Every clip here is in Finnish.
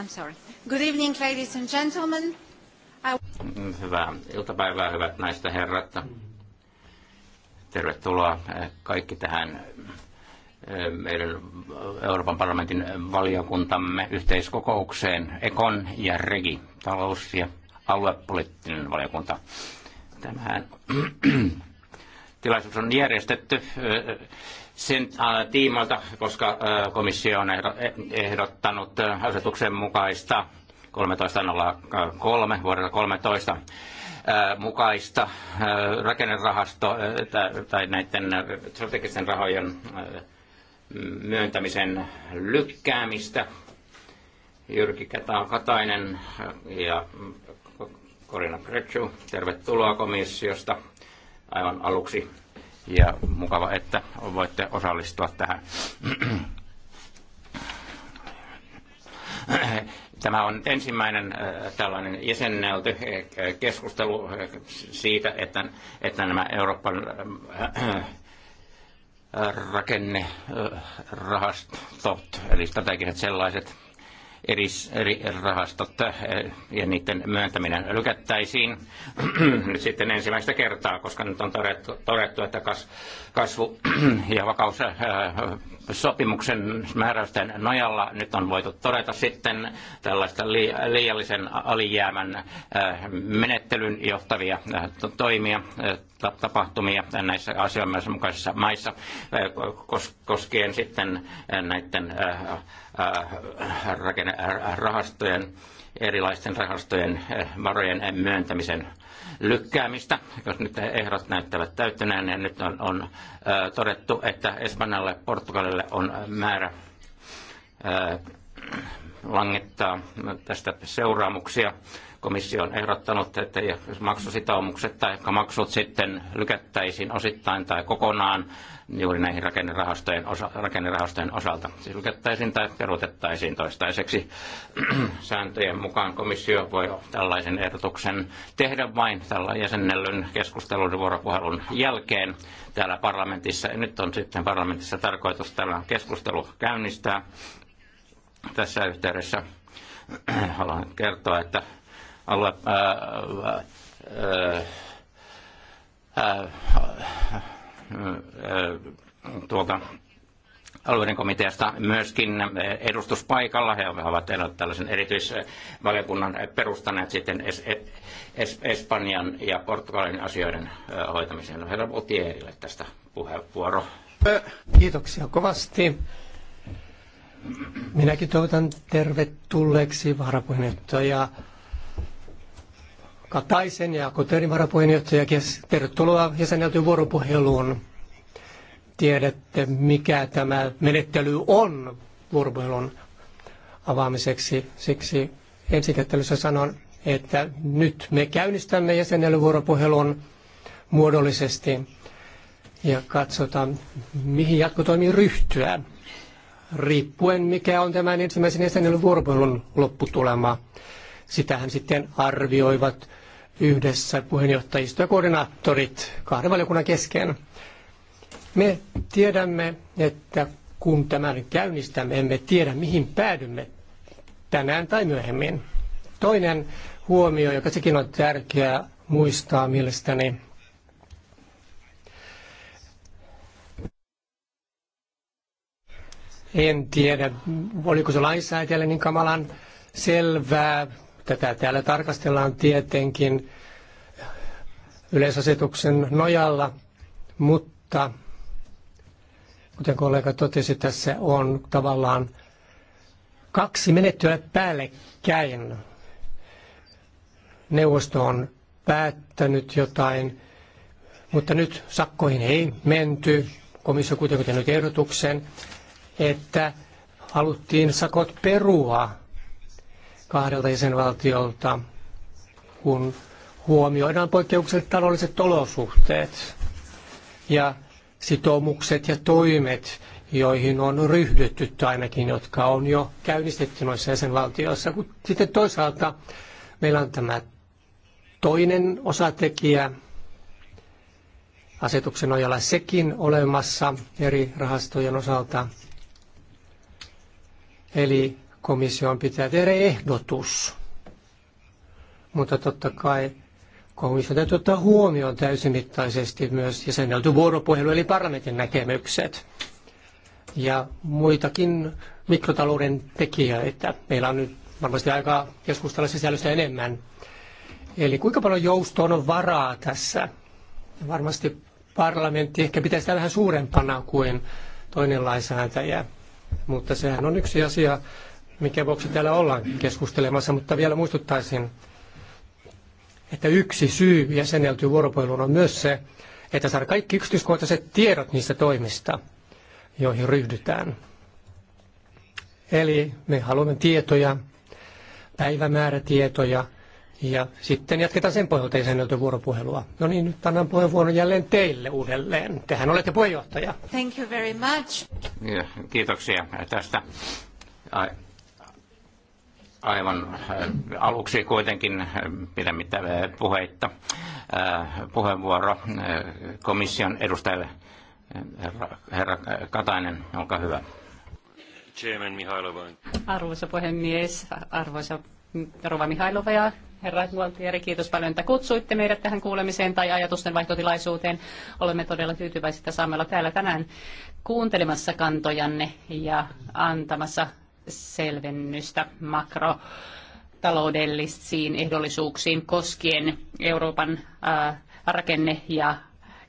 I'm sorry. Good evening, ladies and gentlemen. Hyvää iltapäivää, hyvät naiset ja herrat. Tervetuloa eh, kaikki tähän eh, meidän Euroopan parlamentin valiokuntamme yhteiskokoukseen Ekon ja Regi, talous- ja aluepoliittinen valiokunta. Tämähän tilaisuus on järjestetty sen tiimoilta, koska komissio on ehdottanut asetuksen mukaista 13.03 vuodelta 13 mukaista rakennerahasto tai näiden strategisten rahojen myöntämisen lykkäämistä. Jyrki Katainen ja Korina Kretsu, tervetuloa komissiosta aivan aluksi. Ja mukava, että voitte osallistua tähän. Tämä on ensimmäinen äh, tällainen jäsennelty äh, keskustelu äh, siitä, että, että nämä Euroopan rakennerahastot, eli strategiset sellaiset, eri, eri rahastot eh, ja niiden myöntäminen lykättäisiin sitten ensimmäistä kertaa, koska nyt on todettu, todettu että kas, kasvu ja vakaus eh, sopimuksen määräysten nojalla nyt on voitu todeta sitten tällaista liiallisen alijäämän äh, menettelyn johtavia äh, toimia, äh, tapahtumia näissä asianmukaisissa maissa koskien sitten näiden rahastojen erilaisten rahastojen varojen myöntämisen lykkäämistä, jos nyt ehdot näyttävät täyttyneen. Ja nyt on, on todettu, että Espanjalle Portugalille on määrä langettaa tästä seuraamuksia Komissio on ehdottanut, että maksusitoumukset tai maksut sitten lykättäisiin osittain tai kokonaan juuri näihin rakennerahastojen, osa, rakennerahastojen osalta. Siis lykättäisiin tai peruutettaisiin toistaiseksi. Sääntöjen mukaan komissio voi tällaisen ehdotuksen tehdä vain tällä jäsennellyn keskustelun ja vuoropuhelun jälkeen täällä parlamentissa. Ja nyt on sitten parlamentissa tarkoitus tällä keskustelu käynnistää tässä yhteydessä haluan kertoa, että alue, ää, äh, äh, äh, tuolta alueiden komiteasta myöskin edustuspaikalla. He ovat tällaisen erityisvaliokunnan perustaneet sitten es, es, Espanjan ja Portugalin asioiden hoitamiseen. No, herra Voltierille tästä puheenvuoro. Kiitoksia kovasti. Minäkin toivotan tervetulleeksi varapuheenjohtaja Kataisen ja Koterin varapuheenjohtaja, tervetuloa jäseneltyyn vuoropuheluun. Tiedätte, mikä tämä menettely on vuoropuhelun avaamiseksi. Siksi ensikättelyssä sanon, että nyt me käynnistämme vuoropuhelun muodollisesti ja katsotaan, mihin jatkotoimiin ryhtyä, riippuen mikä on tämän ensimmäisen jäsenelyvuoropuhelun lopputulema. Sitähän sitten arvioivat yhdessä puheenjohtajisto ja koordinaattorit kahden valiokunnan kesken. Me tiedämme, että kun tämän käynnistämme, emme tiedä mihin päädymme tänään tai myöhemmin. Toinen huomio, joka sekin on tärkeää muistaa mielestäni, en tiedä, oliko se lainsäätäjälle niin kamalan selvää, Tätä täällä tarkastellaan tietenkin yleisasetuksen nojalla, mutta kuten kollega totesi, tässä on tavallaan kaksi menettyä päällekkäin. Neuvosto on päättänyt jotain, mutta nyt sakkoihin ei menty. Komissio kuitenkin tehnyt ehdotuksen, että haluttiin sakot perua kahdelta jäsenvaltiolta, kun huomioidaan poikkeukselliset taloudelliset olosuhteet ja sitoumukset ja toimet, joihin on ryhdytty tai ainakin jotka on jo käynnistetty noissa jäsenvaltioissa. Kun sitten toisaalta meillä on tämä toinen osatekijä, asetuksen nojalla sekin olemassa eri rahastojen osalta. Eli komission pitää tehdä ehdotus. Mutta totta kai komissio täytyy ottaa huomioon täysimittaisesti myös jäsennelty vuoropuhelu eli parlamentin näkemykset ja muitakin mikrotalouden tekijöitä. Meillä on nyt varmasti aikaa keskustella sisällöstä enemmän. Eli kuinka paljon joustoon on varaa tässä? Varmasti parlamentti ehkä pitää sitä vähän suurempana kuin toinen lainsäätäjä, mutta sehän on yksi asia, mikä vuoksi täällä ollaan keskustelemassa, mutta vielä muistuttaisin, että yksi syy jäseneltyyn vuoropuheluun on myös se, että saada kaikki yksityiskohtaiset tiedot niistä toimista, joihin ryhdytään. Eli me haluamme tietoja, päivämäärätietoja, ja sitten jatketaan sen pohjalta jäseneltyä vuoropuhelua. No niin, nyt annan puheenvuoron jälleen teille uudelleen. Tehän olette puheenjohtaja. Thank you very much. Kiitoksia tästä Aivan äh, aluksi kuitenkin äh, pidemmittä äh, puheitta puheenvuoro komission edustajalle. Herra, herra Katainen, olkaa hyvä. Chairman Mihailova. Arvoisa puhemies, arvoisa Rova Mihailova ja herra Gualtieri, kiitos paljon, että kutsuitte meidät tähän kuulemiseen tai ajatusten vaihtotilaisuuteen. Olemme todella tyytyväisiä, että saamme olla täällä tänään kuuntelemassa kantojanne ja antamassa selvennystä makrotaloudellisiin ehdollisuuksiin koskien Euroopan rakenne- ja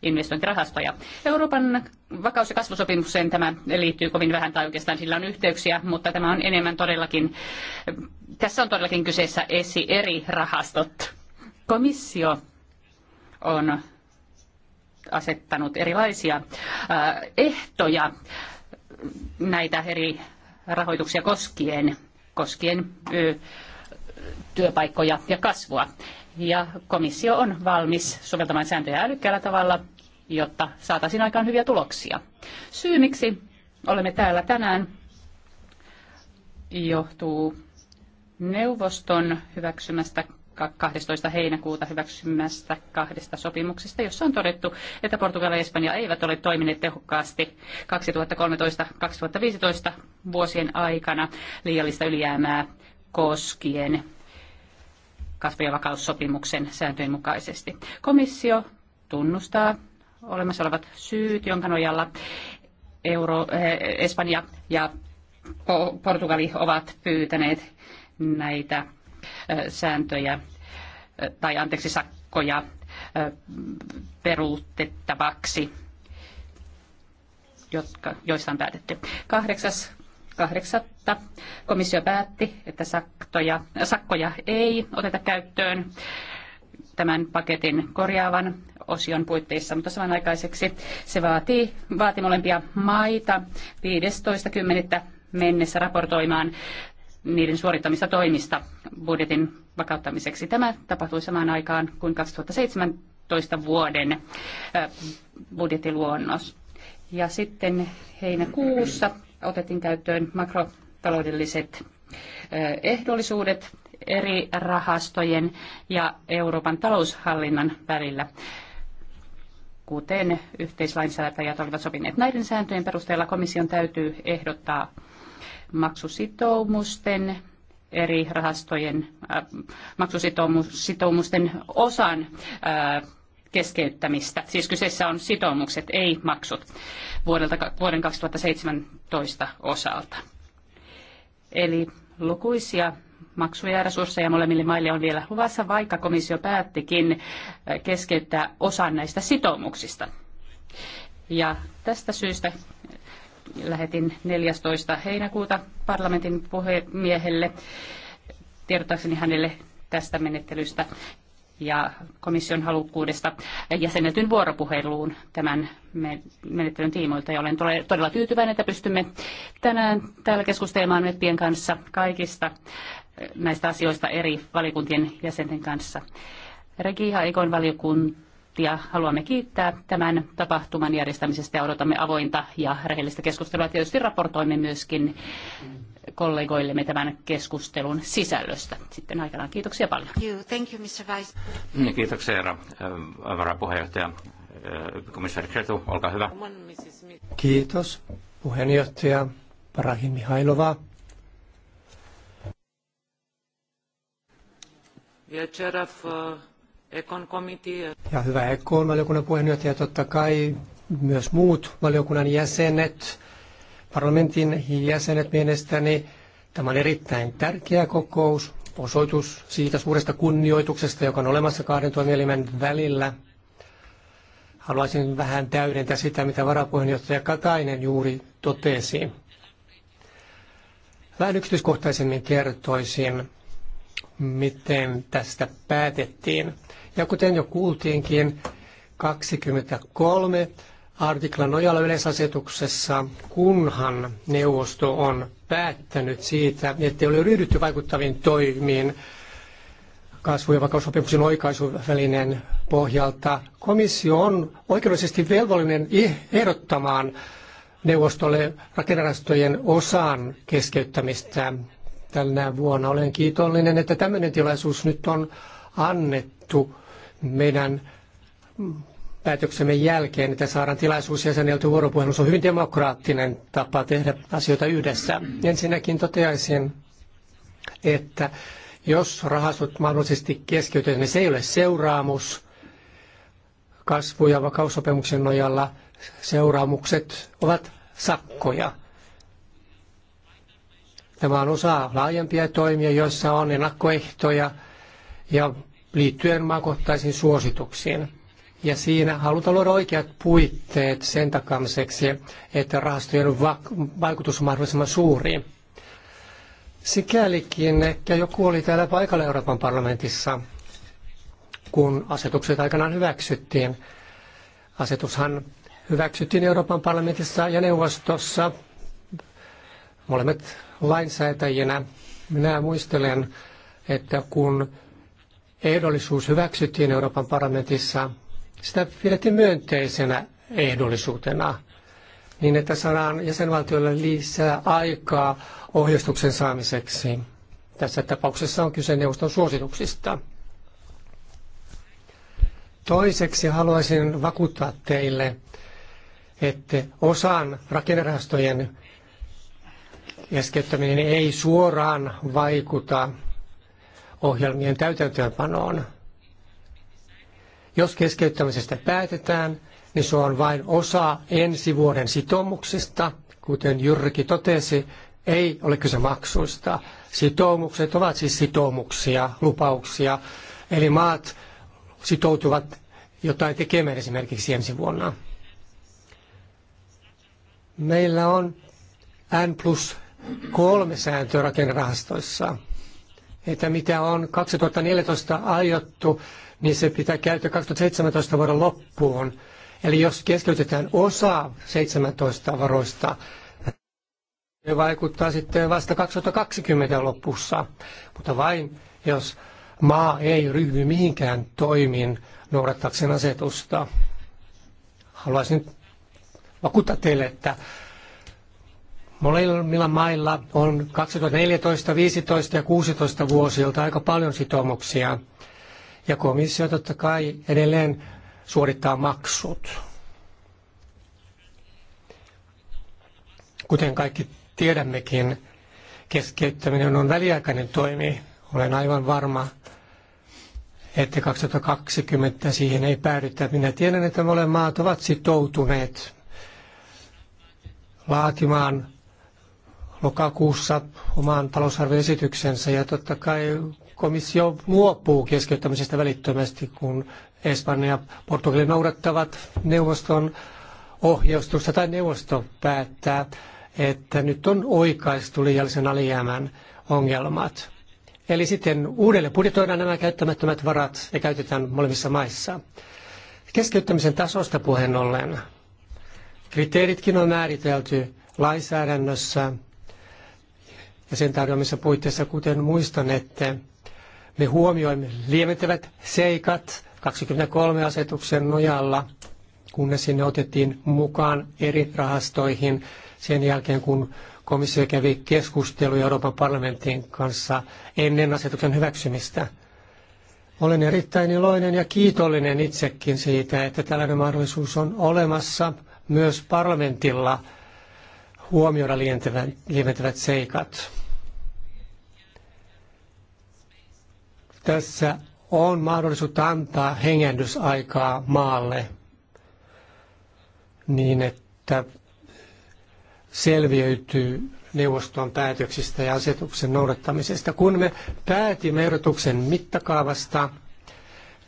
investointirahastoja. Euroopan vakaus- ja kasvusopimukseen tämä liittyy kovin vähän tai oikeastaan sillä on yhteyksiä, mutta tämä on enemmän todellakin, tässä on todellakin kyseessä esi eri rahastot. Komissio on asettanut erilaisia ehtoja näitä eri rahoituksia koskien, koskien työpaikkoja ja kasvua. Ja komissio on valmis soveltamaan sääntöjä älykkäällä tavalla, jotta saataisiin aikaan hyviä tuloksia. Syy, miksi olemme täällä tänään, johtuu neuvoston hyväksymästä 12. heinäkuuta hyväksymästä kahdesta sopimuksesta, jossa on todettu, että Portugali ja Espanja eivät ole toimineet tehokkaasti 2013-2015 vuosien aikana liiallista ylijäämää koskien kasvu- ja vakaussopimuksen sääntöjen mukaisesti. Komissio tunnustaa olemassa olevat syyt, jonka nojalla Euro, eh, Espanja ja Portugali ovat pyytäneet näitä sääntöjä tai anteeksi sakkoja peruutettavaksi, jotka, joista on päätetty. Kahdeksas kahdeksatta komissio päätti, että sakkoja, sakkoja ei oteta käyttöön tämän paketin korjaavan osion puitteissa, mutta samanaikaiseksi se vaatii, vaatii molempia maita 15.10. mennessä raportoimaan niiden suorittamista toimista budjetin vakauttamiseksi. Tämä tapahtui samaan aikaan kuin 2017 vuoden budjetiluonnos. Ja sitten heinäkuussa otettiin käyttöön makrotaloudelliset ehdollisuudet eri rahastojen ja Euroopan taloushallinnan välillä kuten yhteislainsäätäjät olivat sopineet. Näiden sääntöjen perusteella komission täytyy ehdottaa maksusitoumusten eri rahastojen äh, maksusitoumusten osan äh, keskeyttämistä. Siis kyseessä on sitoumukset, ei maksut vuodelta, vuoden 2017 osalta. Eli lukuisia maksuja ja resursseja molemmille maille on vielä luvassa, vaikka komissio päättikin äh, keskeyttää osan näistä sitoumuksista. Ja tästä syystä lähetin 14. heinäkuuta parlamentin puhemiehelle tiedottaakseni hänelle tästä menettelystä ja komission halukkuudesta jäsenetyn vuoropuheluun tämän menettelyn tiimoilta. Ja olen todella tyytyväinen, että pystymme tänään täällä keskustelemaan meppien kanssa kaikista eh, näistä asioista eri valiokuntien jäsenten kanssa. Regiha Ekon valiokunta ja haluamme kiittää tämän tapahtuman järjestämisestä ja odotamme avointa ja rehellistä keskustelua. Tietysti raportoimme myöskin kollegoillemme tämän keskustelun sisällöstä sitten aikanaan. Kiitoksia paljon. Thank you, Mr. Vice. Mm, kiitoksia, herra äh, varapuheenjohtaja. Äh, komissaari Kretu, olkaa hyvä. Kiitos, puheenjohtaja Parahi Mihailova. Ja Ekon komitea. Ja hyvä Ekon valiokunnan puheenjohtaja, totta kai myös muut valiokunnan jäsenet, parlamentin jäsenet mielestäni. Tämä on erittäin tärkeä kokous, osoitus siitä suuresta kunnioituksesta, joka on olemassa kahden toimielimen välillä. Haluaisin vähän täydentää sitä, mitä varapuheenjohtaja Katainen juuri totesi. Vähän yksityiskohtaisemmin kertoisin, miten tästä päätettiin. Ja kuten jo kuultiinkin, 23 artiklan nojalla yleisasetuksessa, kunhan neuvosto on päättänyt siitä, ei ole ryhdytty vaikuttaviin toimiin kasvu- ja vakaussopimuksen oikaisuvälineen pohjalta, komissio on oikeudellisesti velvollinen ehdottamaan neuvostolle rakennerastojen osan keskeyttämistä tänä vuonna. Olen kiitollinen, että tämmöinen tilaisuus nyt on annettu meidän päätöksemme jälkeen, että saadaan tilaisuus jäsenelty vuoropuhelu. Se on hyvin demokraattinen tapa tehdä asioita yhdessä. Ensinnäkin toteaisin, että jos rahastot mahdollisesti keskeytetään, niin se ei ole seuraamus kasvu- ja vakaussopimuksen nojalla. Seuraamukset ovat sakkoja. Tämä on osa laajempia toimia, joissa on ennakkoehtoja ja liittyen maakohtaisiin suosituksiin. Ja siinä halutaan luoda oikeat puitteet sen takamiseksi, että rahastojen vaikutus on mahdollisimman suuri. Sikälikin ehkä joku oli täällä paikalla Euroopan parlamentissa, kun asetukset aikanaan hyväksyttiin. Asetushan hyväksyttiin Euroopan parlamentissa ja neuvostossa. Molemmat lainsäätäjinä. Minä muistelen, että kun ehdollisuus hyväksyttiin Euroopan parlamentissa, sitä pidettiin myönteisenä ehdollisuutena, niin että saadaan jäsenvaltioille lisää aikaa ohjeistuksen saamiseksi. Tässä tapauksessa on kyse neuvoston suosituksista. Toiseksi haluaisin vakuuttaa teille, että osan rakennerahastojen keskeyttäminen ei suoraan vaikuta ohjelmien täytäntöönpanoon. Jos keskeyttämisestä päätetään, niin se on vain osa ensi vuoden sitoumuksista, kuten Jyrki totesi, ei ole kyse maksuista. Sitoumukset ovat siis sitoumuksia, lupauksia, eli maat sitoutuvat jotain tekemään esimerkiksi ensi vuonna. Meillä on N plus kolme sääntöä rakennerahastoissa että mitä on 2014 aiottu, niin se pitää käyttää 2017 vuoden loppuun. Eli jos keskeytetään osa 17 varoista, se vaikuttaa sitten vasta 2020 lopussa. Mutta vain jos maa ei ryhdy mihinkään toimiin noudattaakseen asetusta. Haluaisin vakuuttaa teille, että Molemmilla mailla on 2014, 15 ja 16 vuosilta aika paljon sitoumuksia. Ja komissio totta kai edelleen suorittaa maksut. Kuten kaikki tiedämmekin, keskeyttäminen on väliaikainen toimi. Olen aivan varma, että 2020 siihen ei päädytä. Minä tiedän, että molemmat maat ovat sitoutuneet laatimaan lokakuussa oman talousarvioesityksensä ja totta kai komissio luopuu keskeyttämisestä välittömästi, kun Espanja ja Portugali noudattavat neuvoston ohjeistusta tai neuvosto päättää, että nyt on oikaistu liiallisen alijäämän ongelmat. Eli sitten uudelleen budjetoidaan nämä käyttämättömät varat ja käytetään molemmissa maissa. Keskeyttämisen tasosta puheen ollen. Kriteeritkin on määritelty lainsäädännössä ja sen tarjoamissa puitteissa, kuten muistan, että me huomioimme lieventävät seikat 23 asetuksen nojalla, kunnes sinne otettiin mukaan eri rahastoihin sen jälkeen, kun komissio kävi keskusteluja Euroopan parlamentin kanssa ennen asetuksen hyväksymistä. Olen erittäin iloinen ja kiitollinen itsekin siitä, että tällainen mahdollisuus on olemassa myös parlamentilla – huomioida lieventävät seikat. Tässä on mahdollisuutta antaa hengähdysaikaa maalle niin, että selviytyy neuvoston päätöksistä ja asetuksen noudattamisesta. Kun me päätimme ehdotuksen mittakaavasta,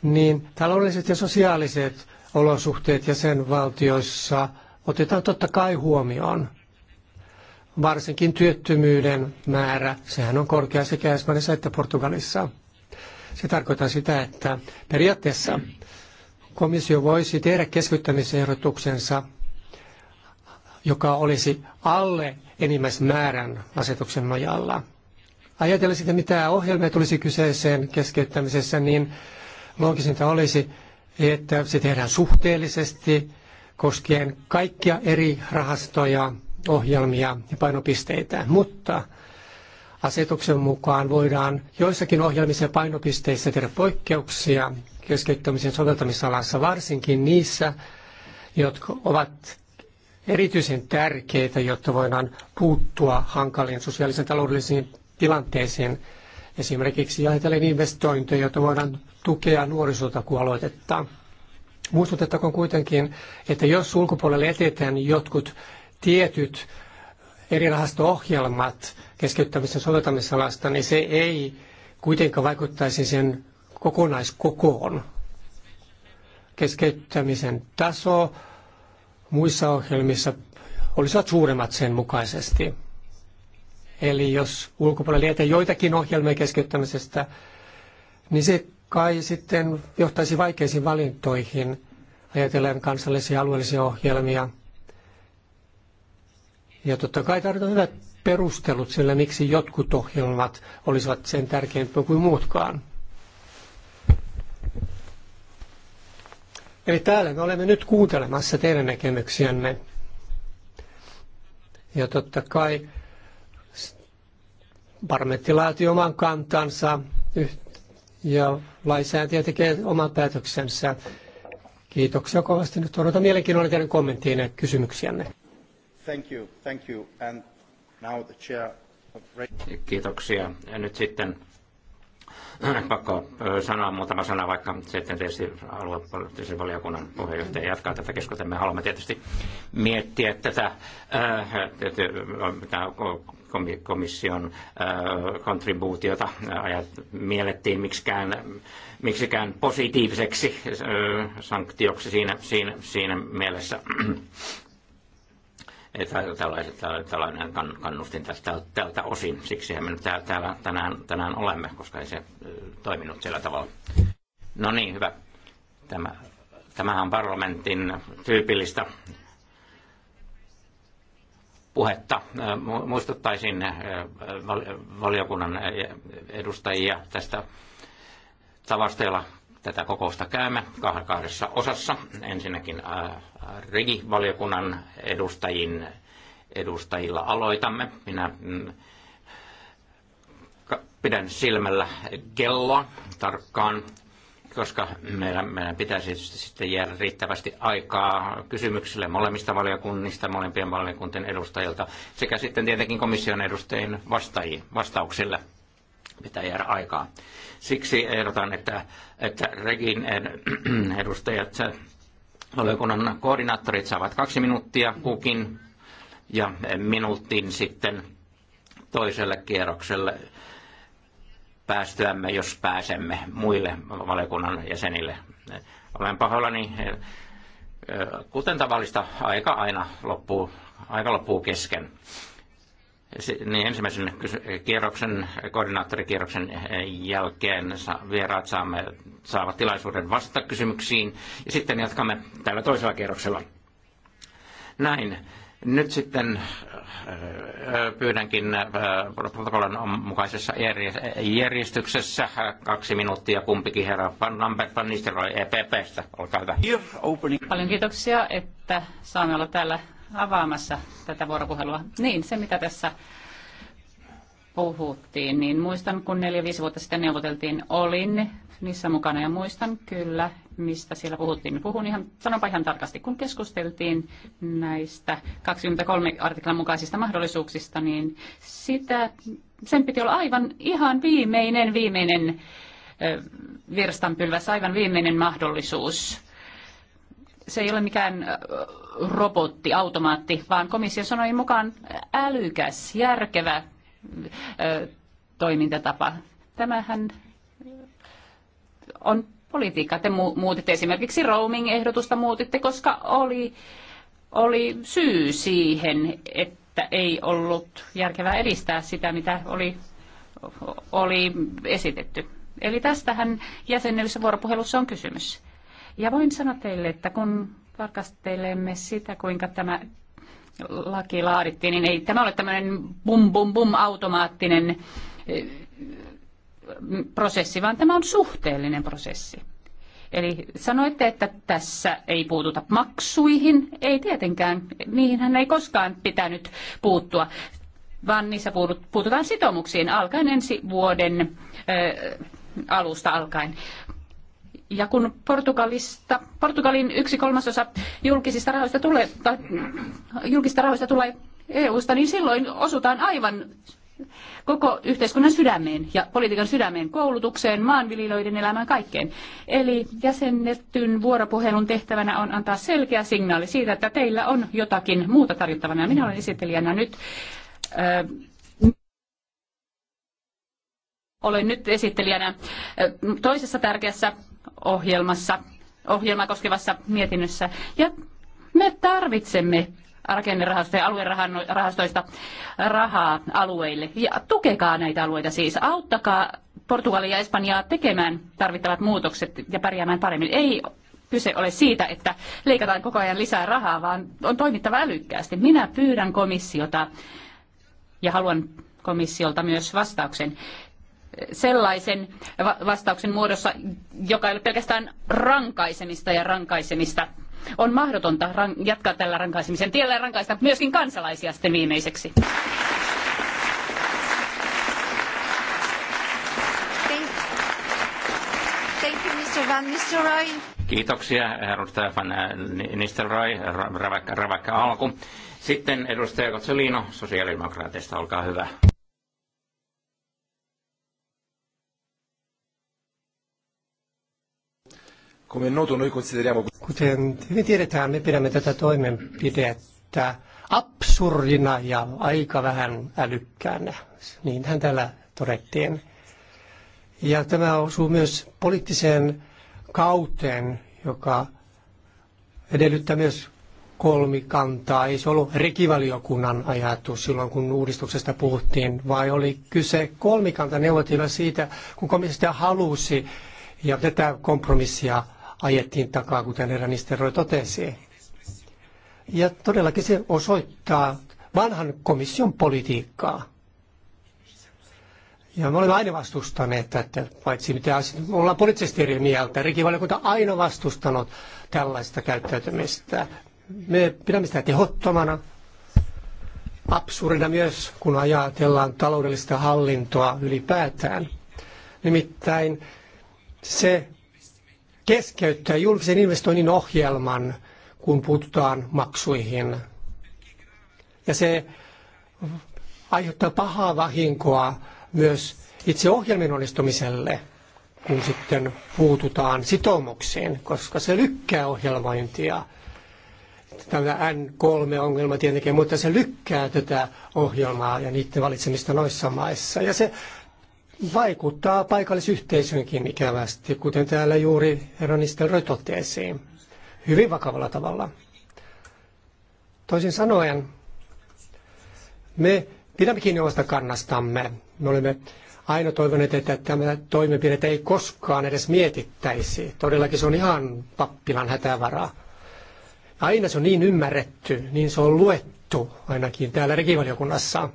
niin taloudelliset ja sosiaaliset olosuhteet jäsenvaltioissa otetaan totta kai huomioon varsinkin työttömyyden määrä, sehän on korkea sekä Espanjassa että Portugalissa. Se tarkoittaa sitä, että periaatteessa komissio voisi tehdä keskittämisehdotuksensa, joka olisi alle enimmäismäärän asetuksen nojalla. Ajatellen sitä, mitä ohjelmia tulisi kyseiseen keskeyttämisessä, niin loogisinta olisi, että se tehdään suhteellisesti koskien kaikkia eri rahastoja – ohjelmia ja painopisteitä, mutta asetuksen mukaan voidaan joissakin ohjelmissa ja painopisteissä tehdä poikkeuksia keskeyttämisen soveltamisalassa, varsinkin niissä, jotka ovat erityisen tärkeitä, jotta voidaan puuttua hankaliin sosiaalisen taloudellisiin tilanteisiin. Esimerkiksi ajatellen investointeja, jotta voidaan tukea nuorisotakualoitetta. Muistutettakoon kuitenkin, että jos ulkopuolelle etetään jotkut tietyt eri rahasto-ohjelmat keskeyttämisen soveltamisalasta, niin se ei kuitenkaan vaikuttaisi sen kokonaiskokoon. Keskeyttämisen taso muissa ohjelmissa olisivat suuremmat sen mukaisesti. Eli jos ulkopuolella lietää joitakin ohjelmia keskeyttämisestä, niin se kai sitten johtaisi vaikeisiin valintoihin. Ajatellaan kansallisia alueellisia ohjelmia, ja totta kai tarvitaan hyvät perustelut sillä, miksi jotkut ohjelmat olisivat sen tärkeämpiä kuin muutkaan. Eli täällä me olemme nyt kuuntelemassa teidän näkemyksiänne. Ja totta kai parmetti laati oman kantansa ja lainsäätäjä tekee oman päätöksensä. Kiitoksia kovasti. Nyt odotan mielenkiinnolla teidän kommenttiin ja kysymyksiänne. Thank you, thank you. And now the chair of... Kiitoksia. Ja nyt sitten äh, pakko äh, sanoa muutama sana, vaikka sitten tietysti aluepoliittisen valiokunnan puheenjohtaja jatkaa tätä keskustelua. Me haluamme tietysti miettiä tätä, äh, tätä komission kontribuutiota ajat miellettiin miksikään, miksikään positiiviseksi sanktioksi siinä, siinä, siinä mielessä tällaiset, tällainen kannustin tästä, tältä osin. Siksi me nyt täällä tänään, tänään olemme, koska ei se toiminut sillä tavalla. No niin, hyvä. Tämä, tämähän on parlamentin tyypillistä puhetta. Muistuttaisin valiokunnan edustajia tästä tavasta, jolla tätä kokousta käymme kahdessa osassa. Ensinnäkin Regi-valiokunnan edustajin, edustajilla aloitamme. Minä mm, pidän silmällä kelloa tarkkaan, koska meidän, meidän pitäisi siis sitten jäädä riittävästi aikaa kysymyksille molemmista valiokunnista, molempien valiokuntien edustajilta sekä sitten tietenkin komission edustajien vastaajien, vastauksille pitää jäädä aikaa. Siksi ehdotan, että, että Regin edustajat Valiokunnan koordinaattorit saavat kaksi minuuttia kukin ja minuutin sitten toiselle kierrokselle päästyämme, jos pääsemme muille valiokunnan jäsenille. Olen pahoillani, kuten tavallista, aika aina loppuu, aika loppuu kesken niin ensimmäisen kierroksen, koordinaattorikierroksen eh, jälkeen vieraat saamme, saavat tilaisuuden vastata kysymyksiin ja sitten jatkamme tällä toisella kierroksella. Näin. Nyt sitten eh, eh, pyydänkin protokollan mukaisessa järjestyksessä kaksi minuuttia kumpikin herra Van Lambert Van Nistelrooy EPPstä. Olkaa hyvä. Paljon kiitoksia, että saamme olla täällä avaamassa tätä vuoropuhelua. Niin, se mitä tässä puhuttiin, niin muistan, kun neljä, viisi vuotta sitten neuvoteltiin, olin niissä mukana ja muistan kyllä, mistä siellä puhuttiin. Puhun ihan, sanonpa ihan tarkasti, kun keskusteltiin näistä 23 artiklan mukaisista mahdollisuuksista, niin sitä, sen piti olla aivan ihan viimeinen, viimeinen virstanpylväs, aivan viimeinen mahdollisuus. Se ei ole mikään robotti, automaatti, vaan komissio sanoi mukaan älykäs, järkevä toimintatapa. Tämähän on politiikkaa. Te muutitte esimerkiksi roaming-ehdotusta muutitte, koska oli, oli syy siihen, että ei ollut järkevää edistää sitä, mitä oli, oli esitetty. Eli tästähän jäsennellyssä vuoropuhelussa on kysymys. Ja voin sanoa teille, että kun tarkastelemme sitä, kuinka tämä laki laadittiin, niin ei tämä ole tämmöinen bum bum bum automaattinen eh, prosessi, vaan tämä on suhteellinen prosessi. Eli sanoitte, että tässä ei puututa maksuihin. Ei tietenkään, niihinhän ei koskaan pitänyt puuttua, vaan niissä puututaan sitoumuksiin alkaen ensi vuoden ö, eh, alusta alkaen. Ja kun Portugalista, Portugalin yksi kolmasosa julkisista rahoista tulee, tai julkista rahoista tulee EUsta, niin silloin osutaan aivan koko yhteiskunnan sydämeen ja politiikan sydämeen, koulutukseen, maanviljelijöiden elämään, kaikkeen. Eli jäsennetyn vuoropuhelun tehtävänä on antaa selkeä signaali siitä, että teillä on jotakin muuta tarjottavana. Minä olen esittelijänä nyt. Äh, olen nyt esittelijänä toisessa tärkeässä ohjelmassa, ohjelmaa koskevassa mietinnössä. Ja me tarvitsemme rakennerahastoja ja aluerahastoista rahaa alueille. Ja tukekaa näitä alueita siis. Auttakaa Portugalia ja Espanjaa tekemään tarvittavat muutokset ja pärjäämään paremmin. Ei kyse ole siitä, että leikataan koko ajan lisää rahaa, vaan on toimittava älykkäästi. Minä pyydän komissiota ja haluan komissiolta myös vastauksen sellaisen vastauksen muodossa, joka ei ole pelkästään rankaisemista ja rankaisemista. On mahdotonta jatkaa tällä rankaisemisen tiellä ja rankaista myöskin kansalaisia sitten viimeiseksi. Van Nistelrooy. Kiitoksia, edustaja Van äh, Nistelrooy, räväkkä alku. Sitten edustaja Kotsolino sosiaalidemokraateista, olkaa hyvä. Kuten hyvin tiedetään, me pidämme tätä toimenpidettä absurdina ja aika vähän älykkäänä. Niinhän täällä todettiin. Ja tämä osuu myös poliittiseen kauteen, joka edellyttää myös kolmikantaa. Ei se ollut rekivaliokunnan ajatus silloin, kun uudistuksesta puhuttiin, vai oli kyse kolmikanta neuvotella siitä, kun komissio halusi ja tätä kompromissia ajettiin takaa, kuten herra Nisteroi totesi. Ja todellakin se osoittaa vanhan komission politiikkaa. Ja me olemme aina vastustaneet että paitsi mitä asioita. ollaan poliittisesti eri mieltä. Rikivaliokunta aina vastustanut tällaista käyttäytymistä. Me pidämme sitä tehottomana, absurdina myös, kun ajatellaan taloudellista hallintoa ylipäätään. Nimittäin se keskeyttää julkisen investoinnin ohjelman, kun puututaan maksuihin. Ja se aiheuttaa pahaa vahinkoa myös itse ohjelmien onnistumiselle, kun sitten puututaan sitoumuksiin, koska se lykkää ohjelmointia. Tämä N3-ongelma tietenkin, mutta se lykkää tätä ohjelmaa ja niiden valitsemista noissa maissa. Ja se vaikuttaa paikallisyhteisöönkin ikävästi, kuten täällä juuri herra Nistelrö totesi, hyvin vakavalla tavalla. Toisin sanoen, me pidämme kiinni omasta kannastamme. Me olemme aina toivoneet, että tämä toimenpide ei koskaan edes mietittäisi. Todellakin se on ihan pappilan hätävara. Aina se on niin ymmärretty, niin se on luettu ainakin täällä regivaliokunnassa.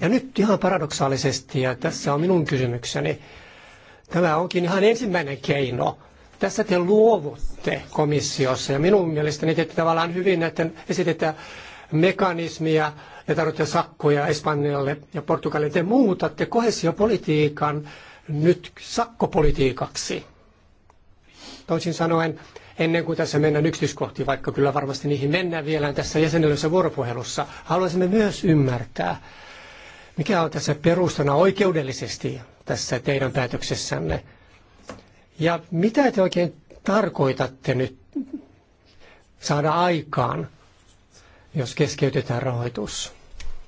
Ja nyt ihan paradoksaalisesti, ja tässä on minun kysymykseni, tämä onkin ihan ensimmäinen keino. Tässä te luovutte komissiossa, ja minun mielestäni teette tavallaan hyvin, että esitetään mekanismia ja tarjotte sakkoja Espanjalle ja Portugalille. Te muutatte kohesiopolitiikan nyt sakkopolitiikaksi. Toisin sanoen, ennen kuin tässä mennään yksityiskohtiin, vaikka kyllä varmasti niihin mennään vielä tässä jäsenellyssä vuoropuhelussa, haluaisimme myös ymmärtää, mikä on tässä perustana oikeudellisesti tässä teidän päätöksessänne? Ja mitä te oikein tarkoitatte nyt saada aikaan, jos keskeytetään rahoitus?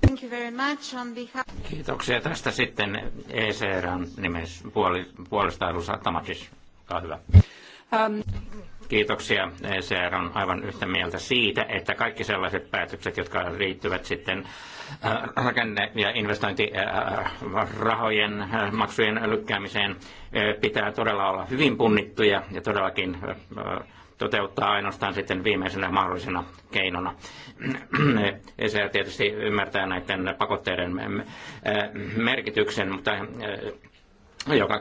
Thank you very much on behalf... Kiitoksia tästä sitten ECRn nimes puolesta edustaja hyvä. Um... Kiitoksia. ECR on aivan yhtä mieltä siitä, että kaikki sellaiset päätökset, jotka liittyvät sitten Äh, rakenne- ja investointirahojen äh, maksujen lykkäämiseen äh, pitää todella olla hyvin punnittuja ja todellakin toteuttaa ainoastaan sitten viimeisenä mahdollisena keinona. Se tietysti ymmärtää näiden pakotteiden merkityksen, mutta joka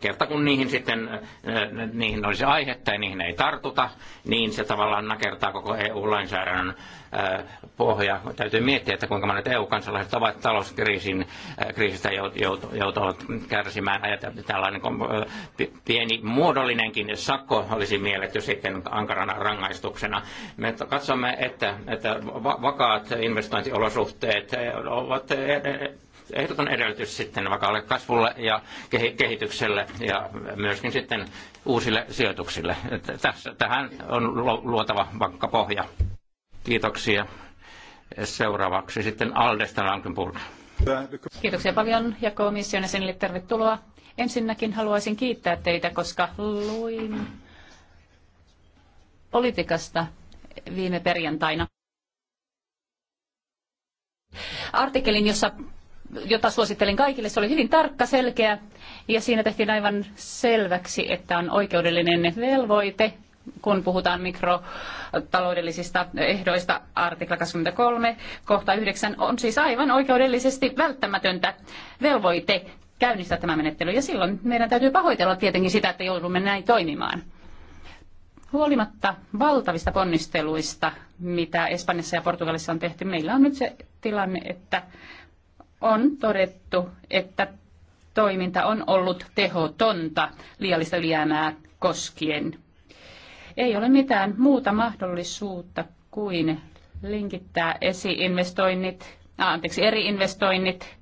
kerta kun niihin sitten äh, äh, niihin olisi aihetta ja niihin ei tartuta, niin se tavallaan nakertaa koko EU-lainsäädännön äh, pohja. Täytyy miettiä, että kuinka monet EU-kansalaiset ovat talouskriisin kriisistä joutuvat kärsimään. Tällainen pieni muodollinenkin sakko olisi mielletty sitten ankarana rangaistuksena. Me katsomme, että, että vakaat investointiolosuhteet ovat ehdoton edellytys sitten vakaalle kasvulle ja kehitykselle ja myöskin sitten uusille sijoituksille. Tässä, tähän on luotava vankka pohja. Kiitoksia. Seuraavaksi sitten Aldesta Lankenburg. Kiitoksia paljon ja komission jäsenille tervetuloa. Ensinnäkin haluaisin kiittää teitä, koska luin politikasta viime perjantaina artikkelin, jossa jota suosittelin kaikille. Se oli hyvin tarkka, selkeä ja siinä tehtiin aivan selväksi, että on oikeudellinen velvoite kun puhutaan mikrotaloudellisista ehdoista, artikla 23, kohta 9, on siis aivan oikeudellisesti välttämätöntä velvoite käynnistää tämä menettely. Ja silloin meidän täytyy pahoitella tietenkin sitä, että joudumme näin toimimaan. Huolimatta valtavista ponnisteluista, mitä Espanjassa ja Portugalissa on tehty, meillä on nyt se tilanne, että on todettu, että toiminta on ollut tehotonta liiallista ylijäämää koskien. Ei ole mitään muuta mahdollisuutta kuin linkittää esiinvestoinnit, äh, anteeksi, eri investoinnit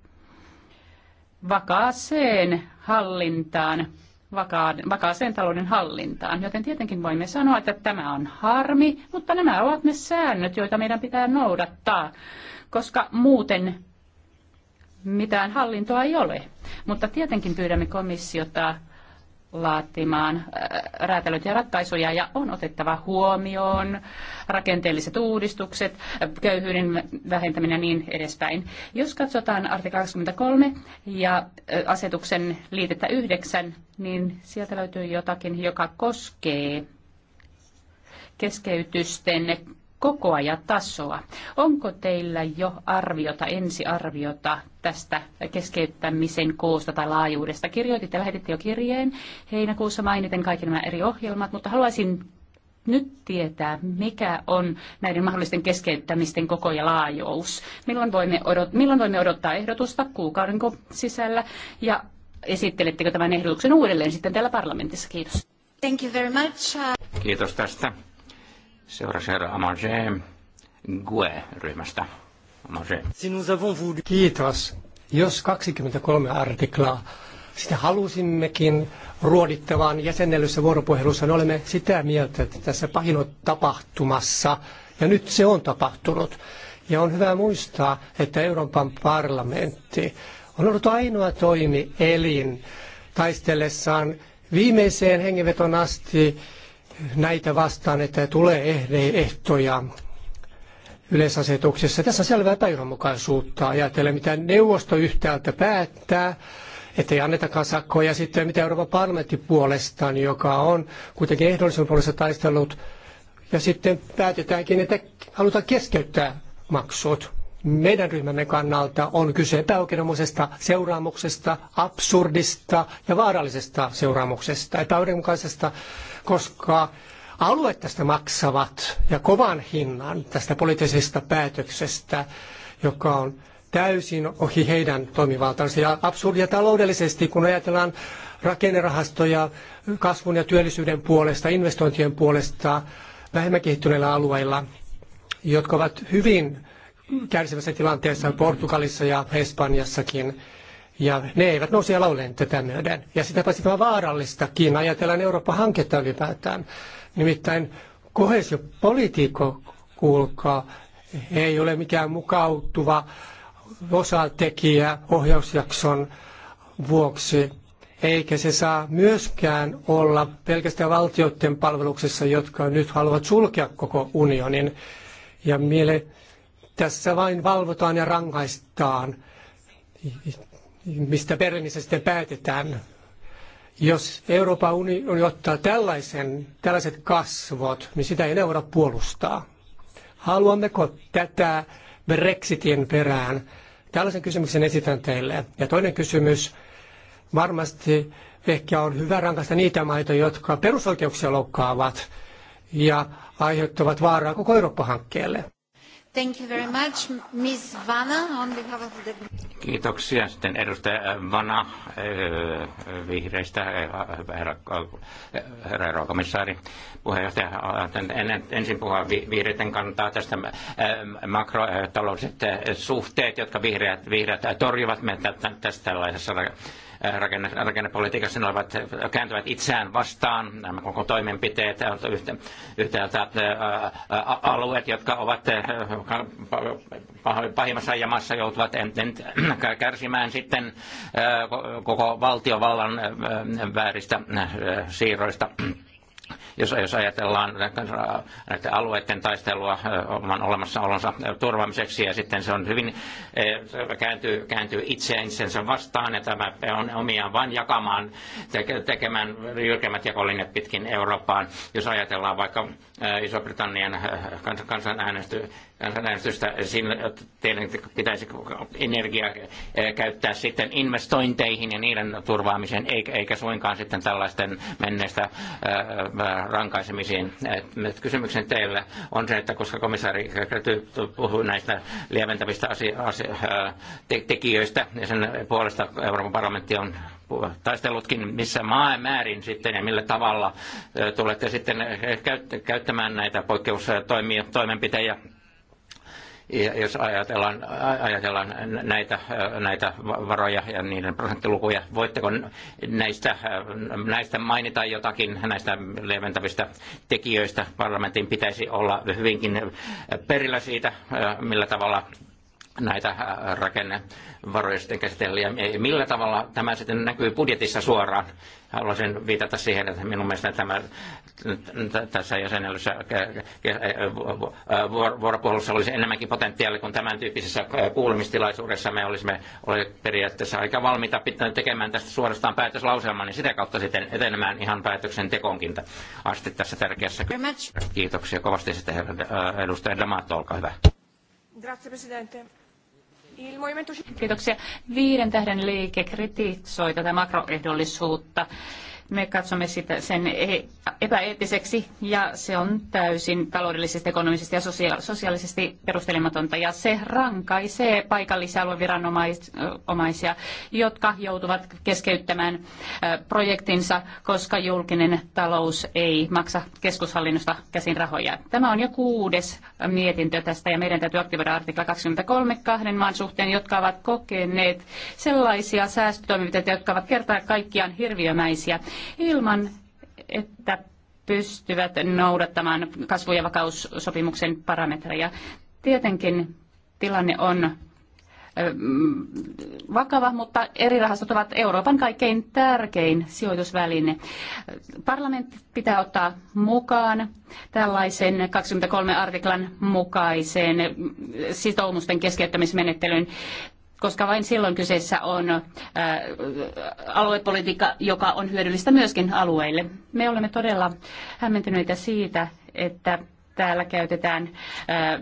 vakaaseen hallintaan, vakaaseen talouden hallintaan. Joten tietenkin voimme sanoa, että tämä on harmi, mutta nämä ovat ne säännöt, joita meidän pitää noudattaa, koska muuten mitään hallintoa ei ole. Mutta tietenkin pyydämme komissiota laatimaan äh, räätälöityjä ratkaisuja ja on otettava huomioon rakenteelliset uudistukset, äh, köyhyyden vähentäminen ja niin edespäin. Jos katsotaan artikla 23 ja äh, asetuksen liitettä 9, niin sieltä löytyy jotakin, joka koskee keskeytysten kokoa ja tasoa. Onko teillä jo arviota, ensiarviota tästä keskeyttämisen koosta tai laajuudesta? Kirjoititte, lähetitte jo kirjeen heinäkuussa mainiten kaikki nämä eri ohjelmat, mutta haluaisin nyt tietää, mikä on näiden mahdollisten keskeyttämisten koko ja laajuus. Milloin voimme, odot- milloin voimme odottaa ehdotusta kuukauden sisällä ja esittelettekö tämän ehdotuksen uudelleen sitten täällä parlamentissa? Kiitos. Thank you very much. Kiitos tästä. Seuraa herra Amarje GUE-ryhmästä. Amarje. Kiitos. Jos 23 artiklaa sitä halusimmekin ruodittavan jäsennellyssä vuoropuhelussa, niin olemme sitä mieltä, että tässä pahin on tapahtumassa, ja nyt se on tapahtunut. Ja on hyvä muistaa, että Euroopan parlamentti on ollut ainoa elin taistellessaan viimeiseen hengenveton asti näitä vastaan, että tulee ehtoja yleisasetuksessa. Tässä on selvää epäjohdonmukaisuutta. Ajatellen, mitä neuvosto yhtäältä päättää, ettei annetakaan sakkoja, ja sitten mitä Euroopan parlamentti puolestaan, joka on kuitenkin ehdollisuuden puolesta taistellut, ja sitten päätetäänkin, että halutaan keskeyttää maksut. Meidän ryhmämme kannalta on kyse epäoikeudenmukaisesta seuraamuksesta, absurdista ja vaarallisesta seuraamuksesta, epäoikeudenmukaisesta koska alueet tästä maksavat ja kovan hinnan tästä poliittisesta päätöksestä, joka on täysin ohi heidän toimivaltansa ja absurdia taloudellisesti, kun ajatellaan rakennerahastoja kasvun ja työllisyyden puolesta, investointien puolesta vähemmän kehittyneillä alueilla, jotka ovat hyvin kärsivässä tilanteessa Portugalissa ja Espanjassakin. Ja ne eivät nouse siellä lauleen tätä myöden. Ja sitä paitsi tämä vaarallistakin, ajatellaan Euroopan hanketta ylipäätään. Nimittäin kohesiopolitiikko, kuulkaa, ei ole mikään mukautuva osatekijä ohjausjakson vuoksi, eikä se saa myöskään olla pelkästään valtioiden palveluksessa, jotka nyt haluavat sulkea koko unionin. Ja miele, tässä vain valvotaan ja rangaistaan mistä Berliinissä sitten päätetään. Jos Euroopan unioni ottaa tällaisen, tällaiset kasvot, niin sitä ei enää voida puolustaa. Haluammeko tätä Brexitin perään? Tällaisen kysymyksen esitän teille. Ja toinen kysymys, varmasti ehkä on hyvä rankasta niitä maita, jotka perusoikeuksia loukkaavat ja aiheuttavat vaaraa koko Eurooppa-hankkeelle. Thank you very much, Ms. Vanna, on behalf of the... Kiitoksia sitten edustaja äh, Vana äh, äh, vihreistä, herra, herra eurokomissaari, puheenjohtaja. ensin puhua vihreiden kantaa tästä makrotaloudelliset suhteet, jotka vihreät, vihreät torjuvat me tästä tällaisessa Äh, rakennepolitiikassa ne ovat, äh, kääntyvät itseään vastaan. Nämä koko toimenpiteet äh, yhtä, yhtäältä alueet, jotka ovat pahimmassa jamassa, joutuvat kärsimään sitten koko valtiovallan vääristä siirroista jos, jos ajatellaan näiden alueiden taistelua oman olemassaolonsa turvamiseksi ja sitten se on hyvin, e, kääntyy, kääntyy itse itsensä vastaan, ja tämä on omiaan vain jakamaan, tekemään jyrkemmät jakolinjat pitkin Eurooppaan. Jos ajatellaan vaikka Iso-Britannian kansanäänesty, syystä että pitäisi energiaa eh, käyttää sitten investointeihin ja niiden turvaamiseen, eikä suinkaan sitten tällaisten menneistä eh, rankaisemisiin. kysymyksen teille on se, että koska komissaari puhui näistä lieventävistä asia, asia, eh, tekijöistä ja sen puolesta Euroopan parlamentti on taistellutkin, missä maa määrin sitten ja millä tavalla tulette sitten käyttämään näitä poikkeustoimenpiteitä, jos ajatellaan, ajatellaan näitä, näitä varoja ja niiden prosenttilukuja, voitteko näistä, näistä mainita jotakin, näistä leventävistä tekijöistä? Parlamentin pitäisi olla hyvinkin perillä siitä, millä tavalla näitä äh, rakennevaroja sitten käsitellä. Ja millä tavalla tämä sitten näkyy budjetissa suoraan? Haluaisin viitata siihen, että minun mielestä tämä tässä jäsenellyssä äh, äh, vuoropuhelussa olisi enemmänkin potentiaalia kuin tämän tyyppisessä kuulemistilaisuudessa. Me olisimme olleet periaatteessa aika valmiita tekemään tästä suorastaan päätöslauselman niin sitä kautta sitten etenemään ihan päätöksentekoonkin asti tässä tärkeässä. Kiitoksia kovasti sitten edustaja Damato, olkaa hyvä. Grazie Presidente. Kiitoksia. Viiden tähden liike kritisoi tätä makroehdollisuutta me katsomme sitä, sen e- epäeettiseksi ja se on täysin taloudellisesti, ekonomisesti ja sosiaalisesti perustelematonta. Ja se rankaisee paikallisia alueviranomaisia, jotka joutuvat keskeyttämään projektinsa, koska julkinen talous ei maksa keskushallinnosta käsin rahoja. Tämä on jo kuudes mietintö tästä ja meidän täytyy aktivoida artikla 23 kahden maan suhteen, jotka ovat kokeneet sellaisia säästötoimenpiteitä, jotka ovat kertaa kaikkiaan hirviömäisiä ilman, että pystyvät noudattamaan kasvu- ja vakaussopimuksen parametreja. Tietenkin tilanne on vakava, mutta eri rahastot ovat Euroopan kaikkein tärkein sijoitusväline. Parlamentti pitää ottaa mukaan tällaisen 23 artiklan mukaiseen sitoumusten keskeyttämismenettelyyn koska vain silloin kyseessä on äh, aluepolitiikka, joka on hyödyllistä myöskin alueille. Me olemme todella hämmentyneitä siitä, että täällä käytetään äh,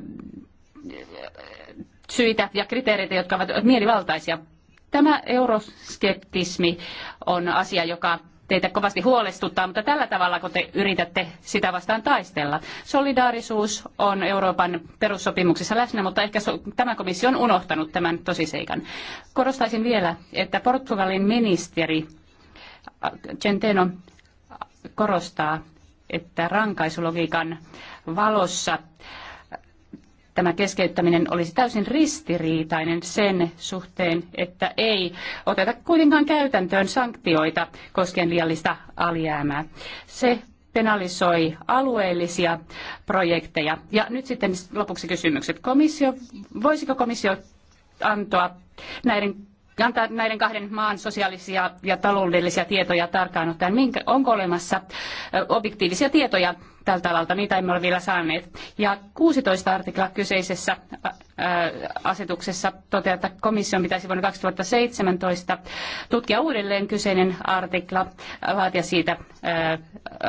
syitä ja kriteereitä, jotka ovat mielivaltaisia. Tämä euroskeptismi on asia, joka teitä kovasti huolestuttaa, mutta tällä tavalla kun te yritätte sitä vastaan taistella. Solidaarisuus on Euroopan perussopimuksissa läsnä, mutta ehkä tämä komissio on unohtanut tämän tosiseikan. Korostaisin vielä, että Portugalin ministeri äh, Centeno korostaa, että rankaisulogiikan valossa tämä keskeyttäminen olisi täysin ristiriitainen sen suhteen, että ei oteta kuitenkaan käytäntöön sanktioita koskien liiallista alijäämää. Se penalisoi alueellisia projekteja. Ja nyt sitten lopuksi kysymykset. Komissio, voisiko komissio antaa näiden antaa näiden kahden maan sosiaalisia ja taloudellisia tietoja tarkkaan ottaen. Minkä, onko olemassa objektiivisia tietoja tältä alalta? Niitä emme ole vielä saaneet. Ja 16 artikla kyseisessä asetuksessa toteaa, että komission pitäisi vuonna 2017 tutkia uudelleen kyseinen artikla, laatia siitä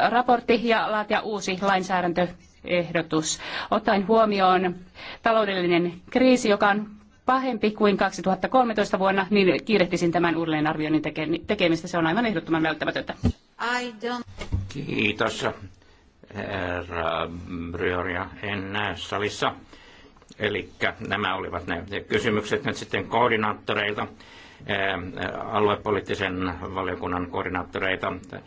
raportti ja laatia uusi lainsäädäntö ehdotus, ottaen huomioon taloudellinen kriisi, joka on pahempi kuin 2013 vuonna, niin kiirehtisin tämän uudelleenarvioinnin tekemistä. Se on aivan ehdottoman välttämätöntä. Kiitos, herra Brioria. En näe salissa. Eli nämä olivat ne kysymykset nyt sitten koordinaattoreilta, eh, aluepoliittisen valiokunnan koordinaattoreita. Eh,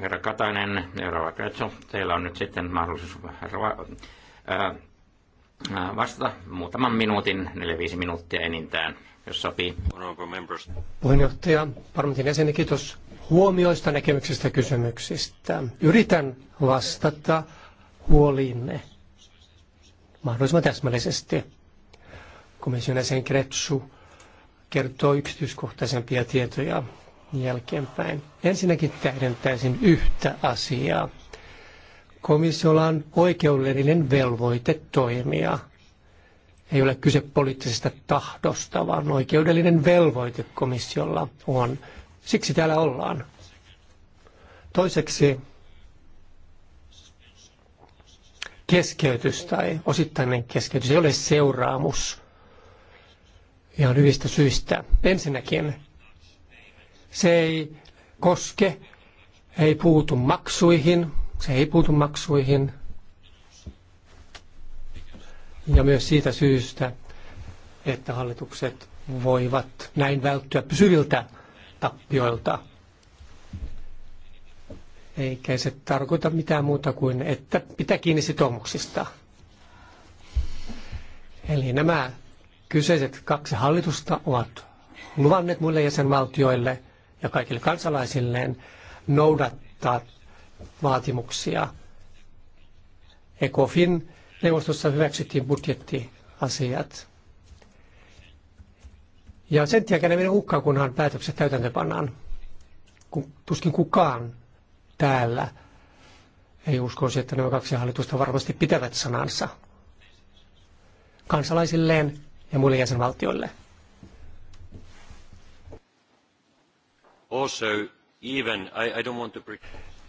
herra Katainen, herra Vakretso, teillä on nyt sitten mahdollisuus herra, eh, vastata muutaman minuutin, 4-5 minuuttia enintään, jos sopii. Puheenjohtaja, parlamentin jäseni, kiitos huomioista, näkemyksistä kysymyksistä. Yritän vastata huoliinne mahdollisimman täsmällisesti. Komission jäsen Kretsu kertoo yksityiskohtaisempia tietoja jälkeenpäin. Ensinnäkin tähdentäisin yhtä asiaa komissiolla on oikeudellinen velvoite toimia. Ei ole kyse poliittisesta tahdosta, vaan oikeudellinen velvoite komissiolla on. Siksi täällä ollaan. Toiseksi keskeytys tai osittainen keskeytys ei ole seuraamus ihan hyvistä syistä. Ensinnäkin se ei koske, ei puutu maksuihin, se ei puutu maksuihin. Ja myös siitä syystä, että hallitukset voivat näin välttyä pysyviltä tappioilta. Eikä se tarkoita mitään muuta kuin, että pitää kiinni sitoumuksista. Eli nämä kyseiset kaksi hallitusta ovat luvanneet muille jäsenvaltioille ja kaikille kansalaisilleen noudattaa vaatimuksia. ECOFIN neuvostossa hyväksyttiin budjettiasiat. Ja sen jälkeen ne menevät hukkaan, kunhan päätökset täytäntöpannaan. Kun tuskin kukaan täällä ei uskoisi, että nämä kaksi hallitusta varmasti pitävät sanansa kansalaisilleen ja muille jäsenvaltioille. Also, even, I, I don't want to...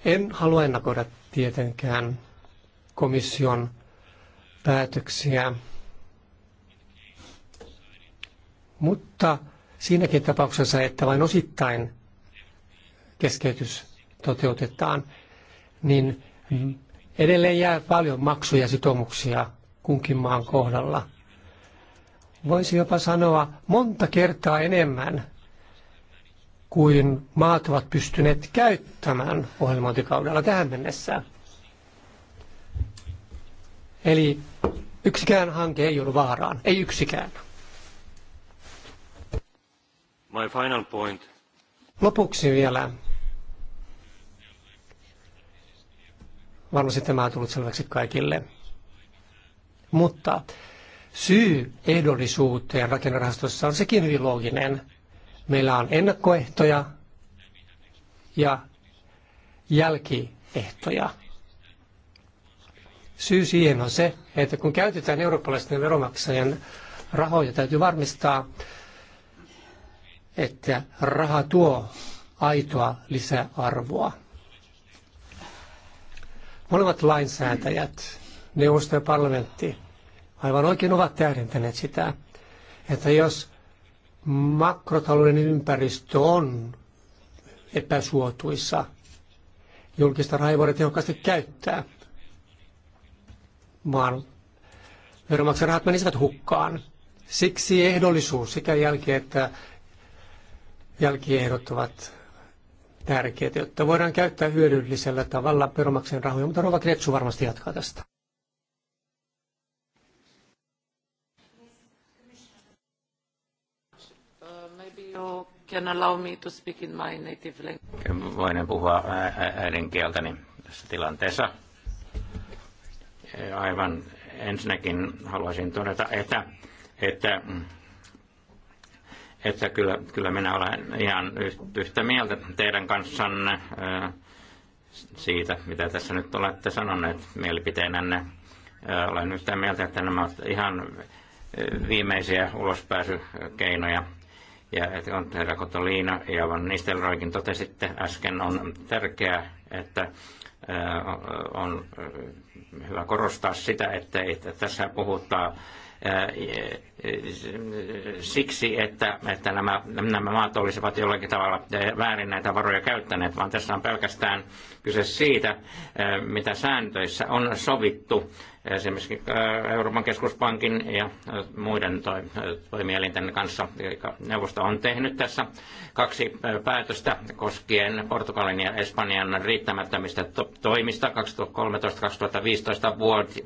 En halua ennakoida tietenkään komission päätöksiä, mutta siinäkin tapauksessa, että vain osittain keskeytys toteutetaan, niin edelleen jää paljon maksuja sitoumuksia kunkin maan kohdalla. Voisi jopa sanoa monta kertaa enemmän kuin maat ovat pystyneet käyttämään ohjelmointikaudella tähän mennessä. Eli yksikään hanke ei ollut vaaraan, ei yksikään. My final point. Lopuksi vielä. Varmasti tämä on tullut selväksi kaikille. Mutta syy ehdollisuuteen rakennerahastossa on sekin hyvin looginen. Meillä on ennakkoehtoja ja jälkiehtoja. Syy siihen on se, että kun käytetään eurooppalaisten veronmaksajien rahoja, täytyy varmistaa, että raha tuo aitoa lisäarvoa. Molemmat lainsäätäjät, neuvosto ja parlamentti, aivan oikein ovat tähdentäneet sitä, että jos makrotalouden ympäristö on epäsuotuissa. Julkista rahaa tehokkaasti käyttää. Maan veronmaksajan rahat menisivät hukkaan. Siksi ehdollisuus sekä jälki että jälkiehdot ovat tärkeitä, jotta voidaan käyttää hyödyllisellä tavalla veronmaksajan rahoja, mutta Rova Kretsu varmasti jatkaa tästä. allow me to speak in my native language. Voin puhua äidinkieltäni tässä tilanteessa. Aivan ensinnäkin haluaisin todeta, että, että, että kyllä, kyllä minä olen ihan yhtä mieltä teidän kanssanne siitä, mitä tässä nyt olette sanoneet mielipiteenänne. Olen yhtä mieltä, että nämä ovat ihan viimeisiä ulospääsykeinoja ja on herra Kotoliina ja Van Nistelrooikin totesitte äsken, on tärkeää, että äh, on äh, hyvä korostaa sitä, että tässä puhutaan siksi, että, että nämä, nämä maat olisivat jollakin tavalla väärin näitä varoja käyttäneet, vaan tässä on pelkästään kyse siitä, mitä sääntöissä on sovittu esimerkiksi Euroopan keskuspankin ja muiden toimielinten kanssa. Neuvosto on tehnyt tässä kaksi päätöstä koskien Portugalin ja Espanjan riittämättömistä toimista 2013-2015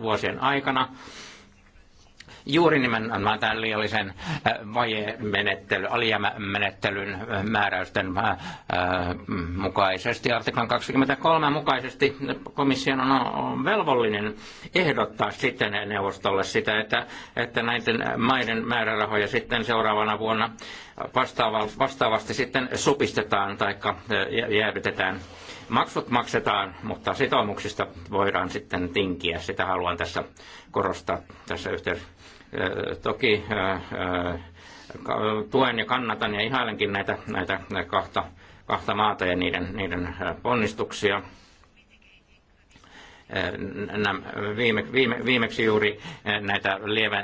vuosien aikana juuri nimenomaan tämän liiallisen äh, vajemenettely, alijäämämenettelyn äh, määräysten äh, mukaisesti, artiklan 23 mukaisesti komission on velvollinen ehdottaa sitten neuvostolle sitä, että, että näiden maiden määrärahoja sitten seuraavana vuonna vastaavasti sitten supistetaan tai jäädytetään maksut maksetaan, mutta sitoumuksista voidaan sitten tinkiä. Sitä haluan tässä korostaa tässä yhteydessä. Toki tuen ja kannatan ja ihailenkin näitä, näitä kahta, kahta maata ja niiden, niiden ponnistuksia viime, viime, viimeksi juuri näitä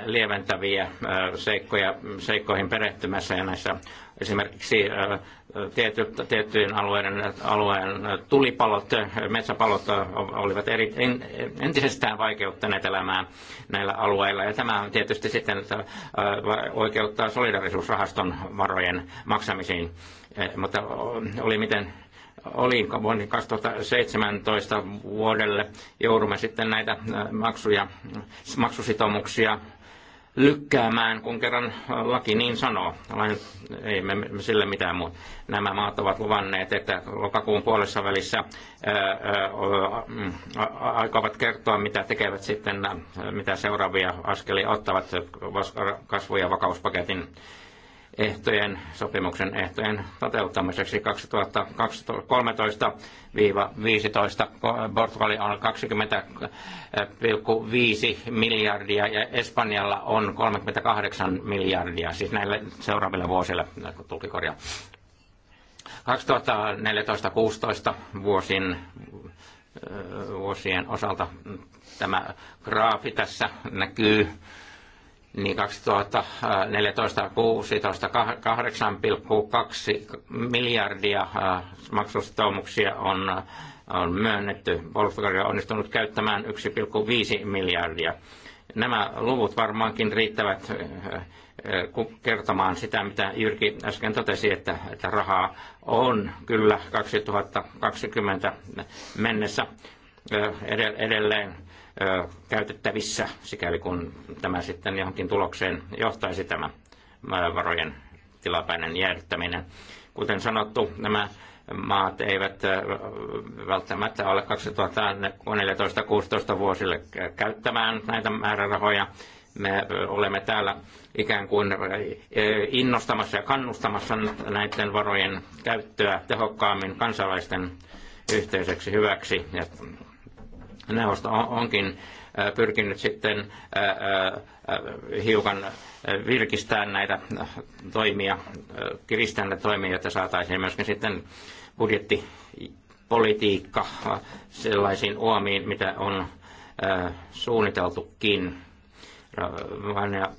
lieventäviä seikkoja, seikkoihin perehtymässä ja näissä esimerkiksi Tiety, tiettyjen alueiden, alueen tulipalot, metsäpalot olivat eri, entisestään vaikeuttaneet elämää näillä alueilla. Ja tämä tietysti sitten äh, oikeuttaa solidarisuusrahaston varojen maksamisiin. Eh, mutta oli miten oli vuonna 2017 vuodelle joudumme sitten näitä äh, maksuja, maksusitoumuksia lykkäämään, kun kerran laki niin sanoo. Lain, ei me sille mitään muuta. Nämä maat ovat luvanneet, että lokakuun puolessa välissä aikovat kertoa, mitä tekevät sitten, mitä seuraavia askelia ottavat kasvu- ja vakauspaketin ehtojen, sopimuksen ehtojen toteuttamiseksi 2013-2015. Portugali on 20,5 miljardia ja Espanjalla on 38 miljardia, siis näille seuraaville vuosille, tulkikorja. 2014-2016 vuosien, vuosien osalta tämä graafi tässä näkyy niin 2014 16 8,2 miljardia äh, maksusitoumuksia on, on myönnetty. Puolustusvoimat on onnistunut käyttämään 1,5 miljardia. Nämä luvut varmaankin riittävät äh, äh, kertomaan sitä, mitä Jyrki äsken totesi, että, että rahaa on kyllä 2020 mennessä edelleen käytettävissä, sikäli kun tämä sitten johonkin tulokseen johtaisi tämä varojen tilapäinen jäädyttäminen. Kuten sanottu, nämä maat eivät välttämättä ole 2014 2016 vuosille käyttämään näitä määrärahoja. Me olemme täällä ikään kuin innostamassa ja kannustamassa näiden varojen käyttöä tehokkaammin kansalaisten yhteiseksi hyväksi ja neuvosto onkin pyrkinyt sitten hiukan virkistämään näitä toimia, kiristää näitä toimia, jotta saataisiin myöskin sitten budjettipolitiikka sellaisiin uomiin, mitä on suunniteltukin. Vanja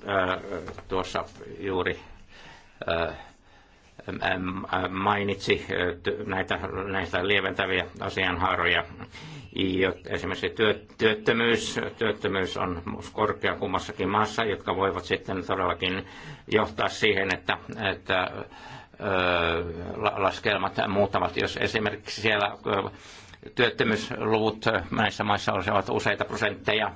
tuossa juuri mainitsi näitä, näitä lieventäviä asianhaaroja Esimerkiksi työttömyys, työttömyys on korkea kummassakin maassa, jotka voivat sitten todellakin johtaa siihen, että, että laskelmat muuttavat. Jos esimerkiksi siellä työttömyysluvut näissä maissa olisivat useita prosentteja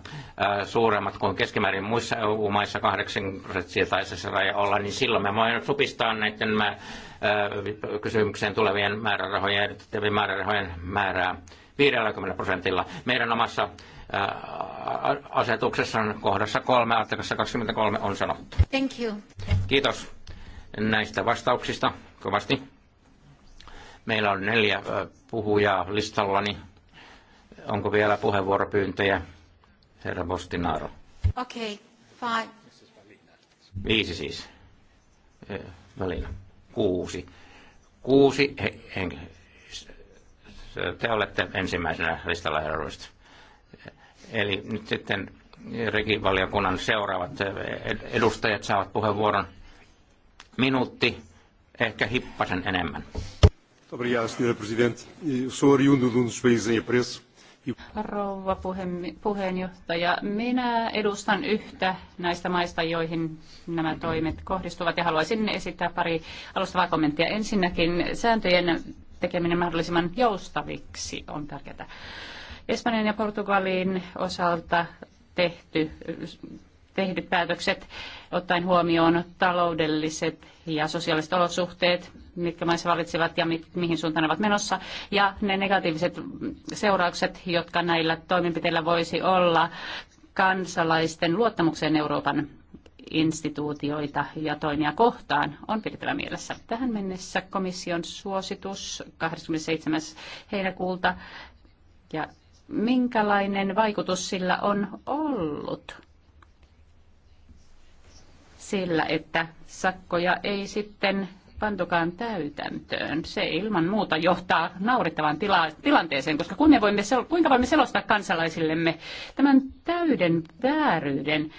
suuremmat kuin keskimäärin muissa EU-maissa, 8 prosenttia taisi se raja olla, niin silloin me voimme supistaa näiden kysymykseen tulevien määrärahojen, määrärahojen määrää 50 prosentilla. Meidän omassa asetuksessaan kohdassa 3 artikassa 23 on sanottu. Thank you. Kiitos näistä vastauksista kovasti. Meillä on neljä puhujaa listallani. Onko vielä puheenvuoropyyntöjä? Herra Bostinaro. Okei, okay, Viisi siis. Välillä. Kuusi. Kuusi he, te olette ensimmäisenä listalla herroista. Eli nyt sitten regivaliokunnan seuraavat edustajat saavat puheenvuoron minuutti, ehkä hippasen enemmän. E um e Rouva puheenjohtaja, minä edustan yhtä näistä maista, joihin nämä toimet kohdistuvat ja haluaisin esittää pari alustavaa kommenttia. Ensinnäkin sääntöjen tekeminen mahdollisimman joustaviksi on tärkeää. Espanjan ja Portugalin osalta tehty, tehdyt päätökset ottaen huomioon taloudelliset ja sosiaaliset olosuhteet, mitkä maissa valitsivat ja mi- mihin suuntaan ne ovat menossa, ja ne negatiiviset seuraukset, jotka näillä toimenpiteillä voisi olla kansalaisten luottamukseen Euroopan instituutioita ja toimia kohtaan on pidettävä mielessä. Tähän mennessä komission suositus 27. heinäkuulta ja minkälainen vaikutus sillä on ollut? Sillä, että sakkoja ei sitten pantukaan täytäntöön. Se ilman muuta johtaa naurittavaan tila- tilanteeseen, koska kun voimme sel- kuinka voimme selostaa kansalaisillemme tämän täyden vääryyden,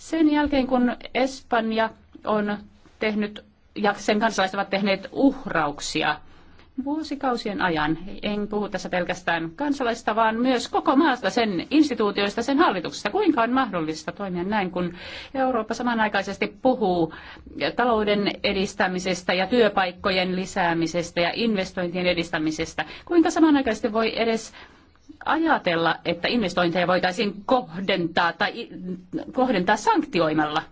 sen jälkeen, kun Espanja on tehnyt ja sen kansalaiset ovat tehneet uhrauksia vuosikausien ajan. En puhu tässä pelkästään kansalaista, vaan myös koko maasta, sen instituutioista, sen hallituksesta. Kuinka on mahdollista toimia näin, kun Eurooppa samanaikaisesti puhuu talouden edistämisestä ja työpaikkojen lisäämisestä ja investointien edistämisestä? Kuinka samanaikaisesti voi edes ajatella, että investointeja voitaisiin kohdentaa tai kohdentaa sanktioimalla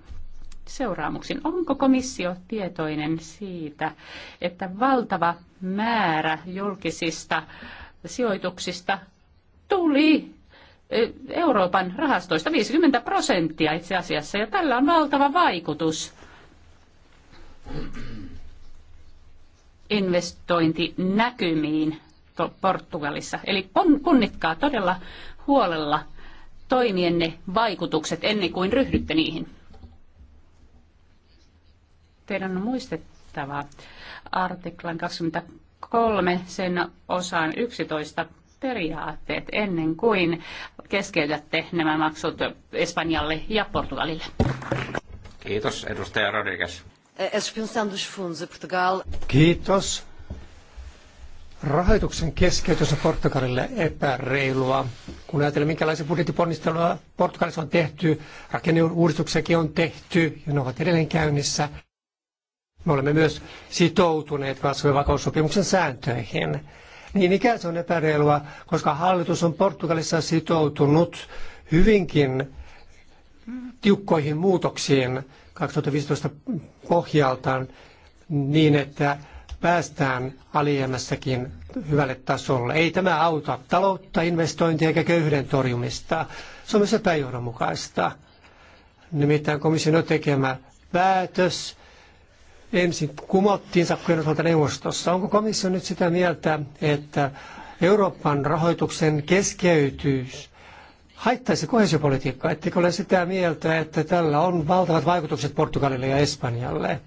Seuraamuksin Onko komissio tietoinen siitä, että valtava määrä julkisista sijoituksista tuli Euroopan rahastoista 50 prosenttia itse asiassa, ja tällä on valtava vaikutus investointinäkymiin Portugalissa. Eli punnitkaa todella huolella toimienne vaikutukset ennen kuin ryhdytte niihin. Teidän on muistettava artiklan 23 sen osaan 11 periaatteet ennen kuin keskeytätte nämä maksut Espanjalle ja Portugalille. Kiitos, edustaja Rodriguez. Kiitos rahoituksen keskeytys on Portugalille epäreilua. Kun ajatellaan, minkälaisia budjettiponnisteluja Portugalissa on tehty, rakenneuudistuksiakin on tehty ja ne ovat edelleen käynnissä. Me olemme myös sitoutuneet kasvu- ja vakaussopimuksen sääntöihin. Niin ikään se on epäreilua, koska hallitus on Portugalissa sitoutunut hyvinkin tiukkoihin muutoksiin 2015 pohjaltaan niin, että päästään alijäämässäkin hyvälle tasolle. Ei tämä auta taloutta, investointia eikä köyhyyden torjumista. Se on myös epäjohdonmukaista. Nimittäin komission tekemä päätös ensin kumottiin sakkojen osalta neuvostossa. Onko komissio nyt sitä mieltä, että Euroopan rahoituksen keskeytyys haittaisi kohesiopolitiikkaa? Ettekö ole sitä mieltä, että tällä on valtavat vaikutukset Portugalille ja Espanjalle?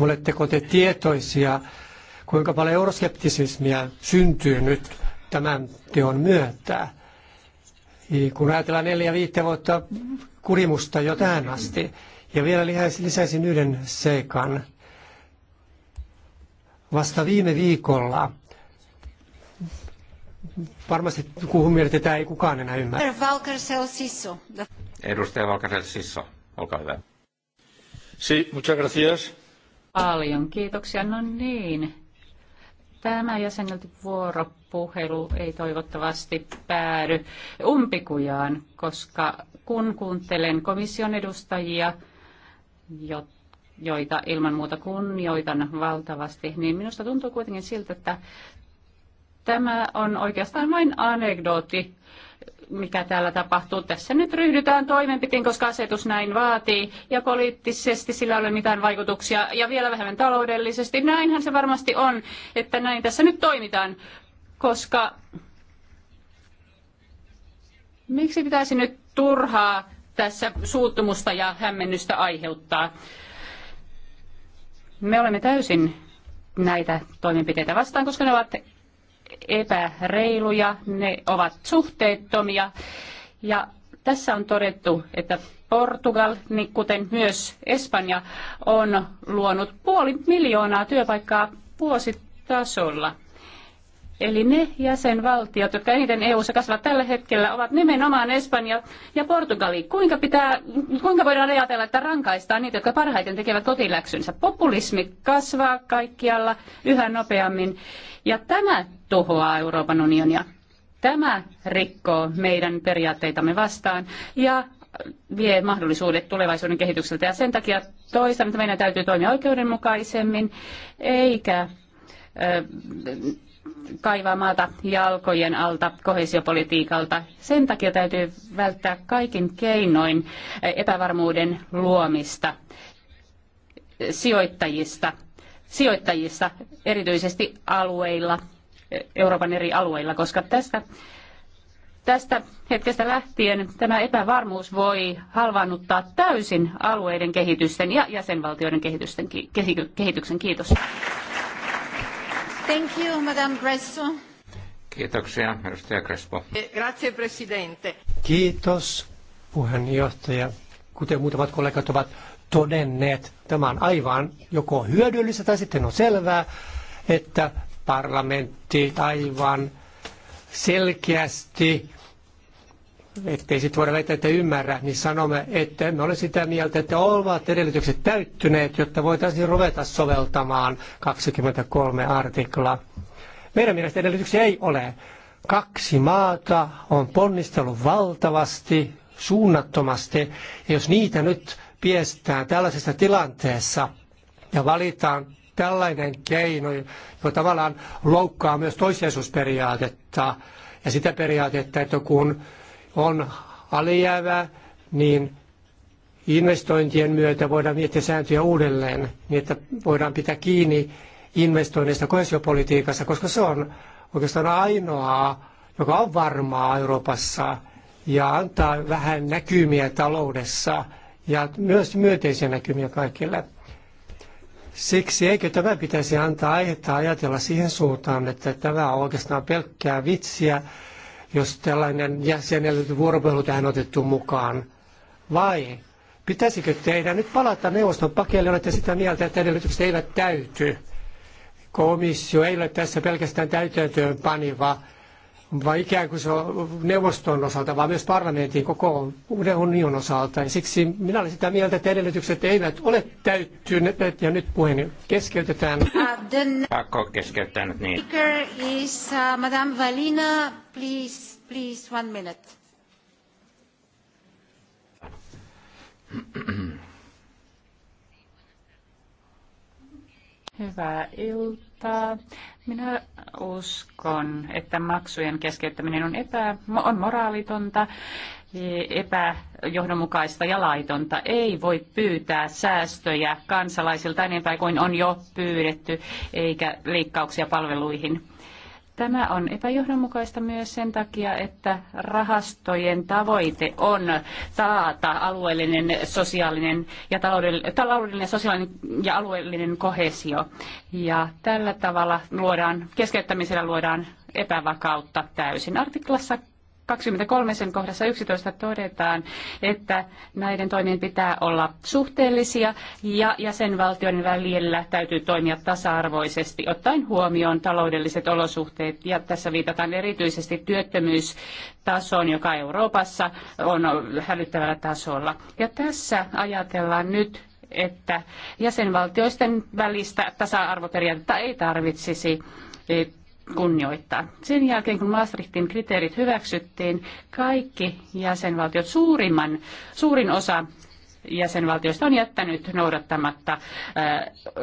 Oletteko te tietoisia, kuinka paljon euroskeptisismiä syntyy nyt tämän teon myötä? Kun ajatellaan neljä viittä vuotta kurimusta jo tähän asti. Ja vielä lisäisin yhden seikan. Vasta viime viikolla varmasti kuhun mieltä tätä ei kukaan enää ymmärrä. Edustaja Valkarsel Sisso, olkaa hyvä. Sí, muchas gracias. Paljon kiitoksia. No niin. Tämä jäsenelty vuoropuhelu ei toivottavasti päädy umpikujaan, koska kun kuuntelen komission edustajia, joita ilman muuta kunnioitan valtavasti, niin minusta tuntuu kuitenkin siltä, että tämä on oikeastaan vain anekdootti mikä täällä tapahtuu. Tässä nyt ryhdytään toimenpiteen, koska asetus näin vaatii ja poliittisesti sillä ei ole mitään vaikutuksia ja vielä vähemmän taloudellisesti. Näinhän se varmasti on, että näin tässä nyt toimitaan, koska miksi pitäisi nyt turhaa tässä suuttumusta ja hämmennystä aiheuttaa? Me olemme täysin näitä toimenpiteitä vastaan, koska ne ovat epäreiluja, ne ovat suhteettomia. Ja tässä on todettu, että Portugal, niin kuten myös Espanja, on luonut puoli miljoonaa työpaikkaa vuositasolla. Eli ne jäsenvaltiot, jotka eniten EU-ssa kasvavat tällä hetkellä, ovat nimenomaan Espanja ja Portugali. Kuinka, pitää, kuinka voidaan ajatella, että rankaistaan niitä, jotka parhaiten tekevät kotiläksynsä? Populismi kasvaa kaikkialla yhä nopeammin ja tämä tuhoaa Euroopan unionia. Tämä rikkoo meidän periaatteitamme vastaan ja vie mahdollisuudet tulevaisuuden kehitykseltä. Ja sen takia toistan, että meidän täytyy toimia oikeudenmukaisemmin, eikä kaivaa maata jalkojen alta kohesiopolitiikalta. Sen takia täytyy välttää kaikin keinoin epävarmuuden luomista sijoittajista, sijoittajista erityisesti alueilla, Euroopan eri alueilla, koska tästä, tästä hetkestä lähtien tämä epävarmuus voi halvaannuttaa täysin alueiden kehitysten ja jäsenvaltioiden kehitysten, kehityksen. Kiitos. Thank you, Madame Kiitoksia, edustaja Crespo. Eh, grazie, presidente. Kiitos, puheenjohtaja. Kuten muutamat kollegat ovat todenneet, tämä on aivan joko hyödyllistä tai sitten on selvää, että parlamentti aivan selkeästi ettei sitten voida väittää, että ymmärrä, niin sanomme, että emme ole sitä mieltä, että ovat edellytykset täyttyneet, jotta voitaisiin ruveta soveltamaan 23 artiklaa. Meidän mielestä edellytyksiä ei ole. Kaksi maata on ponnistellut valtavasti, suunnattomasti, ja jos niitä nyt piestään tällaisessa tilanteessa ja valitaan tällainen keino, joka tavallaan loukkaa myös toissijaisuusperiaatetta ja sitä periaatetta, että kun on alijäävää, niin investointien myötä voidaan miettiä sääntöjä uudelleen, niin että voidaan pitää kiinni investoinneista koesiopolitiikassa, koska se on oikeastaan ainoa, joka on varmaa Euroopassa ja antaa vähän näkymiä taloudessa ja myös myönteisiä näkymiä kaikille. Siksi eikö tämä pitäisi antaa aihetta ajatella siihen suuntaan, että tämä on oikeastaan pelkkää vitsiä, jos tällainen jäsenellinen vuoropuhelu tähän otettu mukaan? Vai pitäisikö teidän nyt palata neuvoston pakelle, olette sitä mieltä, että edellytykset eivät täyty? Komissio ei ole tässä pelkästään täytäntöön vaan vaikea kuin se on neuvoston osalta, vaan myös parlamentin koko uuden union osalta. Ja siksi minä olen sitä mieltä, että edellytykset eivät ole täyttyneet ja nyt puheen keskeytetään. Pakko keskeyttää nyt niin. Speaker is uh, Madame Valina, please, please one minute. Hyvää iltaa. Minä uskon, että maksujen keskeyttäminen on, epä, on moraalitonta, epäjohdonmukaista ja laitonta. Ei voi pyytää säästöjä kansalaisilta enempää kuin on jo pyydetty, eikä leikkauksia palveluihin. Tämä on epäjohdonmukaista myös sen takia, että rahastojen tavoite on taata alueellinen, sosiaalinen ja taloudellinen, taloudellinen sosiaalinen ja alueellinen kohesio. Ja tällä tavalla luodaan, keskeyttämisellä luodaan epävakautta täysin. Artiklassa 23 sen kohdassa 11 todetaan, että näiden toimien pitää olla suhteellisia ja jäsenvaltioiden välillä täytyy toimia tasa-arvoisesti ottaen huomioon taloudelliset olosuhteet ja tässä viitataan erityisesti työttömyystasoon, joka Euroopassa on hälyttävällä tasolla. Ja tässä ajatellaan nyt että jäsenvaltioisten välistä tasa-arvoperiaatetta ei tarvitsisi kunnioittaa. Sen jälkeen, kun Maastrichtin kriteerit hyväksyttiin, kaikki jäsenvaltiot, suurimman, suurin osa jäsenvaltioista on jättänyt noudattamatta äh,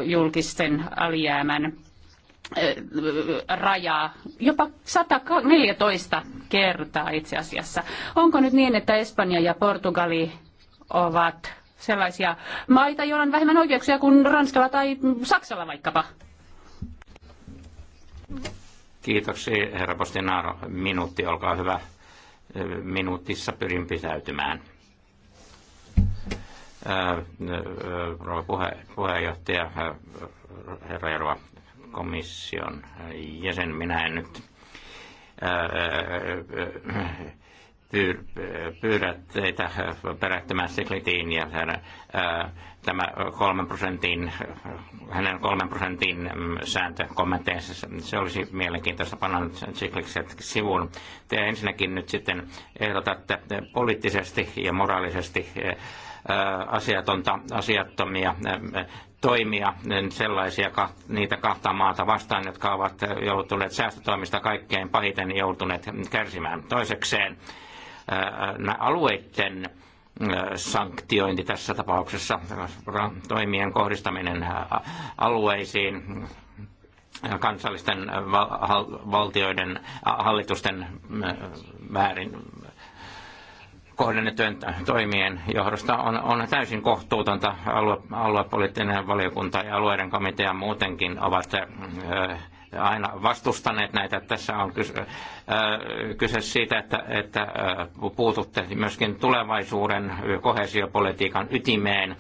julkisten alijäämän äh, rajaa jopa 114 kertaa itse asiassa. Onko nyt niin, että Espanja ja Portugali ovat sellaisia maita, joilla on vähemmän oikeuksia kuin Ranskalla tai Saksalla vaikkapa? Kiitoksia, herra Postinaro. Minuutti, olkaa hyvä. Minuutissa pyrin pitäytymään. Rouva puhe, puheenjohtaja, herra Jarva, komission jäsen, minä en nyt pyydä teitä perehtymään Siklitiin ja tämä kolmen prosentin, hänen kolmen prosentin mm, sääntö kommenteissa. Se olisi mielenkiintoista panna nyt siklikseksi sivuun. Te ensinnäkin nyt sitten ehdotatte poliittisesti ja moraalisesti eh, eh, asiatonta, asiattomia eh, toimia sellaisia niitä kahta maata vastaan, jotka ovat joutuneet säästötoimista kaikkein pahiten joutuneet kärsimään. Toisekseen alueiden sanktiointi tässä tapauksessa, toimien kohdistaminen alueisiin, kansallisten valtioiden hallitusten väärin kohdennettujen toimien johdosta on, on täysin kohtuutonta. Alue, aluepoliittinen valiokunta ja alueiden komitea muutenkin ovat aina vastustaneet näitä. Tässä on äh, kyse, siitä, että, että äh, puututte myöskin tulevaisuuden kohesiopolitiikan ytimeen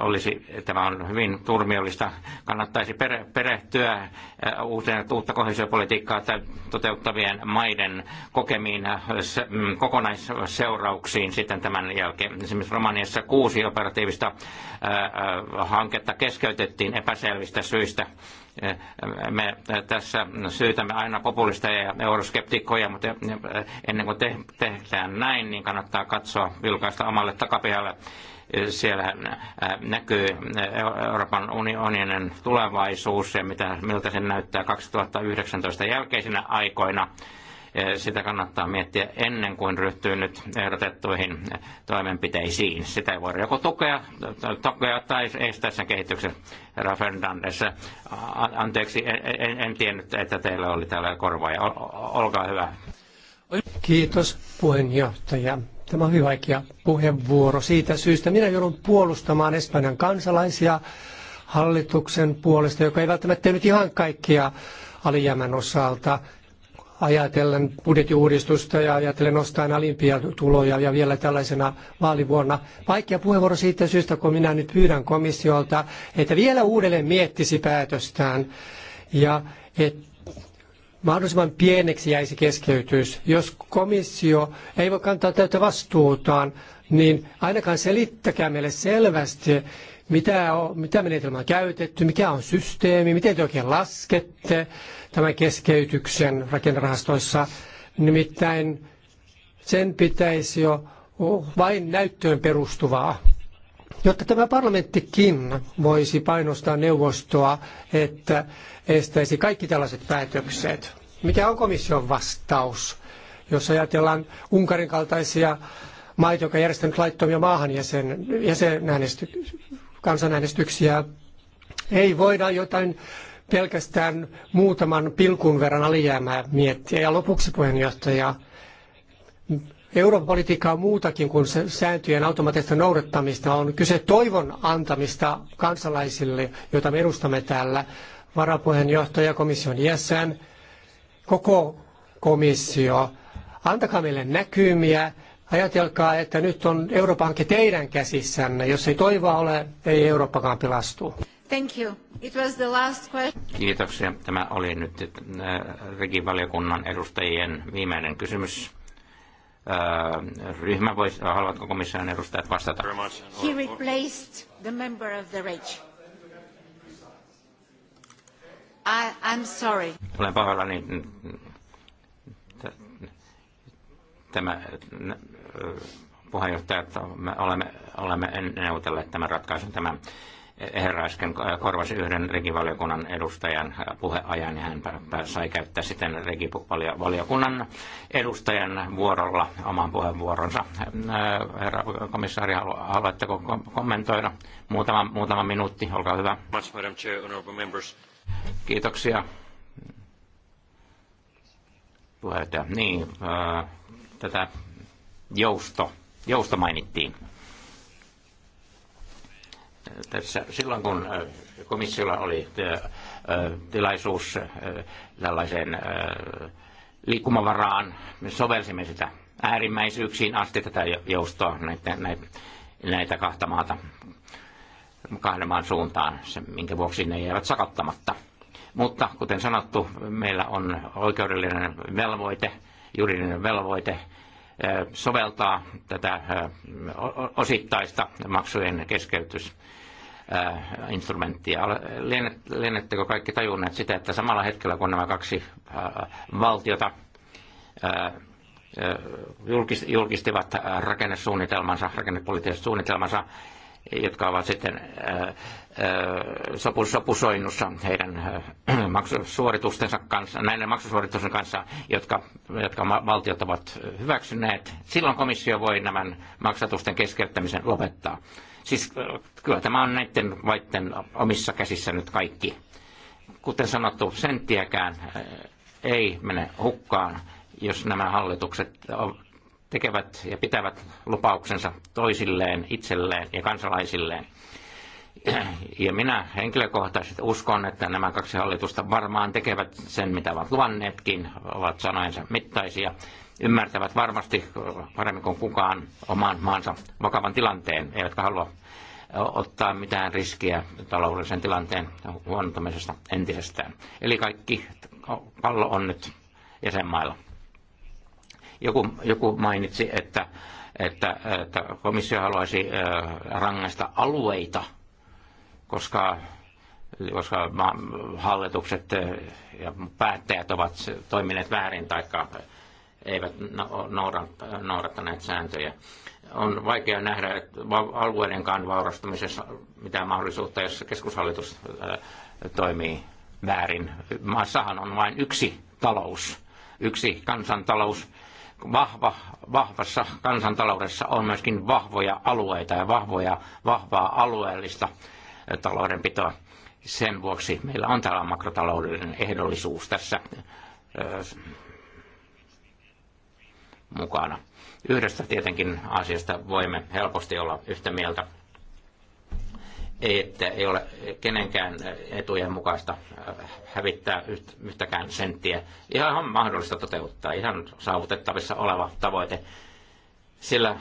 olisi, tämä on hyvin turmiollista, kannattaisi pere, perehtyä uuteen, uutta kohesiopolitiikkaa toteuttavien maiden kokemiin mm, kokonaisseurauksiin sitten tämän jälkeen. Esimerkiksi Romaniassa kuusi operatiivista hanketta keskeytettiin epäselvistä syistä me tässä syytämme aina populista ja euroskeptikkoja, mutta ennen kuin te, tehdään näin, niin kannattaa katsoa vilkaista omalle takapihalle siellä näkyy Euroopan unionin tulevaisuus ja mitä, miltä se näyttää 2019 jälkeisinä aikoina. Sitä kannattaa miettiä ennen kuin ryhtyy nyt ehdotettuihin toimenpiteisiin. Sitä ei voida joko tukea, tukea tai estää sen kehityksen. Herra Fernandes, anteeksi, en, en tiennyt, että teillä oli täällä korvaaja. Olkaa hyvä. Kiitos puheenjohtaja. Tämä on hyvin vaikea puheenvuoro. Siitä syystä minä joudun puolustamaan Espanjan kansalaisia hallituksen puolesta, joka ei välttämättä tehnyt ihan kaikkia alijäämän osalta. Ajatellen budjettiuudistusta ja ajatellen nostaen alimpia tuloja ja vielä tällaisena vaalivuonna. Vaikea puheenvuoro siitä syystä, kun minä nyt pyydän komissiolta, että vielä uudelleen miettisi päätöstään ja että mahdollisimman pieneksi jäisi keskeytys. Jos komissio ei voi kantaa täyttä vastuutaan, niin ainakaan selittäkää meille selvästi, mitä, on, mitä menetelmää on käytetty, mikä on systeemi, miten te oikein laskette tämän keskeytyksen rakennerahastoissa. Nimittäin sen pitäisi jo vain näyttöön perustuvaa. Jotta tämä parlamenttikin voisi painostaa neuvostoa, että estäisi kaikki tällaiset päätökset. Mikä on komission vastaus, jos ajatellaan Unkarin kaltaisia maita, jotka järjestänyt laittomia maahan jäsen, jäsenäänesty- kansanäänestyksiä? Ei voida jotain pelkästään muutaman pilkun verran alijäämää miettiä. Ja lopuksi puheenjohtaja, Euroopan politiikka on muutakin kuin sääntöjen automaattista noudattamista. On kyse toivon antamista kansalaisille, joita me edustamme täällä varapuheenjohtaja, komission jäsen, koko komissio, antakaa meille näkymiä, ajatelkaa, että nyt on Euroopan teidän käsissänne. Jos ei toivoa ole, ei Eurooppakaan pelastu. Thank you. It was the last question. Kiitoksia. Tämä oli nyt äh, valiokunnan edustajien viimeinen kysymys. Äh, ryhmä voisi, haluatko komission edustajat vastata? He replaced the member of the I, I'm sorry. Olen pahoillani. Niin, mm, tämä puheenjohtaja, että me olemme, olemme neuvotelleet tämän ratkaisun. Tämä herra äsken korvasi yhden regivaliokunnan edustajan puheajan ja hän sai käyttää sitten regivaliokunnan edustajan vuorolla oman puheenvuoronsa. Herra komissaari, haluatteko kommentoida? Muutama, muutama minuutti, olkaa hyvä. Much, Madam Chair, members. Kiitoksia. Puheenjohtaja. Niin, äh, tätä jousto, jousto mainittiin. Tässä, silloin kun äh, komissiolla oli äh, tilaisuus tällaiseen liikkumavaraan, me sovelsimme sitä äärimmäisyyksiin asti tätä joustoa näitä, näitä, näitä kahta maata kahden maan suuntaan, sen, minkä vuoksi ne jäävät sakottamatta. Mutta kuten sanottu, meillä on oikeudellinen velvoite, juridinen velvoite soveltaa tätä osittaista maksujen keskeytys instrumenttia. Lennettekö kaikki tajunneet sitä, että samalla hetkellä kun nämä kaksi valtiota julkistivat rakennesuunnitelmansa, rakennepoliittiset suunnitelmansa, jotka ovat sitten äh, äh, sopusoinnussa heidän äh, maksusuoritustensa kanssa, näiden maksusuoritusten kanssa, jotka, jotka valtiot ovat hyväksyneet. Silloin komissio voi nämä maksatusten keskeyttämisen lopettaa. Siis kyllä tämä on näiden vaitten omissa käsissä nyt kaikki. Kuten sanottu, senttiäkään ei mene hukkaan, jos nämä hallitukset tekevät ja pitävät lupauksensa toisilleen, itselleen ja kansalaisilleen. Ja minä henkilökohtaisesti uskon, että nämä kaksi hallitusta varmaan tekevät sen, mitä ovat luvanneetkin, ovat sanoensa mittaisia, ymmärtävät varmasti paremmin kuin kukaan oman maansa vakavan tilanteen, eivätkä halua ottaa mitään riskiä taloudellisen tilanteen huonontamisesta entisestään. Eli kaikki pallo on nyt jäsenmailla. Joku, joku mainitsi, että, että, että komissio haluaisi äh, rangaista alueita, koska koska hallitukset äh, ja päättäjät ovat toimineet väärin tai eivät no-, noudattaneet sääntöjä. On vaikea nähdä että alueidenkaan vaurastumisessa mitään mahdollisuutta, jos keskushallitus äh, toimii väärin. Maassahan on vain yksi talous, yksi kansantalous vahva, vahvassa kansantaloudessa on myöskin vahvoja alueita ja vahvoja, vahvaa alueellista eh, taloudenpitoa. Sen vuoksi meillä on tällainen makrotaloudellinen ehdollisuus tässä eh, mukana. Yhdestä tietenkin asiasta voimme helposti olla yhtä mieltä että ei ole kenenkään etujen mukaista äh, hävittää yhtäkään senttiä. Ihan mahdollista toteuttaa, ihan saavutettavissa oleva tavoite. Sillä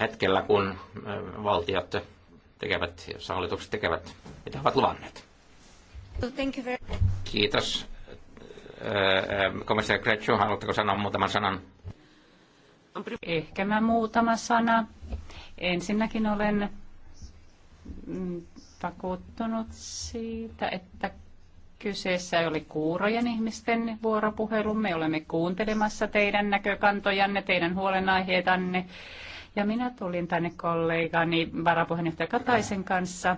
hetkellä, kun äh, valtiot tekevät, hallitukset tekevät, mitä ovat luvanneet. Kiitos. Äh, ähm, komissaari Gretchen, haluatteko sanoa muutaman sanan? Ehkä mä muutama sana. Ensinnäkin olen vakuuttunut siitä, että kyseessä oli kuurojen ihmisten vuoropuhelu. Me olemme kuuntelemassa teidän näkökantojanne, teidän huolenaiheitanne. Ja minä tulin tänne kollegani varapuheenjohtaja Kataisen kanssa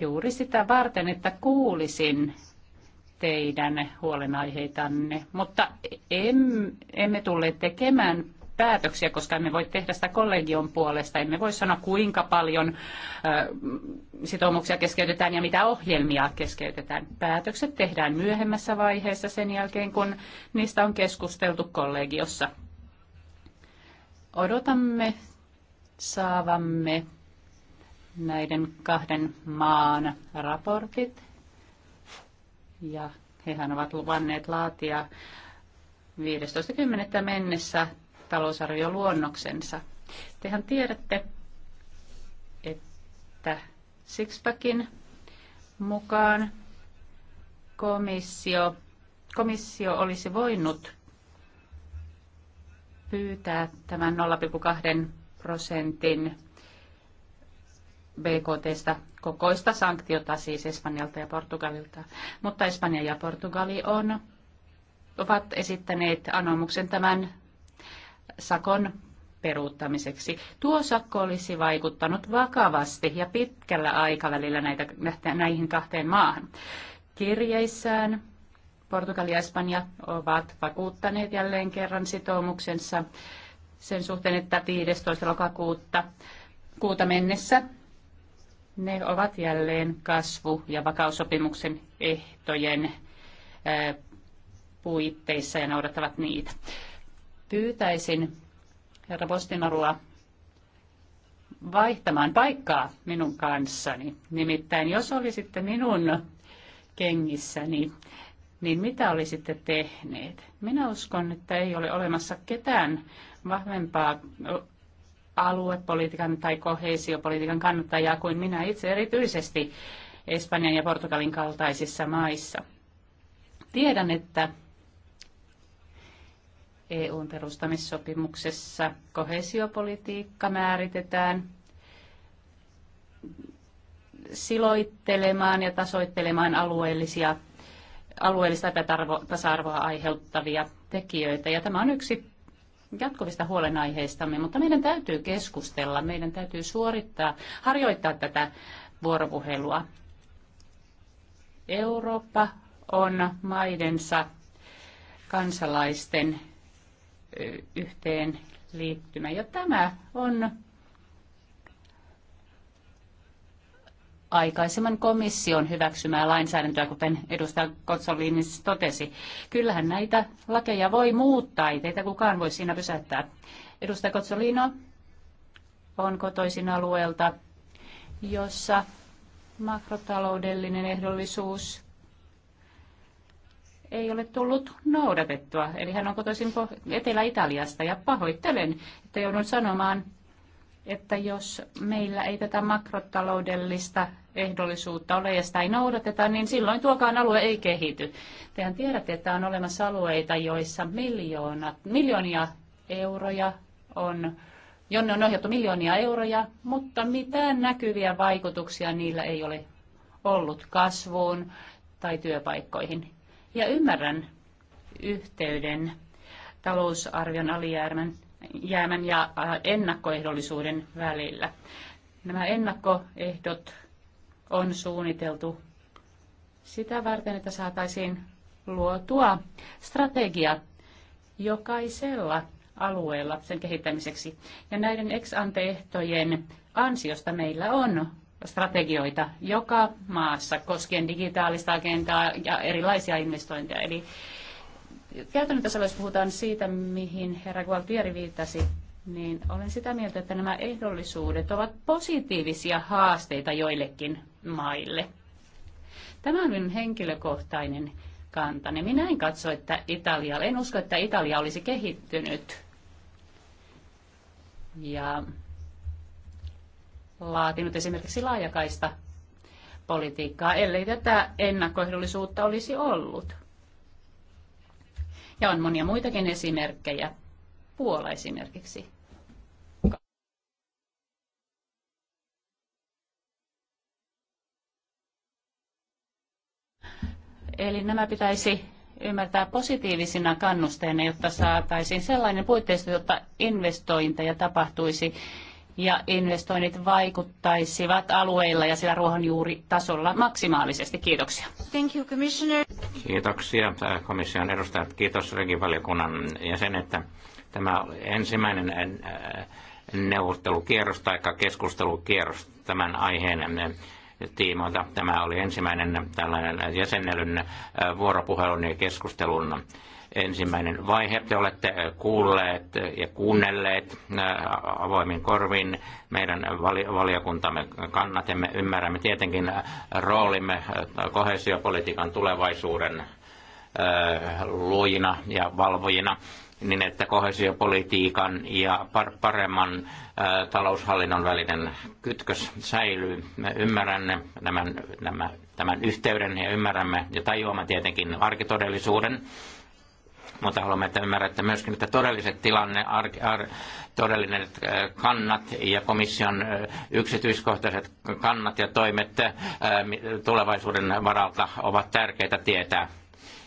juuri sitä varten, että kuulisin teidän huolenaiheitanne, mutta em, emme tule tekemään päätöksiä, koska emme voi tehdä sitä kollegion puolesta. Emme voi sanoa, kuinka paljon sitoumuksia keskeytetään ja mitä ohjelmia keskeytetään. Päätökset tehdään myöhemmässä vaiheessa sen jälkeen, kun niistä on keskusteltu kollegiossa. Odotamme saavamme näiden kahden maan raportit. Ja hehän ovat luvanneet laatia 15.10. mennessä talousarvioluonnoksensa. Tehän tiedätte, että Sixpackin mukaan komissio, komissio olisi voinut pyytää tämän 0,2 prosentin BKTstä kokoista sanktiota siis Espanjalta ja Portugalilta. Mutta Espanja ja Portugali on, ovat esittäneet anomuksen tämän sakon peruuttamiseksi. Tuo sakko olisi vaikuttanut vakavasti ja pitkällä aikavälillä näitä, näihin kahteen maahan. Kirjeissään Portugali ja Espanja ovat vakuuttaneet jälleen kerran sitoumuksensa sen suhteen, että 15. lokakuuta kuuta mennessä ne ovat jälleen kasvu- ja vakaussopimuksen ehtojen puitteissa ja noudattavat niitä. Pyytäisin herra Postinarua vaihtamaan paikkaa minun kanssani. Nimittäin jos olisitte minun kengissäni, niin mitä olisitte tehneet? Minä uskon, että ei ole olemassa ketään vahvempaa aluepolitiikan tai kohesiopolitiikan kannattajaa kuin minä itse erityisesti Espanjan ja Portugalin kaltaisissa maissa. Tiedän, että EUn perustamissopimuksessa kohesiopolitiikka määritetään siloittelemaan ja tasoittelemaan alueellisia, alueellista epätasa-arvoa aiheuttavia tekijöitä. Ja tämä on yksi jatkuvista huolenaiheistamme, mutta meidän täytyy keskustella, meidän täytyy suorittaa, harjoittaa tätä vuoropuhelua. Eurooppa on maidensa kansalaisten yhteen liittymä. Ja tämä on aikaisemman komission hyväksymää lainsäädäntöä, kuten edustaja Kotsolinis totesi. Kyllähän näitä lakeja voi muuttaa, ei teitä kukaan voi siinä pysäyttää. Edustaja Kotsolino on kotoisin alueelta, jossa makrotaloudellinen ehdollisuus ei ole tullut noudatettua. Eli hän on kotoisin Etelä-Italiasta ja pahoittelen, että joudun sanomaan, että jos meillä ei tätä makrotaloudellista ehdollisuutta ole ja sitä ei noudateta, niin silloin tuokaan alue ei kehity. Tehän tiedätte, että on olemassa alueita, joissa miljoonat, miljoonia euroja on, jonne on ohjattu miljoonia euroja, mutta mitään näkyviä vaikutuksia niillä ei ole ollut kasvuun tai työpaikkoihin. Ja ymmärrän yhteyden talousarvion alijäämän jäämän ja ennakkoehdollisuuden välillä. Nämä ennakkoehdot on suunniteltu sitä varten, että saataisiin luotua strategia jokaisella alueella sen kehittämiseksi. Ja näiden ex-anteehtojen ansiosta meillä on strategioita joka maassa koskien digitaalista agendaa ja erilaisia investointeja. Eli käytännön tasolla, jos puhutaan siitä, mihin herra Gualtieri viittasi, niin olen sitä mieltä, että nämä ehdollisuudet ovat positiivisia haasteita joillekin maille. Tämä on minun henkilökohtainen kantani. Minä en katso, että Italia, en usko, että Italia olisi kehittynyt. Ja laatinut esimerkiksi laajakaista politiikkaa, ellei tätä ennakkoehdollisuutta olisi ollut. Ja on monia muitakin esimerkkejä. Puola esimerkiksi. Eli nämä pitäisi ymmärtää positiivisina kannusteina, jotta saataisiin sellainen puitteisto, jotta investointeja tapahtuisi ja investoinnit vaikuttaisivat alueilla ja sillä ruohonjuuritasolla maksimaalisesti. Kiitoksia. Thank you, Commissioner. Kiitoksia komission edustajat. Kiitos regivaliokunnan jäsenettä. Tämä oli ensimmäinen neuvottelukierros tai keskustelukierros tämän aiheen tiimoilta. Tämä oli ensimmäinen tällainen jäsennelyn vuoropuhelun ja keskustelun ensimmäinen vaihe. Te olette äh, kuulleet äh, ja kuunnelleet äh, avoimin korvin meidän valiokuntamme kannat ja me ymmärrämme tietenkin roolimme kohesiopolitiikan tulevaisuuden luojina ja valvojina niin että kohesiopolitiikan ja paremman taloushallinnon välinen kytkös säilyy. Me ymmärrämme tämän, tämän, tämän yhteyden ja ymmärrämme ja tajuamme tietenkin arkitodellisuuden mutta haluamme, että ymmärrätte myöskin, että todelliset tilanne, ar, ar, todellinen äh, kannat ja komission äh, yksityiskohtaiset kannat ja toimet äh, tulevaisuuden varalta ovat tärkeitä tietää.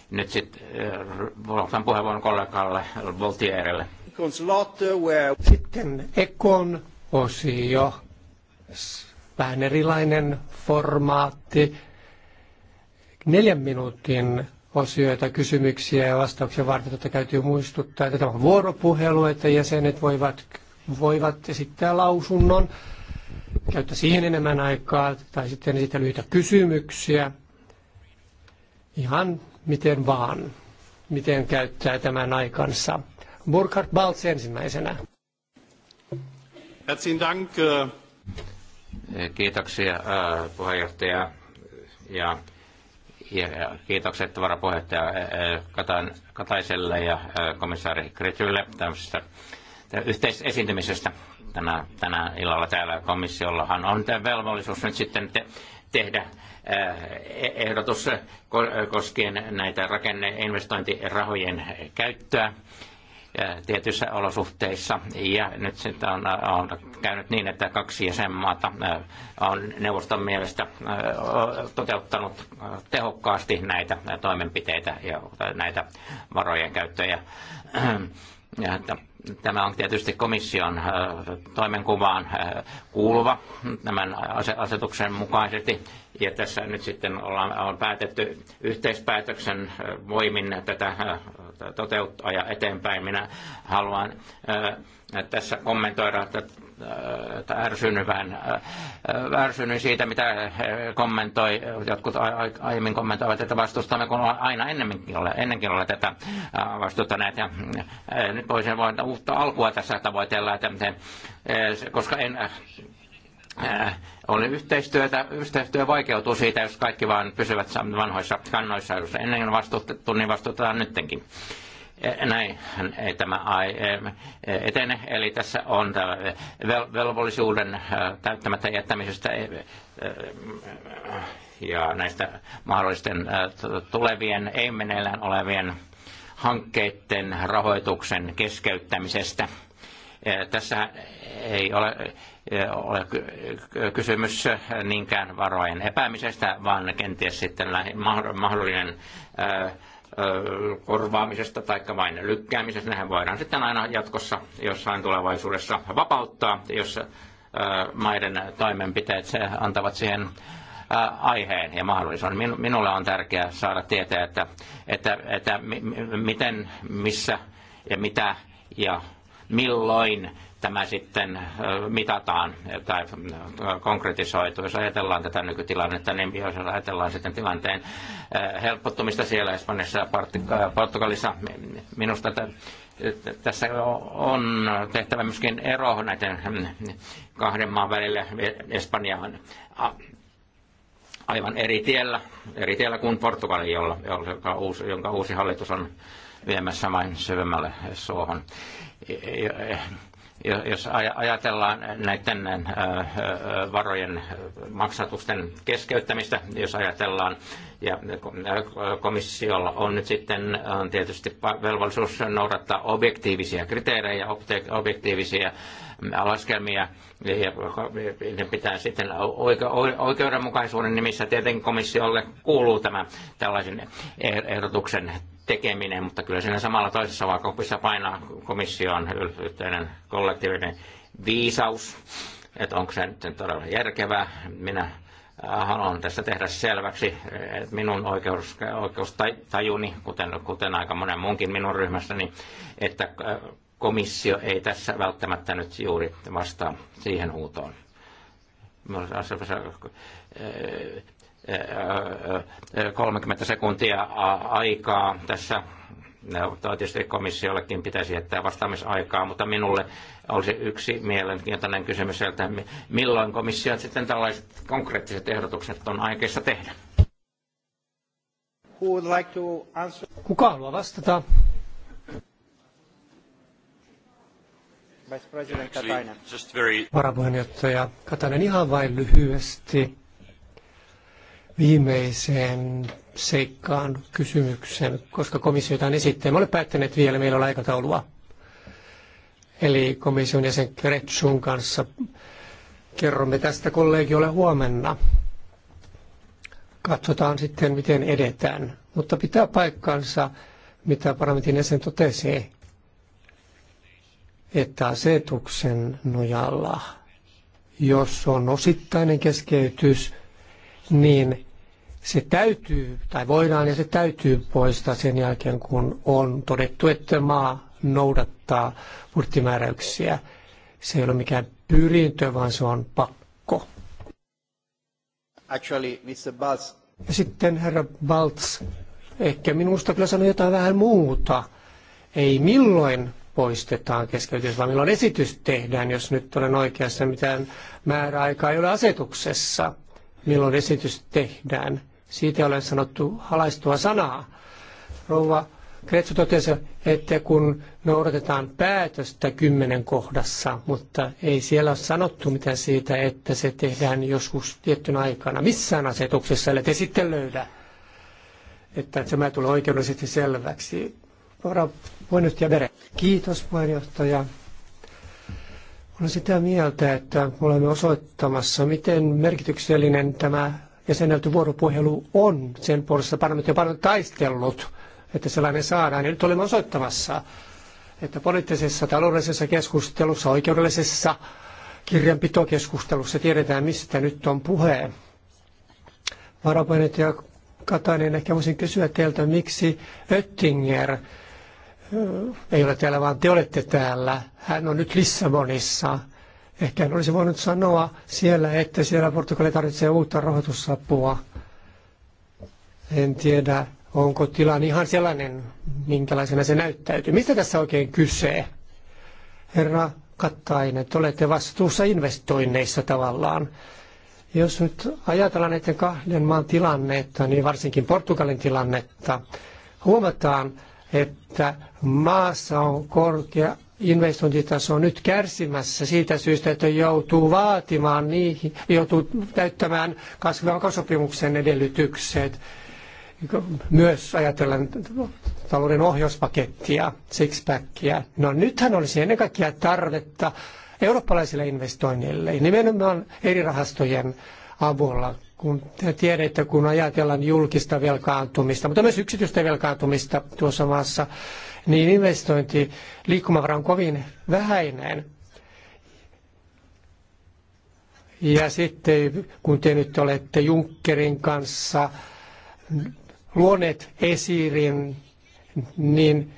Nyt sitten otan puheenvuoron kollegalle Voltierelle. Sitten Ekon osio, vähän erilainen formaatti, neljän minuutin osioita, kysymyksiä ja vastauksia varten, että täytyy muistuttaa, että tämä on vuoropuhelu, että jäsenet voivat, voivat esittää lausunnon, käyttää siihen enemmän aikaa tai sitten esittää lyhyitä kysymyksiä. Ihan miten vaan, miten käyttää tämän aikansa. Burkhard Balz ensimmäisenä. Äh. Kiitoksia äh, puheenjohtaja ja ja kiitokset varapuheenjohtaja Kataiselle ja komissaari Kretylle tämmöisestä yhteisesiintymisestä tänä, tänä illalla täällä komissiollahan on tämä velvollisuus nyt sitten te, tehdä e-, ehdotus koskien näitä rakenneinvestointirahojen käyttöä tietyissä olosuhteissa. Ja nyt sitten on, on käynyt niin, että kaksi jäsenmaata äh, on neuvoston mielestä äh, toteuttanut äh, tehokkaasti näitä toimenpiteitä ja näitä varojen käyttöjä ja tämä on tietysti komission äh, toimenkuvaan äh, kuuluva tämän asetuksen mukaisesti. Ja tässä nyt sitten ollaan, on päätetty yhteispäätöksen äh, voimin tätä toteuttaa ja eteenpäin. Minä haluan tässä kommentoida, että, että äh, ärsynny vähän, siitä, mitä kommentoi, jotkut aiemmin kommentoivat, että vastustamme, kun aina ennenkin ole, ennenkin ole tätä äh, vastustaneet. Ja äh, nyt voisin voin uutta alkua tässä tavoitella, että, koska en oli yhteistyötä, yhteistyö vaikeutuu siitä, jos kaikki vaan pysyvät vanhoissa kannoissa. Jos ennen on vastustettu, niin vastustetaan nyttenkin. Eh, näin ei tämä eh, etene. Eli tässä on tämä velvollisuuden eh, täyttämättä jättämisestä ja näistä mahdollisten tulevien, ei meneillään olevien hankkeiden rahoituksen keskeyttämisestä. Tässä ei ole, ole kysymys niinkään varojen epäämisestä, vaan kenties sitten mahdollinen korvaamisesta tai vain lykkäämisestä. Nehän voidaan sitten aina jatkossa jossain tulevaisuudessa vapauttaa, jos maiden toimenpiteet antavat siihen aiheen ja mahdollisuuden. Minulle on tärkeää saada tietää, että, että, että miten, missä ja mitä ja milloin tämä sitten äh, mitataan tai äh, konkretisoituu. Jos ajatellaan tätä nykytilannetta, niin jos ajatellaan sitten tilanteen äh, helpottumista siellä Espanjassa ja Portugalissa, minusta tässä on tehtävä myöskin ero näiden kahden maan välillä. Espanja on aivan eri tiellä, eri tiellä kuin Portugali, jolla, joka uusi, jonka uusi hallitus on viemässä vain syvemmälle suohon jos ajatellaan näiden äh, äh, varojen maksatusten keskeyttämistä, jos ajatellaan, ja komissiolla on nyt sitten on tietysti velvollisuus noudattaa objektiivisia kriteerejä, objektiivisia mm, laskelmia, ja ne pitää sitten oikeudenmukaisuuden nimissä tietenkin komissiolle kuuluu tämä tällaisen e-, ehdotuksen tekeminen, mutta kyllä siinä samalla toisessa vaakakupissa painaa komission yhteinen kollektiivinen viisaus, että onko se nyt todella järkevää. Minä äh, haluan tässä tehdä selväksi että minun oikeus, oikeustajuni, kuten, kuten aika monen munkin minun ryhmässäni, että äh, komissio ei tässä välttämättä nyt juuri vastaa siihen huutoon. 30 sekuntia aikaa tässä. Tietysti komissiollekin pitäisi jättää vastaamisaikaa, mutta minulle olisi yksi mielenkiintoinen kysymys, että milloin komissio sitten tällaiset konkreettiset ehdotukset on aikeissa tehdä? Kuka haluaa vastata? Varapuheenjohtaja Katainen, ihan vain lyhyesti viimeiseen seikkaan kysymyksen koska komissio jotain esittää. Me olemme päättäneet vielä, meillä on aikataulua. Eli komission jäsen Kretsun kanssa kerromme tästä kollegiolle huomenna. Katsotaan sitten, miten edetään. Mutta pitää paikkansa, mitä parlamentin jäsen totesi, että asetuksen nojalla, jos on osittainen keskeytys, niin se täytyy, tai voidaan ja se täytyy poistaa sen jälkeen, kun on todettu, että maa noudattaa budjettimääräyksiä. Se ei ole mikään pyrintö, vaan se on pakko. Actually, Mr. Ja sitten herra Balz, ehkä minusta kyllä sanoi jotain vähän muuta. Ei milloin poistetaan keskeytys, vaan milloin esitys tehdään, jos nyt olen oikeassa, mitään määräaikaa ei ole asetuksessa milloin esitys tehdään. Siitä ei ole sanottu halaistua sanaa. Rouva Kretsu totesi, että kun noudatetaan päätöstä kymmenen kohdassa, mutta ei siellä ole sanottu mitään siitä, että se tehdään joskus tiettynä aikana. Missään asetuksessa, ellei te sitten löydä, että tämä tulee oikeudellisesti selväksi. Puheenjohtaja Bere. Kiitos puheenjohtaja. Olen sitä mieltä, että olemme osoittamassa, miten merkityksellinen tämä jäsenelty vuoropuhelu on sen puolesta parlamentti on paljon taistellut, että sellainen saadaan. Ja nyt olemme osoittamassa, että poliittisessa, taloudellisessa keskustelussa, oikeudellisessa kirjanpitokeskustelussa tiedetään, mistä nyt on puhe. Varapuheenjohtaja Katainen, ehkä voisin kysyä teiltä, miksi Öttinger ei ole täällä, vaan te olette täällä. Hän on nyt Lissabonissa. Ehkä hän olisi voinut sanoa siellä, että siellä Portugali tarvitsee uutta rahoitusapua. En tiedä, onko tilanne ihan sellainen, minkälaisena se näyttäytyy. Mistä tässä oikein kyse? Herra Kattainen, te olette vastuussa investoinneissa tavallaan. Jos nyt ajatellaan näiden kahden maan tilannetta, niin varsinkin Portugalin tilannetta, huomataan, että maassa on korkea investointitaso nyt kärsimässä siitä syystä, että joutuu vaatimaan niihin, joutuu täyttämään kasvivakasopimuksen edellytykset. Myös ajatellen talouden ohjauspakettia, sixpackia. No nythän olisi ennen kaikkea tarvetta eurooppalaisille investoinneille, nimenomaan eri rahastojen avulla, kun tiedätte, kun ajatellaan julkista velkaantumista, mutta myös yksityistä velkaantumista tuossa maassa, niin investointi liikkumavara on kovin vähäinen. Ja sitten kun te nyt olette Junckerin kanssa luoneet esirin, niin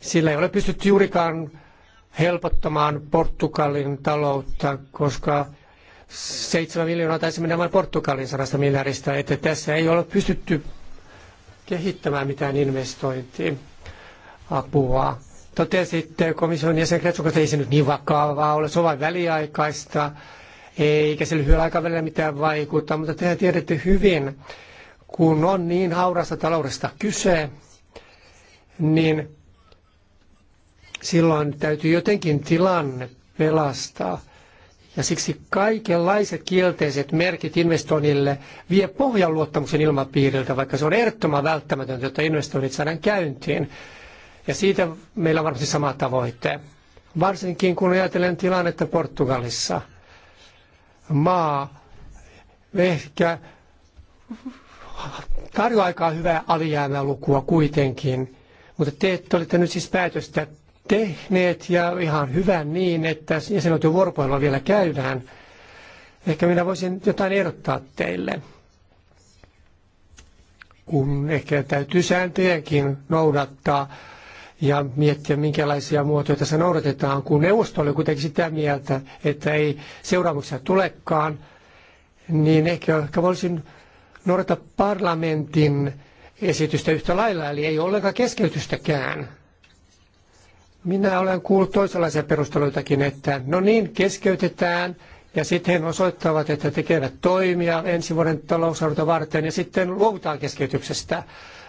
sillä ei ole pystytty juurikaan helpottamaan Portugalin taloutta, koska 7 miljoonaa taisi mennä vain Portugalin 100 miljardista, että tässä ei ole pystytty kehittämään mitään investointia apua. Totesitte komission jäsen Kretsukas, että ei se nyt niin vakavaa ole, se on vain väliaikaista, eikä se lyhyellä aikavälillä mitään vaikuta, mutta te tiedätte hyvin, kun on niin haurasta taloudesta kyse, niin silloin täytyy jotenkin tilanne pelastaa. Ja siksi kaikenlaiset kielteiset merkit investoinnille vie pohjan luottamuksen ilmapiiriltä, vaikka se on ehdottoman välttämätöntä, jotta investoinnit saadaan käyntiin. Ja siitä meillä on varmasti sama tavoite. Varsinkin kun ajatellen tilannetta Portugalissa. Maa ehkä tarjoaa aikaa hyvää alijäämälukua kuitenkin, mutta te, ette olette nyt siis päätöstä tehneet ja ihan hyvä niin, että jäsenvaltion vuoropuhelua vielä käydään. Ehkä minä voisin jotain ehdottaa teille, kun ehkä täytyy sääntöjäkin noudattaa ja miettiä, minkälaisia muotoja tässä noudatetaan, kun neuvosto oli kuitenkin sitä mieltä, että ei seuraamuksia tulekaan, niin ehkä, ehkä voisin noudata parlamentin esitystä yhtä lailla, eli ei ollenkaan keskeytystäkään. Minä olen kuullut toisenlaisia perusteluitakin, että no niin, keskeytetään ja sitten he osoittavat, että tekevät toimia ensi vuoden talousarviota varten ja sitten luovutaan keskeytyksestä.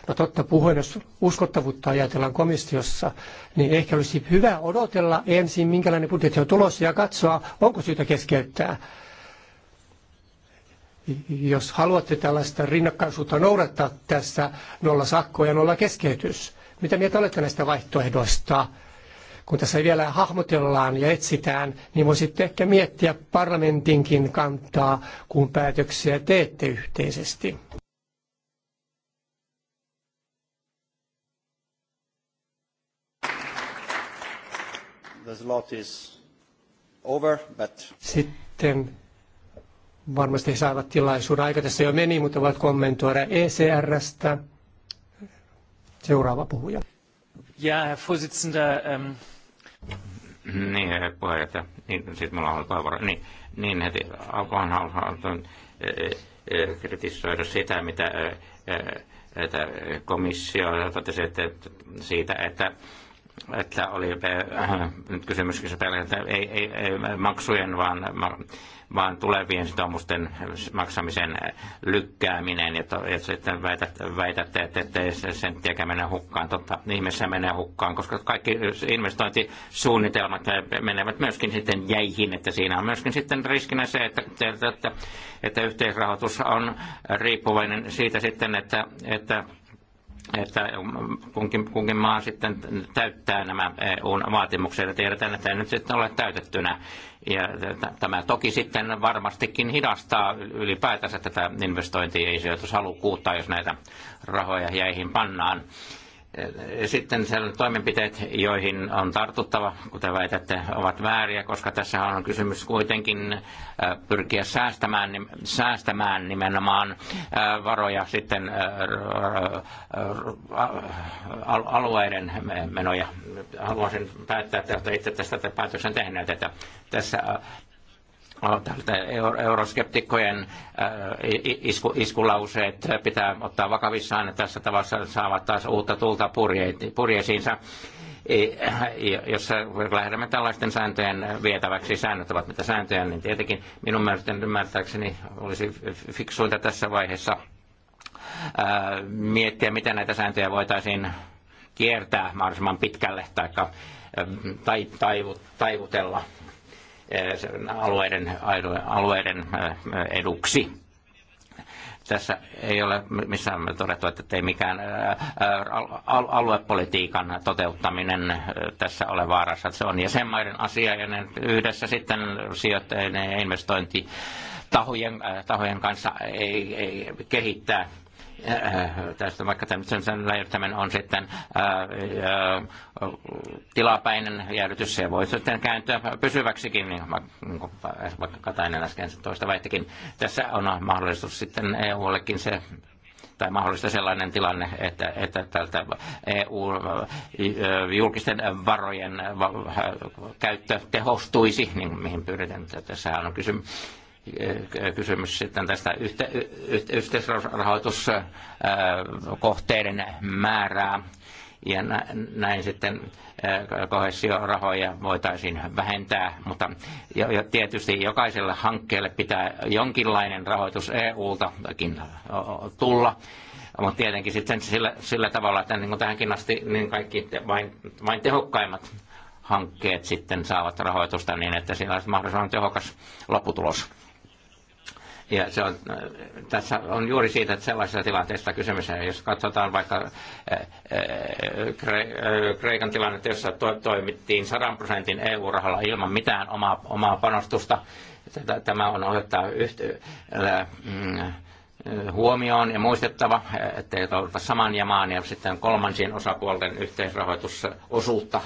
No totta puhuen, jos uskottavuutta ajatellaan komissiossa, niin ehkä olisi hyvä odotella ensin, minkälainen budjetti on tulossa ja katsoa, onko syytä keskeyttää. Jos haluatte tällaista rinnakkaisuutta noudattaa tässä nolla sakko ja nolla keskeytys, mitä mieltä olette näistä vaihtoehdoista? Kun tässä vielä hahmotellaan ja etsitään, niin voisitte ehkä miettiä parlamentinkin kantaa, kun päätöksiä teette yhteisesti. the slot is over, but... Sitten varmasti he saavat tilaisuuden. Aika tässä jo meni, mutta voit kommentoida ECRstä. Seuraava puhuja. Ja, Herr Vorsitzender, ähm... Niin, puheenjohtaja. Niin, sitten mulla on puheenvuoro. Niin, niin heti alkoon haluan äh, äh, kritisoida sitä, mitä äh, että komissio totesi että siitä, että että oli äh, nyt kysymys pelkästään ei, ei, ei maksujen, vaan, vaan tulevien sitoumusten maksamisen lykkääminen. Ja, to, ja sitten väität, väitätte, että ettei senttiäkään mene hukkaan. Totta, ihmeessä menee hukkaan, koska kaikki investointisuunnitelmat menevät myöskin sitten jäihin. Että siinä on myöskin sitten riskinä se, että, että, että, että yhteisrahoitus on riippuvainen siitä sitten, että, että että kunkin, kunkin maa sitten täyttää nämä EUn vaatimukset ja tiedetään, että ei nyt sitten ole täytettynä. Ja tämä toki sitten varmastikin hidastaa ylipäätänsä tätä investointia ja sijoitushalukkuutta, jos näitä rahoja jäihin pannaan. Sitten toimenpiteet, joihin on tartuttava, kuten väitätte, ovat vääriä, koska tässä on kysymys kuitenkin äh, pyrkiä säästämään, säästämään nimenomaan äh, varoja sitten äh, alueiden menoja. Haluaisin päättää, että itse tästä päätöksen tehneet, että tässä euroskeptikkojen isku, iskulauseet pitää ottaa vakavissaan, että tässä tavassa saavat taas uutta tulta purjeisiinsa. Jos lähdemme tällaisten sääntöjen vietäväksi, säännöt ovat mitä sääntöjä, niin tietenkin minun mielestäni ymmärtääkseni olisi fiksuinta tässä vaiheessa miettiä, miten näitä sääntöjä voitaisiin kiertää mahdollisimman pitkälle tai taivutella Eh, alueiden, alueiden eh, eduksi tässä ei ole missään todettu, että ei mikään eh, aluepolitiikan toteuttaminen tässä ole vaarassa. Se on jäsenmaiden asia ja ne yhdessä sitten sijoittajien ja investointitahojen tahojen kanssa ei, ei kehittää Äh, tästä vaikka tämmöisen räjäyttäminen on sitten ää, äh, ää, äh, tilapäinen jäädytys, se voi sitten kääntyä pysyväksikin, niin vaikka niin Katainen äsken toista väittikin. Tässä on mahdollisuus sitten EUllekin se tai mahdollista sellainen tilanne, että, että tältä EU-julkisten varojen käyttö tehostuisi, niin mihin pyritään. tässä on kysymys kysymys sitten tästä yhteisrahoituskohteiden määrää. Ja näin sitten kohesiorahoja voitaisiin vähentää, mutta jo, jo tietysti jokaiselle hankkeelle pitää jonkinlainen rahoitus EU-takin tulla mutta tietenkin sitten sillä, sillä tavalla, että niin kuin tähänkin asti niin kaikki vain, vain tehokkaimmat hankkeet sitten saavat rahoitusta niin, että siinä olisi mahdollisimman tehokas lopputulos. Ja se on, tässä on juuri siitä, että sellaisessa tilanteessa kysymys, jos katsotaan vaikka Kreikan tilannetta, jossa toimittiin 100 prosentin EU-rahalla ilman mitään omaa, omaa panostusta, tämä on otettava mm, huomioon ja muistettava, ettei ole saman jamaan ja sitten kolmansien osapuolten yhteisrahoitusosuutta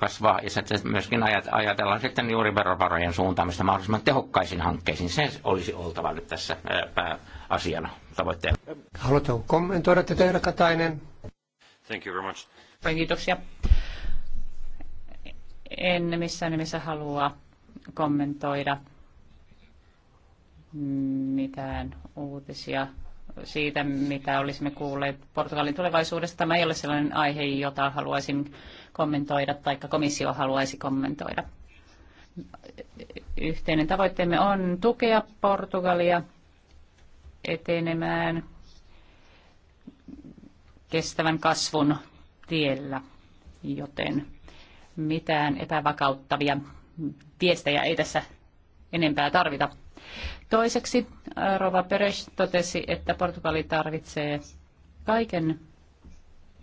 kasvaa ja sitten myöskin ajatellaan sitten juuri verovarojen suuntaamista mahdollisimman tehokkaisiin hankkeisiin. Se olisi oltava nyt tässä pääasiana tavoitteena. Haluatko kommentoida tätä, Katainen? Thank you very much. Kiitoksia. En missään nimessä halua kommentoida mitään uutisia siitä, mitä olisimme kuulleet Portugalin tulevaisuudesta. Tämä ei ole sellainen aihe, jota haluaisin kommentoida tai komissio haluaisi kommentoida. Yhteinen tavoitteemme on tukea Portugalia etenemään kestävän kasvun tiellä, joten mitään epävakauttavia viestejä ei tässä enempää tarvita. Toiseksi äh, Rova Peres totesi, että Portugali tarvitsee kaiken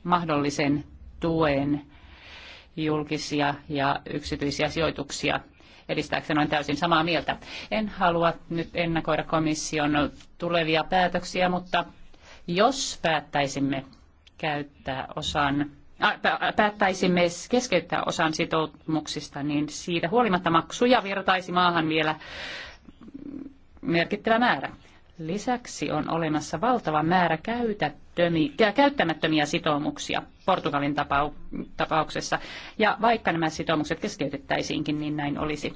mahdollisen tuen julkisia ja yksityisiä sijoituksia Edistääkseni olen täysin samaa mieltä. En halua nyt ennakoida komission tulevia päätöksiä, mutta jos päättäisimme käyttää osan äh, päättäisimme keskeyttää osan sitoumuksista, niin siitä huolimatta maksuja virtaisi maahan vielä merkittävä määrä. Lisäksi on olemassa valtava määrä käyttämättömiä sitoumuksia Portugalin tapauksessa. Ja vaikka nämä sitoumukset keskeytettäisiinkin, niin näin olisi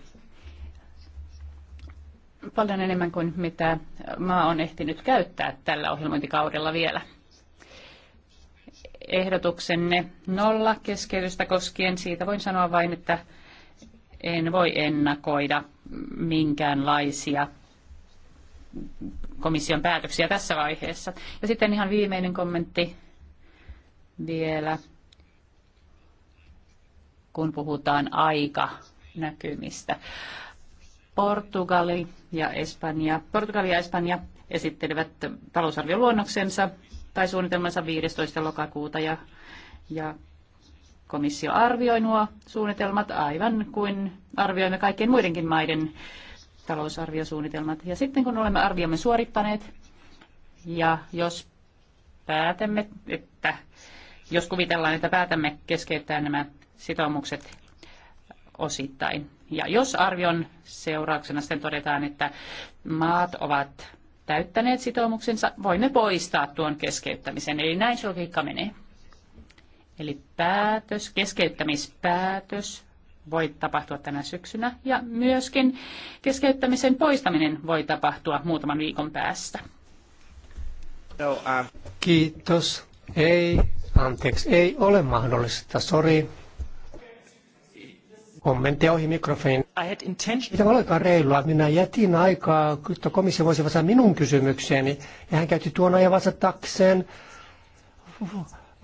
paljon enemmän kuin mitä maa on ehtinyt käyttää tällä ohjelmointikaudella vielä. Ehdotuksenne nolla keskeytystä koskien, siitä voin sanoa vain, että en voi ennakoida minkäänlaisia komission päätöksiä tässä vaiheessa. Ja sitten ihan viimeinen kommentti vielä, kun puhutaan aika näkymistä. Portugali ja Espanja. Portugali ja Espanja esittelevät talousarvioluonnoksensa tai suunnitelmansa 15. lokakuuta ja, ja komissio arvioi nuo suunnitelmat aivan kuin arvioimme kaikkien muidenkin maiden talousarviosuunnitelmat. Ja sitten kun olemme arviomme suorittaneet ja jos päätämme, että jos kuvitellaan, että päätämme keskeyttää nämä sitoumukset osittain. Ja jos arvion seurauksena sitten todetaan, että maat ovat täyttäneet sitoumuksensa, voimme poistaa tuon keskeyttämisen. Eli näin se logiikka menee. Eli päätös, keskeyttämispäätös voi tapahtua tänä syksynä ja myöskin keskeyttämisen poistaminen voi tapahtua muutaman viikon päästä. No, uh, Kiitos. Ei, anteeksi, ei ole mahdollista, sori. Kommentti ohi mikrofoni. Mitä olekaan reilua, minä jätin aikaa, että komissio voisi vastata minun kysymykseeni, ja hän käytti tuon ajan vastatakseen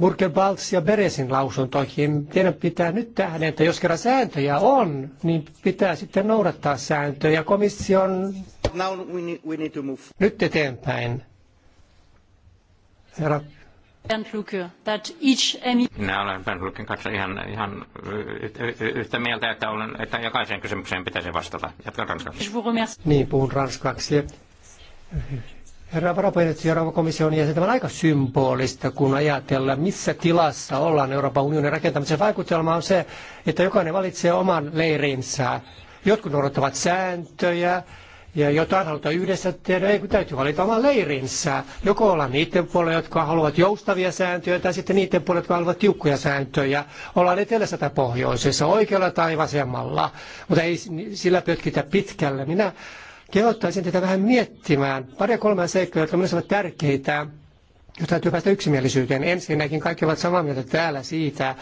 Burgerbalts ja Beresin lausuntoihin. Teidän pitää nyt tähän, että jos kerran sääntöjä on, niin pitää sitten noudattaa sääntöjä. Komission Now we need, we need to move. nyt eteenpäin. Herra minä olen Ben Luken kanssa ihan, ihan yhtä mieltä, että, olen, että jokaiseen kysymykseen pitäisi vastata. Jatkan ranskaksi. Niin, puhun ranskaksi. Herra varapuheenjohtaja, rouva komission jäsen, tämä on aika symbolista, kun ajatellaan, missä tilassa ollaan Euroopan unionin rakentamisen vaikutelma on se, että jokainen valitsee oman leirinsä. Jotkut noudattavat sääntöjä, ja jotain halutaan yhdessä tehdä, ei kun täytyy valita oma leirinsä. Joko olla niiden puolella, jotka haluavat joustavia sääntöjä, tai sitten niiden puolella, jotka haluavat tiukkoja sääntöjä. Ollaan etelässä tai pohjoisessa, oikealla tai vasemmalla, mutta ei sillä pötkitä pitkälle. Minä kehottaisin tätä vähän miettimään. Pari kolmea seikkaa, jotka minusta ovat tärkeitä, jotta täytyy päästä yksimielisyyteen. Ensinnäkin kaikki ovat samaa mieltä täällä siitä,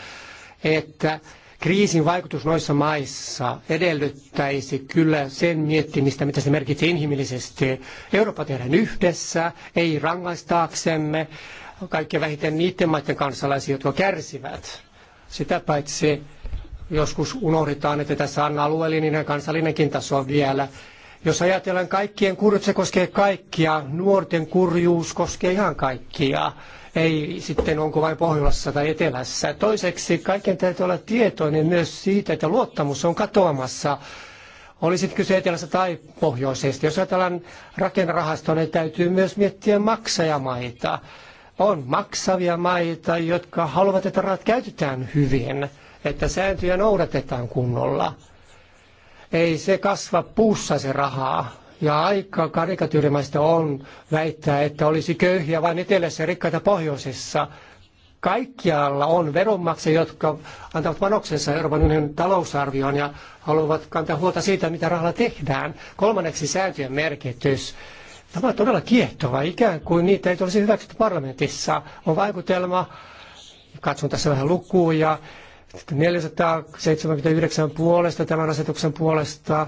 että kriisin vaikutus noissa maissa edellyttäisi kyllä sen miettimistä, mitä se merkitsee inhimillisesti. Eurooppa tehdään yhdessä, ei rangaistaaksemme kaikkein vähiten niiden maiden kansalaisia, jotka kärsivät. Sitä paitsi joskus unohdetaan, että tässä on alueellinen ja kansallinenkin taso vielä. Jos ajatellaan kaikkien kurjuus, se koskee kaikkia. Nuorten kurjuus koskee ihan kaikkia. Ei sitten onko vain pohjolassa tai etelässä. Toiseksi kaiken täytyy olla tietoinen myös siitä, että luottamus on katoamassa. Olisi kyse etelässä tai pohjoisesta. Jos ajatellaan rakennerahastoa, niin täytyy myös miettiä maksajamaita. On maksavia maita, jotka haluavat, että rahat käytetään hyvin, että sääntöjä noudatetaan kunnolla – ei se kasva puussa se rahaa. Ja aika karikatyyrimäistä on väittää, että olisi köyhiä vain etelässä ja rikkaita pohjoisessa. Kaikkialla on veronmaksajia, jotka antavat panoksensa Euroopan unionin talousarvioon ja haluavat kantaa huolta siitä, mitä rahalla tehdään. Kolmanneksi sääntöjen merkitys. Tämä on todella kiehtova, ikään kuin niitä ei olisi hyväksytty parlamentissa. On vaikutelma, katson tässä vähän lukuja, 479 puolesta tämän asetuksen puolesta.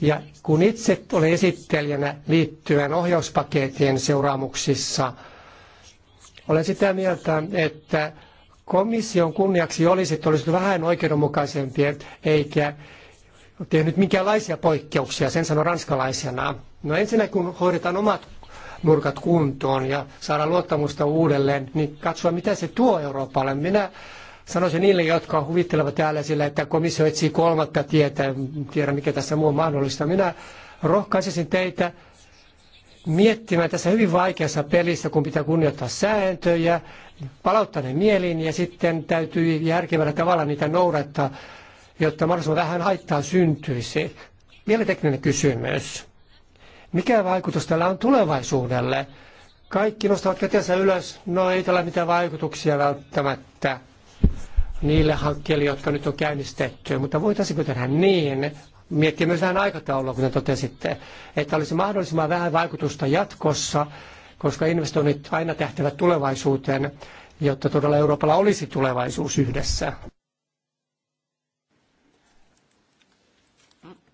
Ja kun itse olen esittelijänä liittyen ohjauspakettien seuraamuksissa, olen sitä mieltä, että komission kunniaksi olisi, että olisi vähän oikeudenmukaisempi, eikä tehnyt minkäänlaisia poikkeuksia, sen sanon ranskalaisena. No ensinnäkin kun hoidetaan omat nurkat kuntoon ja saada luottamusta uudelleen, niin katsoa mitä se tuo Euroopalle. Minä sanoisin niille, jotka huvittelevat täällä sillä, että komissio etsii kolmatta tietä, en tiedä mikä tässä muu on mahdollista. Minä rohkaisisin teitä miettimään tässä hyvin vaikeassa pelissä, kun pitää kunnioittaa sääntöjä, palauttaa ne mieliin ja sitten täytyy järkevällä tavalla niitä noudattaa, jotta mahdollisimman vähän haittaa syntyisi. Vielä tekninen kysymys. Mikä vaikutus tällä on tulevaisuudelle? Kaikki nostavat kätensä ylös, no ei tällä mitään vaikutuksia välttämättä niille hankkeille, jotka nyt on käynnistetty. Mutta voitaisiinko tehdä niin, miettiä myös vähän aikataulua, kuten totesitte, että olisi mahdollisimman vähän vaikutusta jatkossa, koska investoinnit aina tähtävät tulevaisuuteen, jotta todella Euroopalla olisi tulevaisuus yhdessä.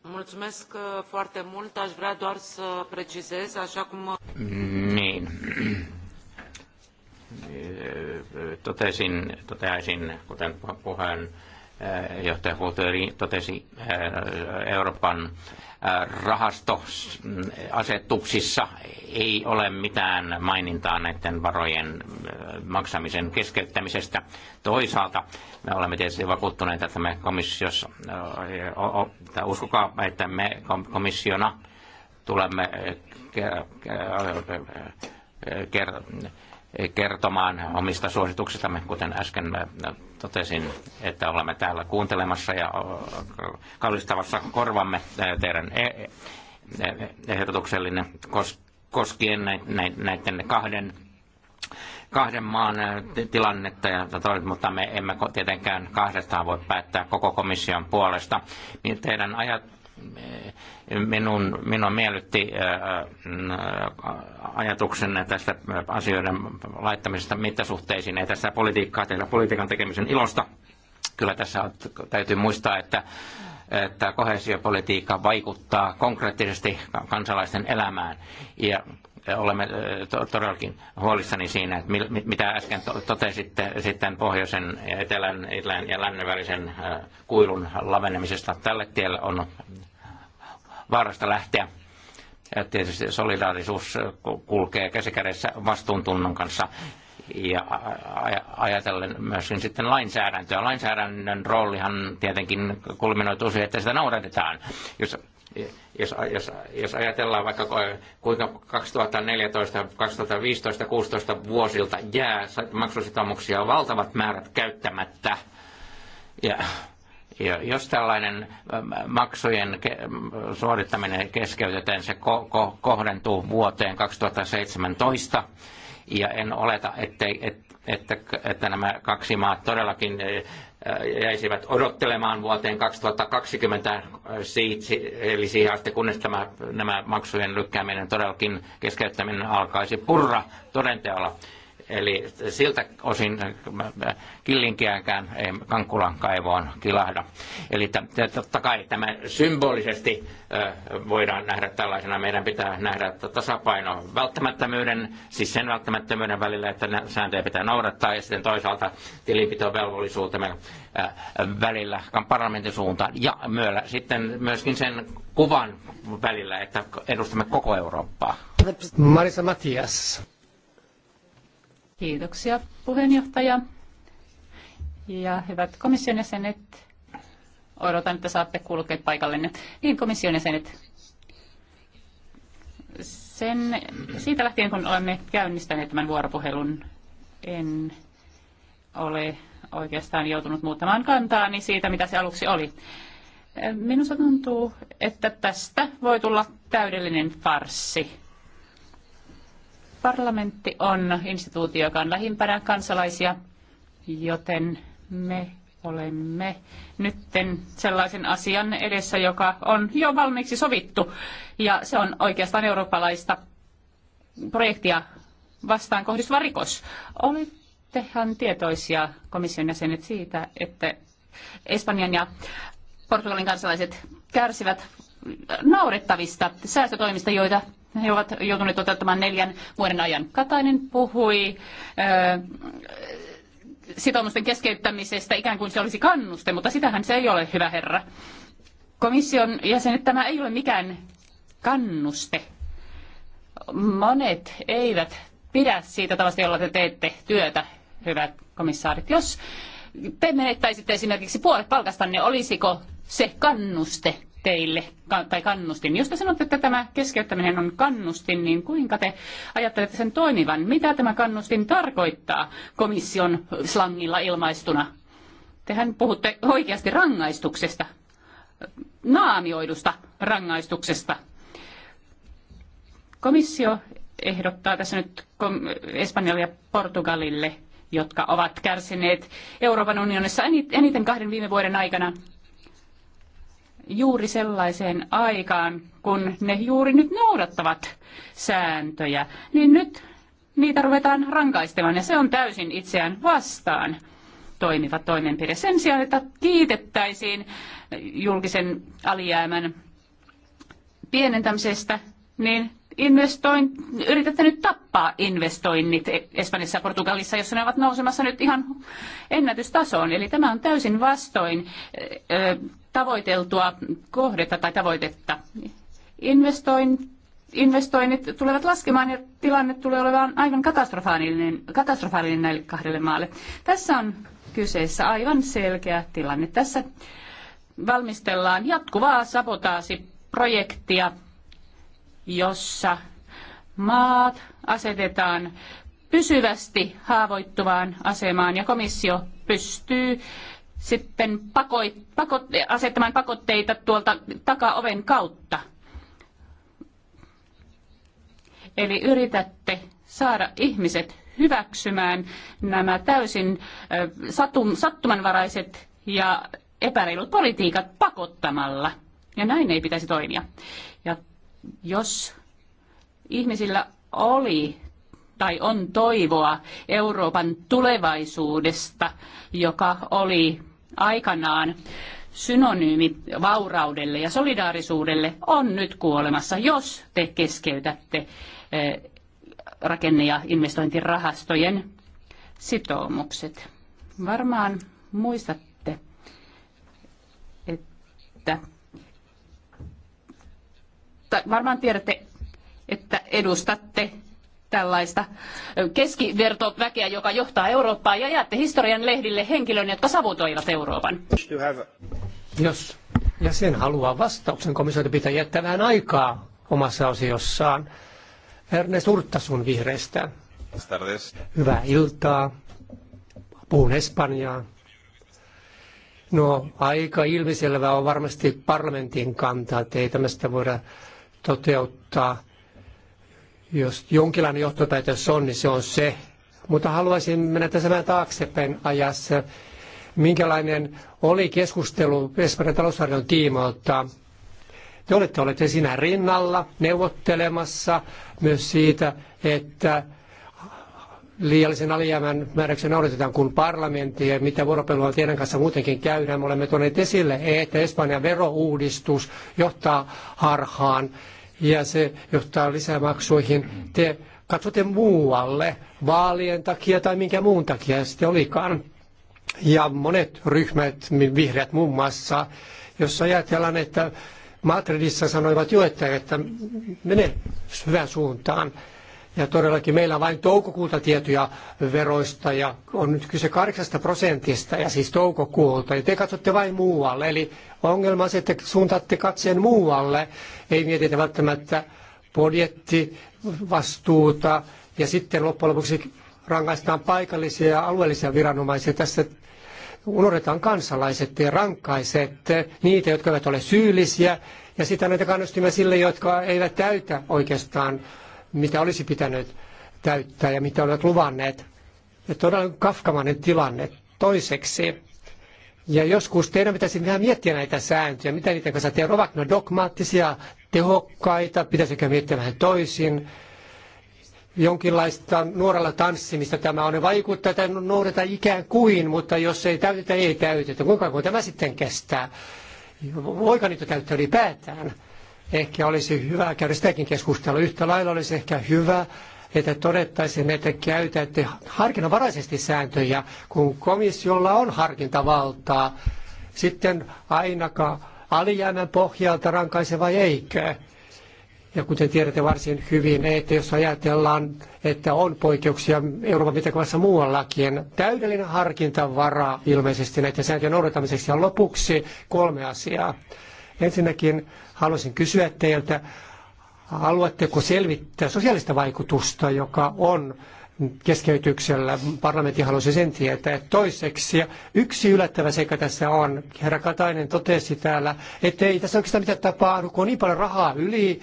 Mulțumesc uh, foarte mult. Aș vrea doar să precizez, așa cum... Niin totesin, toteaisin, kuten puheen eh, johtaja Kulttuuri totesi, eh, Euroopan eh, rahastoasetuksissa mm, ei ole mitään mainintaa näiden varojen maksamisen keskeyttämisestä. Toisaalta me olemme tietysti vakuuttuneita, että me komissiossa, tai uskokaa, että me komissiona tulemme ker- ker- ker- kertomaan omista suosituksistamme, kuten äsken äh, totesin, että olemme täällä kuuntelemassa ja äh, kallistavassa korvamme äh, teidän e, e, e, ehdotuksellinen koskien näiden kahden kahden maan tilannetta, ja, tota, mutta me emme tietenkään kahdestaan voi päättää koko komission puolesta. Niin teidän ajat, minun, minua miellytti ajatuksen tästä asioiden laittamisesta mittasuhteisiin. Ei tässä politiikkaa tehdä politiikan tekemisen ilosta. Kyllä tässä täytyy muistaa, että että kohesiopolitiikka vaikuttaa konkreettisesti kansalaisten elämään. Ja olemme todellakin huolissani siinä, että mitä äsken totesitte sitten pohjoisen, etelän, etelän ja lännen välisen kuilun lavenemisesta. Tälle tielle on vaarasta lähteä. Ja tietysti solidaarisuus kulkee käsikädessä vastuuntunnon kanssa ja ajatellen myöskin sitten lainsäädäntöä. Lainsäädännön roolihan tietenkin kulminoituu siihen, että sitä noudatetaan. Jos jos, jos, jos ajatellaan vaikka kuinka 2014, 2015, 16 vuosilta jää maksusitoumuksia valtavat määrät käyttämättä. Ja, ja jos tällainen ähm, maksujen ähm, suorittaminen keskeytetään, se ko- ko- kohdentuu vuoteen 2017. Ja en oleta, ettei, et, että, että nämä kaksi maat todellakin jäisivät odottelemaan vuoteen 2020, eli siihen asti kunnes tämä, nämä maksujen lykkääminen todellakin keskeyttäminen alkaisi purra todenteolla. Eli siltä osin killinkiäkään ei Kankkulan kaivoon kilahda. Eli totta kai tämä symbolisesti voidaan nähdä tällaisena. Meidän pitää nähdä että tasapaino välttämättömyyden, siis sen välttämättömyyden välillä, että sääntöjä pitää noudattaa ja sitten toisaalta tilinpitovelvollisuutemme välillä parlamentin suuntaan ja myöllä sitten myöskin sen kuvan välillä, että edustamme koko Eurooppaa. Marisa Matias. Kiitoksia puheenjohtaja ja hyvät komission jäsenet. Odotan, että saatte kulkea paikallenne. Niin, komission jäsenet. Sen, siitä lähtien, kun olemme käynnistäneet tämän vuoropuhelun, en ole oikeastaan joutunut muuttamaan kantaani siitä, mitä se aluksi oli. Minusta tuntuu, että tästä voi tulla täydellinen farsi Parlamentti on instituutio, joka on lähimpänä kansalaisia, joten me olemme nyt sellaisen asian edessä, joka on jo valmiiksi sovittu. Ja se on oikeastaan eurooppalaista projektia vastaan kohdistuva rikos. Olettehan tietoisia komission jäsenet siitä, että Espanjan ja Portugalin kansalaiset kärsivät naurettavista säästötoimista, joita he ovat joutuneet toteuttamaan neljän vuoden ajan. Katainen puhui sitoumusten keskeyttämisestä ikään kuin se olisi kannuste, mutta sitähän se ei ole, hyvä herra. Komission jäsenet, tämä ei ole mikään kannuste. Monet eivät pidä siitä tavasta, jolla te teette työtä, hyvät komissaarit. Jos te menettäisitte esimerkiksi puolet palkastanne, olisiko se kannuste teille tai kannustin. Jos te sanotte, että tämä keskeyttäminen on kannustin, niin kuinka te ajattelette sen toimivan? Mitä tämä kannustin tarkoittaa komission slangilla ilmaistuna? Tehän puhutte oikeasti rangaistuksesta, naamioidusta rangaistuksesta. Komissio ehdottaa tässä nyt Espanjalle ja Portugalille jotka ovat kärsineet Euroopan unionissa eniten kahden viime vuoden aikana juuri sellaiseen aikaan, kun ne juuri nyt noudattavat sääntöjä, niin nyt niitä ruvetaan rankaistamaan ja se on täysin itseään vastaan toimiva toimenpide. Sen sijaan, että kiitettäisiin julkisen alijäämän pienentämisestä, niin investoin, yritätte nyt tappaa investoinnit Espanjassa ja Portugalissa, jossa ne ovat nousemassa nyt ihan ennätystasoon. Eli tämä on täysin vastoin tavoiteltua kohdetta tai tavoitetta. Investoin, investoinnit tulevat laskemaan ja tilanne tulee olemaan aivan katastrofaalinen, katastrofaalinen näille kahdelle maalle. Tässä on kyseessä aivan selkeä tilanne. Tässä valmistellaan jatkuvaa sabotaasiprojektia jossa maat asetetaan pysyvästi haavoittuvaan asemaan ja komissio pystyy sitten pakoit, pakot, asettamaan pakotteita tuolta takaoven kautta. Eli yritätte saada ihmiset hyväksymään nämä täysin satum, sattumanvaraiset ja epäreilut politiikat pakottamalla. Ja näin ei pitäisi toimia. Ja jos ihmisillä oli tai on toivoa Euroopan tulevaisuudesta, joka oli aikanaan synonyymi vauraudelle ja solidaarisuudelle, on nyt kuolemassa, jos te keskeytätte eh, rakenne- ja investointirahastojen sitoumukset. Varmaan muistatte, että varmaan tiedätte, että edustatte tällaista keskivertoväkeä, joka johtaa Eurooppaa, ja jaatte historian lehdille henkilön, jotka savutoivat Euroopan. Jos jäsen haluaa vastauksen, komissaari pitää jättää vähän aikaa omassa osiossaan. Ernest Urtasun vihreistä. Hyvää iltaa. Puhun Espanjaa. No, aika ilmiselvä on varmasti parlamentin kantaa. Ei tämmöistä voida toteuttaa. Jos jonkinlainen johtopäätös on, niin se on se. Mutta haluaisin mennä tässä vähän taaksepäin ajassa, minkälainen oli keskustelu Espanjan talousarvion tiimoilta. Te olette olleet siinä rinnalla neuvottelemassa myös siitä, että liiallisen alijäämän määräyksen noudatetaan, kuin parlamentti ja mitä vuoropelua teidän kanssa muutenkin käydään. Me olemme tuoneet esille, että Espanjan verouudistus johtaa harhaan ja se johtaa lisämaksuihin. Te katsotte muualle vaalien takia tai minkä muun takia sitten olikaan. Ja monet ryhmät, vihreät muun muassa, jos ajatellaan, että Madridissa sanoivat jo, että, että mene hyvään suuntaan, ja todellakin meillä on vain toukokuulta tietoja veroista ja on nyt kyse 8 prosentista ja siis toukokuulta. Ja te katsotte vain muualle. Eli ongelma on se, että suuntaatte katseen muualle. Ei mietitä välttämättä budjettivastuuta ja sitten loppujen lopuksi rangaistaan paikallisia ja alueellisia viranomaisia. Tässä unohdetaan kansalaiset ja rankaisette niitä, jotka eivät ole syyllisiä ja sitä näitä kannustimia sille, jotka eivät täytä oikeastaan mitä olisi pitänyt täyttää ja mitä olet luvanneet. Ja todella kafkamainen tilanne. Toiseksi, ja joskus teidän pitäisi vähän miettiä näitä sääntöjä, mitä niiden kanssa teidän ovat ne dogmaattisia, tehokkaita, pitäisikö miettiä vähän toisin. Jonkinlaista nuorella tanssimista tämä on. Ne vaikuttaa, että noudata ikään kuin, mutta jos ei täytetä, ei täytetä. Kuinka kauan tämä sitten kestää? Voiko niitä käyttää ylipäätään? Ehkä olisi hyvä käydä sitäkin keskustelua. Yhtä lailla olisi ehkä hyvä, että todettaisiin, että käytätte harkinnanvaraisesti sääntöjä, kun komissiolla on harkintavaltaa. Sitten ainakaan alijäämän pohjalta rankaise vai eikö? Ja kuten tiedätte varsin hyvin, että jos ajatellaan, että on poikkeuksia Euroopan mittakaavassa muuallakin, täydellinen harkintavara ilmeisesti näiden sääntöjen noudattamiseksi. Ja lopuksi kolme asiaa. Ensinnäkin haluaisin kysyä teiltä, haluatteko selvittää sosiaalista vaikutusta, joka on keskeytyksellä. Parlamentti halusi sen tietää. Toiseksi, yksi yllättävä seikka tässä on, herra Katainen totesi täällä, että ei tässä oikeastaan mitään tapahdu, kun on niin paljon rahaa yli,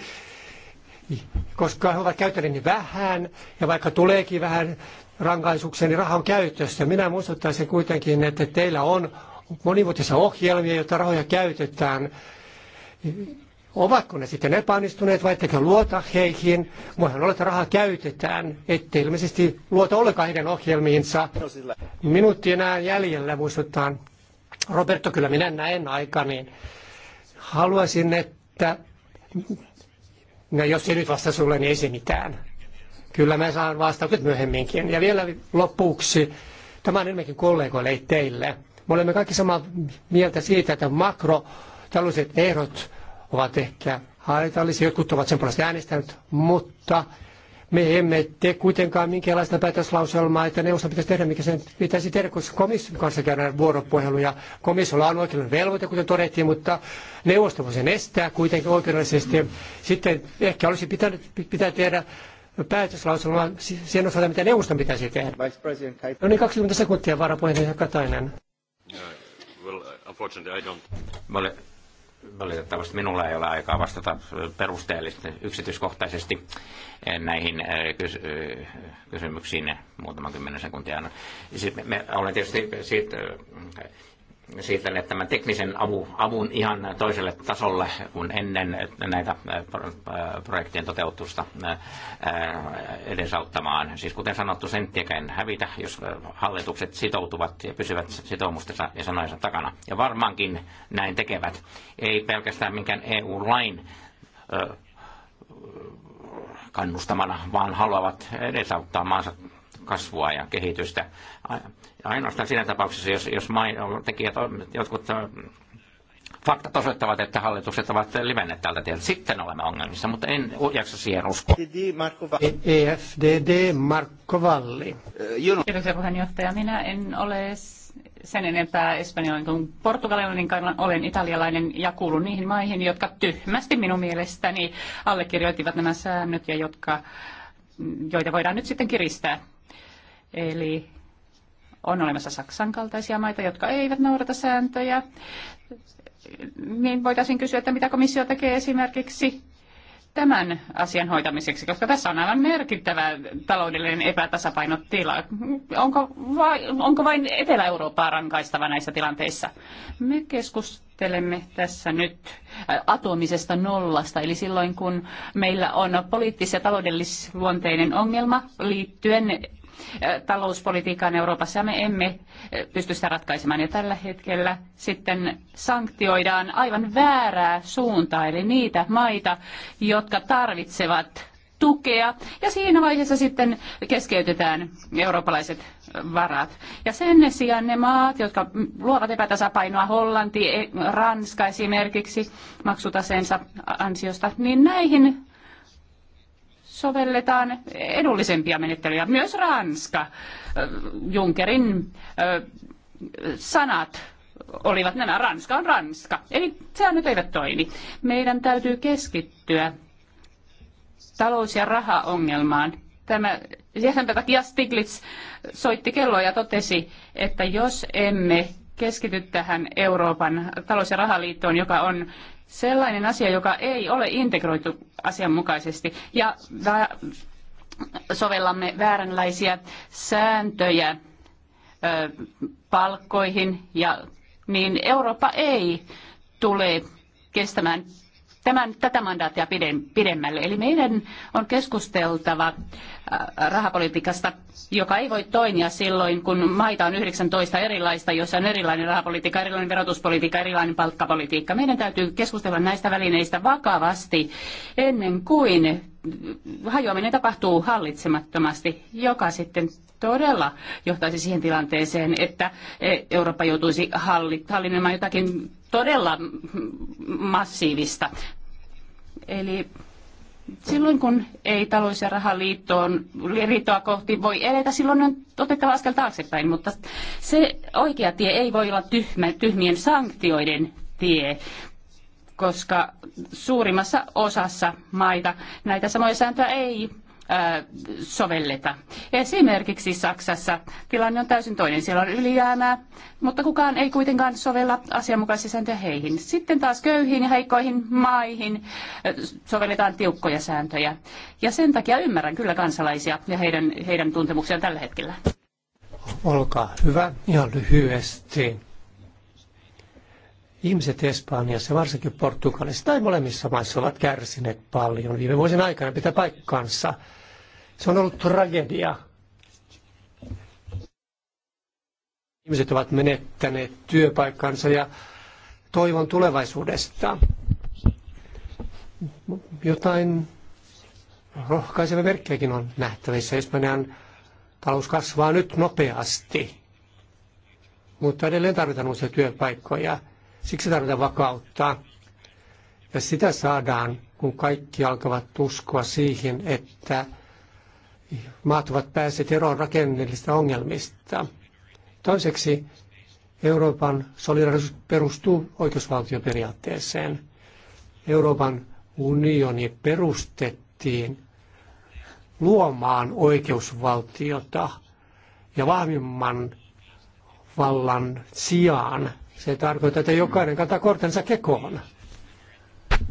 koska he ovat käyttäneet niin vähän, ja vaikka tuleekin vähän rankaisuksia, niin raha on käytössä. Minä muistuttaisin kuitenkin, että teillä on monivuotisia ohjelmia, joita rahoja käytetään Ovatko ne sitten epäonnistuneet vai ettekö luota heihin? Voihan olla, että rahaa käytetään, ettei ilmeisesti luota ollenkaan heidän ohjelmiinsa. Minuutti enää jäljellä muistuttaa. Roberto, kyllä minä näen aikani. Haluaisin, että... No jos ei nyt vasta sulle, niin ei se mitään. Kyllä mä saan vastaukset myöhemminkin. Ja vielä lopuksi, tämä on enemmänkin kollegoille, ei teille. Me olemme kaikki samaa mieltä siitä, että makrotaloudelliset ehdot ovat ehkä haitallisia, jotkut ovat sen puolesta äänestäneet, mutta me emme tee kuitenkaan minkäänlaista päätöslauselmaa, että neuvosto pitäisi tehdä, mikä sen pitäisi tehdä, koska komission kanssa käydään vuoropuheluja. Komissiolla on oikeudellinen velvoite, kuten todettiin, mutta neuvosto voi sen estää kuitenkin oikeudellisesti. Sitten ehkä olisi pitänyt, pitää tehdä päätöslauselma sen osalta, mitä neuvosto pitäisi tehdä. No niin, 20 sekuntia varapuheenjohtaja Katainen. Well, uh, unfortunately I don't. Mä olen valitettavasti minulla ei ole aikaa vastata perusteellisesti yksityiskohtaisesti näihin eh, eh, kysymyksiin muutaman kymmenen sekuntia. Sitten me olemme tietysti siitä eh, siirtäneet tämän teknisen avun, avun ihan toiselle tasolle kuin ennen näitä projektien toteutusta edesauttamaan. Siis kuten sanottu, senttiäkään hävitä, jos hallitukset sitoutuvat ja pysyvät sitoumustensa ja sanojensa takana. Ja varmaankin näin tekevät. Ei pelkästään minkään EU-lain kannustamana, vaan haluavat edesauttaa maansa kasvua ja kehitystä. Ainoastaan siinä tapauksessa, jos, jos tekijät, jotkut äh, faktat osoittavat, että hallitukset ovat livenneet tältä tieltä. Sitten olemme ongelmissa, mutta en jaksa siihen uskoa. EFDD Marko Valli. Äh, Kiitoksia puheenjohtaja. Minä en ole sen enempää espanjalainen kuin portugalilainen, niin olen italialainen ja kuulun niihin maihin, jotka tyhmästi minun mielestäni allekirjoittivat nämä säännöt ja jotka, joita voidaan nyt sitten kiristää. Eli on olemassa Saksan kaltaisia maita, jotka eivät noudata sääntöjä. Niin voitaisiin kysyä, että mitä komissio tekee esimerkiksi tämän asian hoitamiseksi, koska tässä on aivan merkittävä taloudellinen epätasapainotila. Onko, vai, onko vain Etelä-Eurooppaa rankaistava näissä tilanteissa? Me keskustelemme tässä nyt äh, atomisesta nollasta, eli silloin kun meillä on poliittis- ja taloudellisluonteinen ongelma liittyen talouspolitiikkaan Euroopassa ja me emme pysty sitä ratkaisemaan. Ja tällä hetkellä sitten sanktioidaan aivan väärää suuntaa, eli niitä maita, jotka tarvitsevat tukea ja siinä vaiheessa sitten keskeytetään eurooppalaiset varat. Ja sen sijaan ne maat, jotka luovat epätasapainoa, Hollanti, e- Ranska esimerkiksi maksutaseensa ansiosta, niin näihin sovelletaan edullisempia menettelyjä. Myös Ranska, äh, Junckerin äh, sanat olivat nämä, Ranska on Ranska. Eli säännöt eivät toimi. Meidän täytyy keskittyä talous- ja rahaongelmaan. Tämä, sen takia Stiglitz soitti kelloa ja totesi, että jos emme keskity tähän Euroopan talous- ja rahaliittoon, joka on sellainen asia, joka ei ole integroitu asianmukaisesti ja sovellamme vääränlaisia sääntöjä palkkoihin ja niin Eurooppa ei tule kestämään tämän, tätä mandaattia pidemmälle. Eli meidän on keskusteltava äh, rahapolitiikasta, joka ei voi toimia silloin, kun maita on 19 erilaista, jossa on erilainen rahapolitiikka, erilainen verotuspolitiikka, erilainen palkkapolitiikka. Meidän täytyy keskustella näistä välineistä vakavasti ennen kuin hajoaminen tapahtuu hallitsemattomasti, joka sitten todella johtaisi siihen tilanteeseen, että e, Eurooppa joutuisi hallinnoimaan jotakin todella massiivista. Eli silloin kun ei talous- ja rahaliittoon, liittoa kohti voi edetä, silloin on otettava askel taaksepäin, mutta se oikea tie ei voi olla tyhmä, tyhmien sanktioiden tie, koska suurimmassa osassa maita näitä samoja sääntöjä ei sovelleta. Esimerkiksi Saksassa tilanne on täysin toinen. Siellä on ylijäämää, mutta kukaan ei kuitenkaan sovella asianmukaisia sääntöjä heihin. Sitten taas köyhiin ja heikkoihin maihin sovelletaan tiukkoja sääntöjä. Ja sen takia ymmärrän kyllä kansalaisia ja heidän, heidän tuntemuksiaan tällä hetkellä. Olkaa hyvä, ihan lyhyesti. Ihmiset Espanjassa, varsinkin Portugalissa tai molemmissa maissa ovat kärsineet paljon viime vuosien aikana pitää paikkansa. Se on ollut tragedia. Ihmiset ovat menettäneet työpaikkansa ja toivon tulevaisuudesta. Jotain rohkaisevia merkkejäkin on nähtävissä. Espanjan talous kasvaa nyt nopeasti, mutta edelleen tarvitaan uusia työpaikkoja. Siksi tarvitaan vakautta. Ja sitä saadaan, kun kaikki alkavat uskoa siihen, että maat ovat päässeet eroon rakenteellisista ongelmista. Toiseksi Euroopan solidarisuus perustuu oikeusvaltioperiaatteeseen. Euroopan unioni perustettiin luomaan oikeusvaltiota ja vahvimman vallan sijaan se tarkoittaa, että jokainen kantaa kortensa kekoon.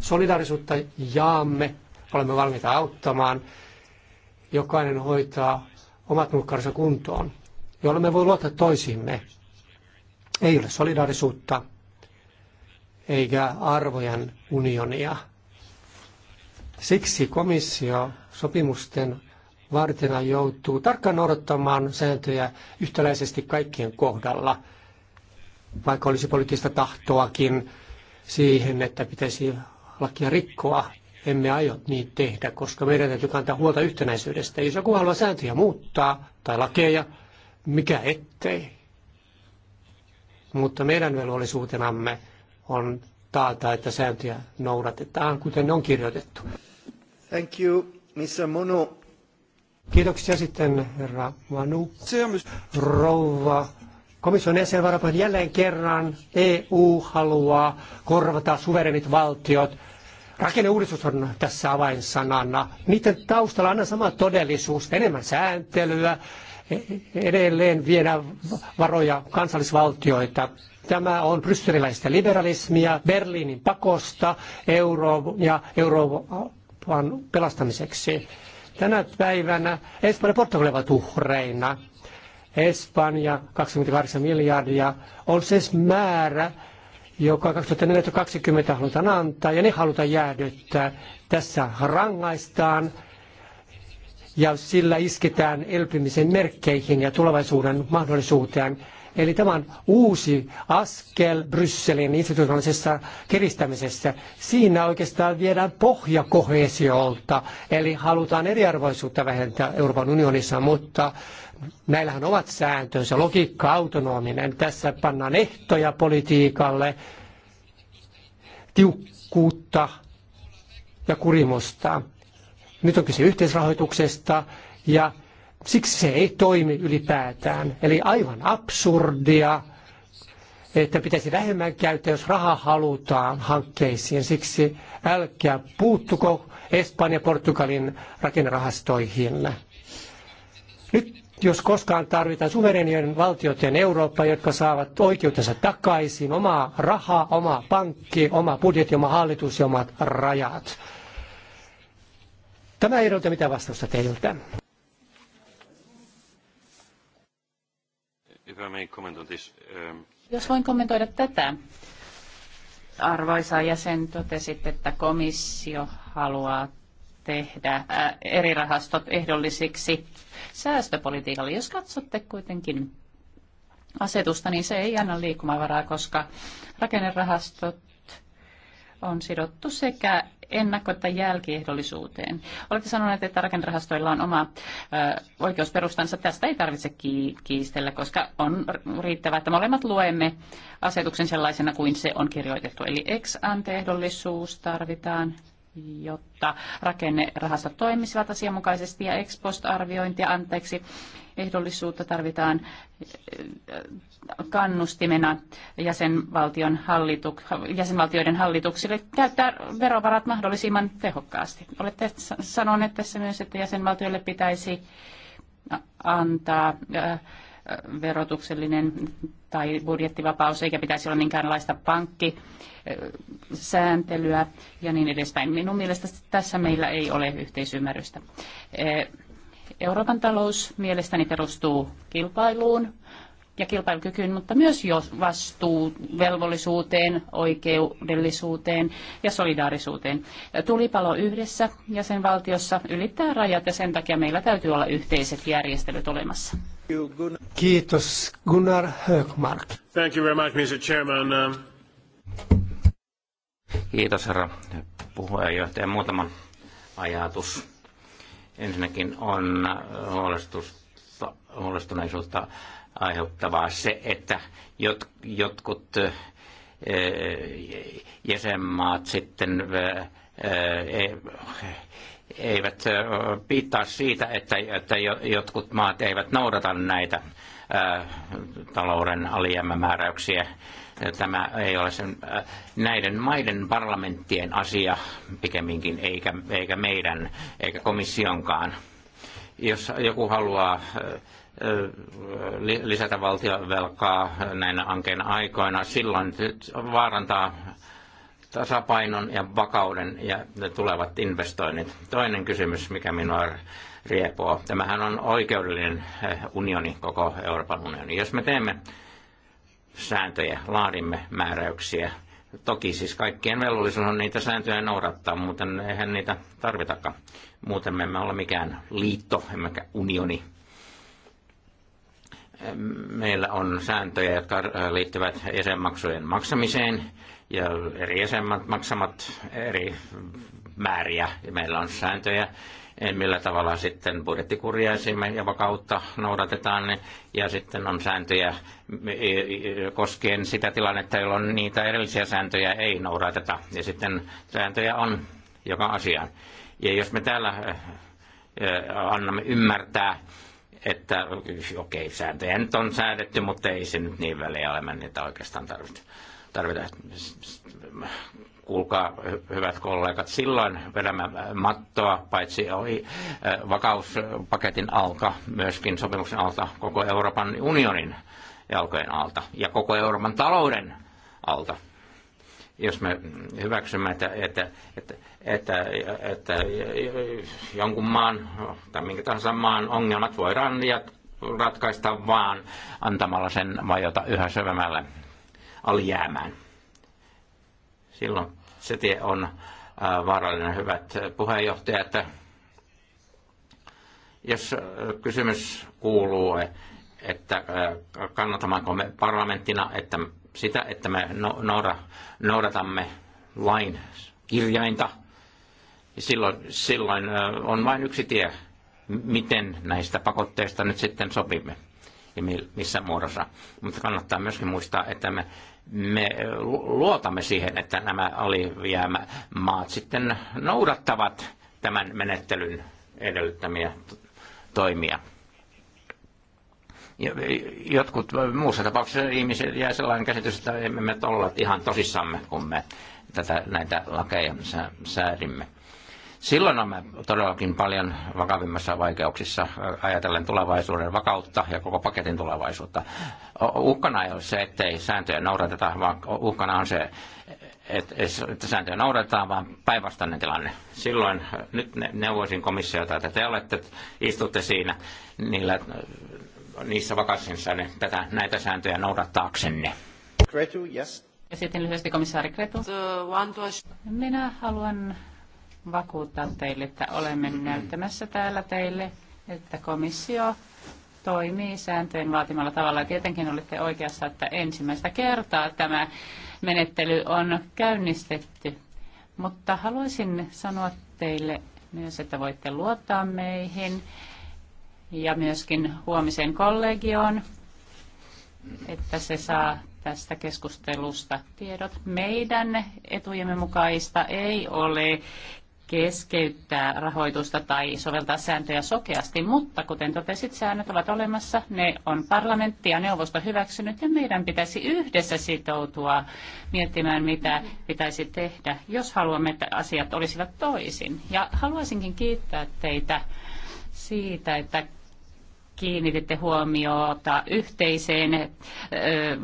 Solidarisuutta, jaamme, olemme valmiita auttamaan. Jokainen hoitaa omat nurkkansa kuntoon, jolla me voi luottaa toisiimme. Ei ole solidarisuutta, eikä arvojen unionia. Siksi komissio sopimusten vartena joutuu tarkkaan noudattamaan sääntöjä yhtäläisesti kaikkien kohdalla – vaikka olisi poliittista tahtoakin siihen, että pitäisi lakia rikkoa. Emme aio niitä tehdä, koska meidän täytyy kantaa huolta yhtenäisyydestä. Jos joku haluaa sääntöjä muuttaa tai lakeja, mikä ettei. Mutta meidän velvollisuutenamme on taata, että sääntöjä noudatetaan, kuten ne on kirjoitettu. Thank you, Mr. Munu. Kiitoksia sitten, herra Manu. Rouva Komission jäsenvarapuheenjohtaja jälleen kerran EU haluaa korvata suverenit valtiot. Rakenneuudistus on tässä avainsanana. Niiden taustalla on sama todellisuus, enemmän sääntelyä, e- edelleen viedä varoja kansallisvaltioita. Tämä on brysseliläistä liberalismia, Berliinin pakosta euro ja Euroopan pelastamiseksi. Tänä päivänä Espanja ja Portugali ovat uhreina. Espanja 28 miljardia on se siis määrä, joka 2020 halutaan antaa ja ne halutaan jäädyttää. Tässä rangaistaan ja sillä isketään elpymisen merkkeihin ja tulevaisuuden mahdollisuuteen. Eli tämä on uusi askel Brysselin institutionaalisessa kiristämisessä. Siinä oikeastaan viedään pohja kohesiolta, eli halutaan eriarvoisuutta vähentää Euroopan unionissa, mutta näillähän ovat sääntönsä, logiikka autonominen. Tässä pannaan ehtoja politiikalle, tiukkuutta ja kurimusta. Nyt on kyse yhteisrahoituksesta ja siksi se ei toimi ylipäätään. Eli aivan absurdia, että pitäisi vähemmän käyttää, jos rahaa halutaan hankkeisiin. Siksi älkää puuttuko Espanjan ja Portugalin rakennerahastoihin. Nyt jos koskaan tarvitaan suverenien valtioiden Eurooppa, jotka saavat oikeutensa takaisin, omaa rahaa, oma pankki, oma budjetti, oma hallitus ja omat rajat. Tämä ei edellytä mitään vastausta teiltä. Um, Jos voin kommentoida tätä. Arvoisa jäsen, totesit, että komissio haluaa tehdä eri rahastot ehdollisiksi säästöpolitiikalle. Jos katsotte kuitenkin asetusta, niin se ei anna liikkumavaraa, koska rakennerahastot on sidottu sekä ennakko- että jälkiehdollisuuteen. Olette sanoneet, että rakennerahastoilla on oma ö, oikeusperustansa. Tästä ei tarvitse kiistellä, koska on riittävää, että molemmat luemme asetuksen sellaisena kuin se on kirjoitettu. Eli ex ante ehdollisuus tarvitaan jotta rakennerahastot toimisivat asianmukaisesti ja ex post-arviointia, anteeksi, ehdollisuutta tarvitaan eh, kannustimena jäsenvaltion hallituk- jäsenvaltioiden hallituksille käyttää verovarat mahdollisimman tehokkaasti. Olette sanoneet tässä myös, että jäsenvaltioille pitäisi antaa eh, verotuksellinen tai budjettivapaus, eikä pitäisi olla minkäänlaista pankkisääntelyä ja niin edespäin. Minun mielestä tässä meillä ei ole yhteisymmärrystä. E, Euroopan talous mielestäni perustuu kilpailuun ja kilpailukykyyn, mutta myös vastuu, vastuuvelvollisuuteen, oikeudellisuuteen ja solidaarisuuteen. Tulipalo yhdessä jäsenvaltiossa ylittää rajat ja sen takia meillä täytyy olla yhteiset järjestelyt olemassa. Kiitos Gunnar Högmark. Thank you very much, Mr. Chairman. Um, Kiitos herra puheenjohtaja. Muutama ajatus. Ensinnäkin on huolestuneisuutta aiheuttavaa se, että jot, jotkut eh, jäsenmaat sitten eh, eh, eivät piittaa siitä, että, että jotkut maat eivät noudata näitä talouden alijäämämääräyksiä. Tämä ei ole sen, näiden maiden parlamenttien asia pikemminkin, eikä, eikä meidän, eikä komissionkaan. Jos joku haluaa lisätä valtiovelkaa näinä ankeina aikoina, silloin vaarantaa tasapainon ja vakauden ja tulevat investoinnit. Toinen kysymys, mikä minua riepoo. Tämähän on oikeudellinen eh, unioni, koko Euroopan unioni. Jos me teemme sääntöjä, laadimme määräyksiä, toki siis kaikkien velvollisuus on niitä sääntöjä noudattaa, muuten eihän niitä tarvitakaan. Muuten me emme ole mikään liitto, emmekä unioni. Meillä on sääntöjä, jotka liittyvät jäsenmaksujen maksamiseen, ja eri jäsenmaat maksamat eri määriä. Ja meillä on sääntöjä, eh, millä tavalla sitten budjettikuria ja vakautta noudatetaan. Niin- ja sitten on sääntöjä e- e- koskien sitä tilannetta, jolloin niitä erillisiä sääntöjä ei noudateta. Ja sitten sääntöjä on joka asiaan. Ja jos me täällä eh, eh, annamme ymmärtää, että okei, okay, sääntöjä nyt on säädetty, mutta ei se nyt niin väliä ole, niitä oikeastaan tarvitse tarvitaan. Kuulkaa, hyvät kollegat, silloin vedämme mattoa paitsi oli eh, vakauspaketin alta, myöskin sopimuksen alta, koko Euroopan unionin jalkojen alta ja koko Euroopan talouden alta jos me hyväksymme, että, että, että, että, että jonkun maan tai minkä tahansa maan ongelmat voidaan ratkaista vaan antamalla sen vajota yhä syvemmälle alijäämään. Silloin se tie on äh, vaarallinen, hyvät puheenjohtajat. Jos äh, kysymys kuuluu, että äh, kannatammeko me parlamenttina että sitä, että me no, noudatamme lain kirjainta, silloin, silloin on vain yksi tie, miten näistä pakotteista nyt sitten sopimme ja missä muodossa. Mutta kannattaa myöskin muistaa, että me me luotamme siihen, että nämä maat sitten noudattavat tämän menettelyn edellyttämiä toimia. Jotkut muussa tapauksessa ihmiset jää sellainen käsitys, että emme me olla ihan tosissamme, kun me tätä, näitä lakeja säädimme. Silloin olemme todellakin paljon vakavimmassa vaikeuksissa äh, ajatellen tulevaisuuden vakautta ja koko paketin tulevaisuutta. Uhkana ei ole se, ettei sääntöjä noudateta, vaan uhkana on se, että sääntöjä noudatetaan, vaan päinvastainen tilanne. Silloin äh, nyt neuvoisin komissiota, että te olette, istutte siinä niillä, äh, niissä vakassinsa niin tätä, näitä sääntöjä noudattaaksenne. Kretu, yes. Ja sitten lyhyesti komissaari Kretu. Minä haluan vakuuttaa teille, että olemme näyttämässä täällä teille, että komissio toimii sääntöjen vaatimalla tavalla. Ja tietenkin olitte oikeassa, että ensimmäistä kertaa tämä menettely on käynnistetty. Mutta haluaisin sanoa teille myös, että voitte luottaa meihin ja myöskin huomisen kollegioon, että se saa tästä keskustelusta tiedot. Meidän etujemme mukaista ei ole keskeyttää rahoitusta tai soveltaa sääntöjä sokeasti, mutta kuten totesit, säännöt ovat olemassa, ne on parlamentti ja neuvosto hyväksynyt ja meidän pitäisi yhdessä sitoutua miettimään, mitä pitäisi tehdä, jos haluamme, että asiat olisivat toisin. Ja haluaisinkin kiittää teitä siitä, että kiinnititte huomiota yhteiseen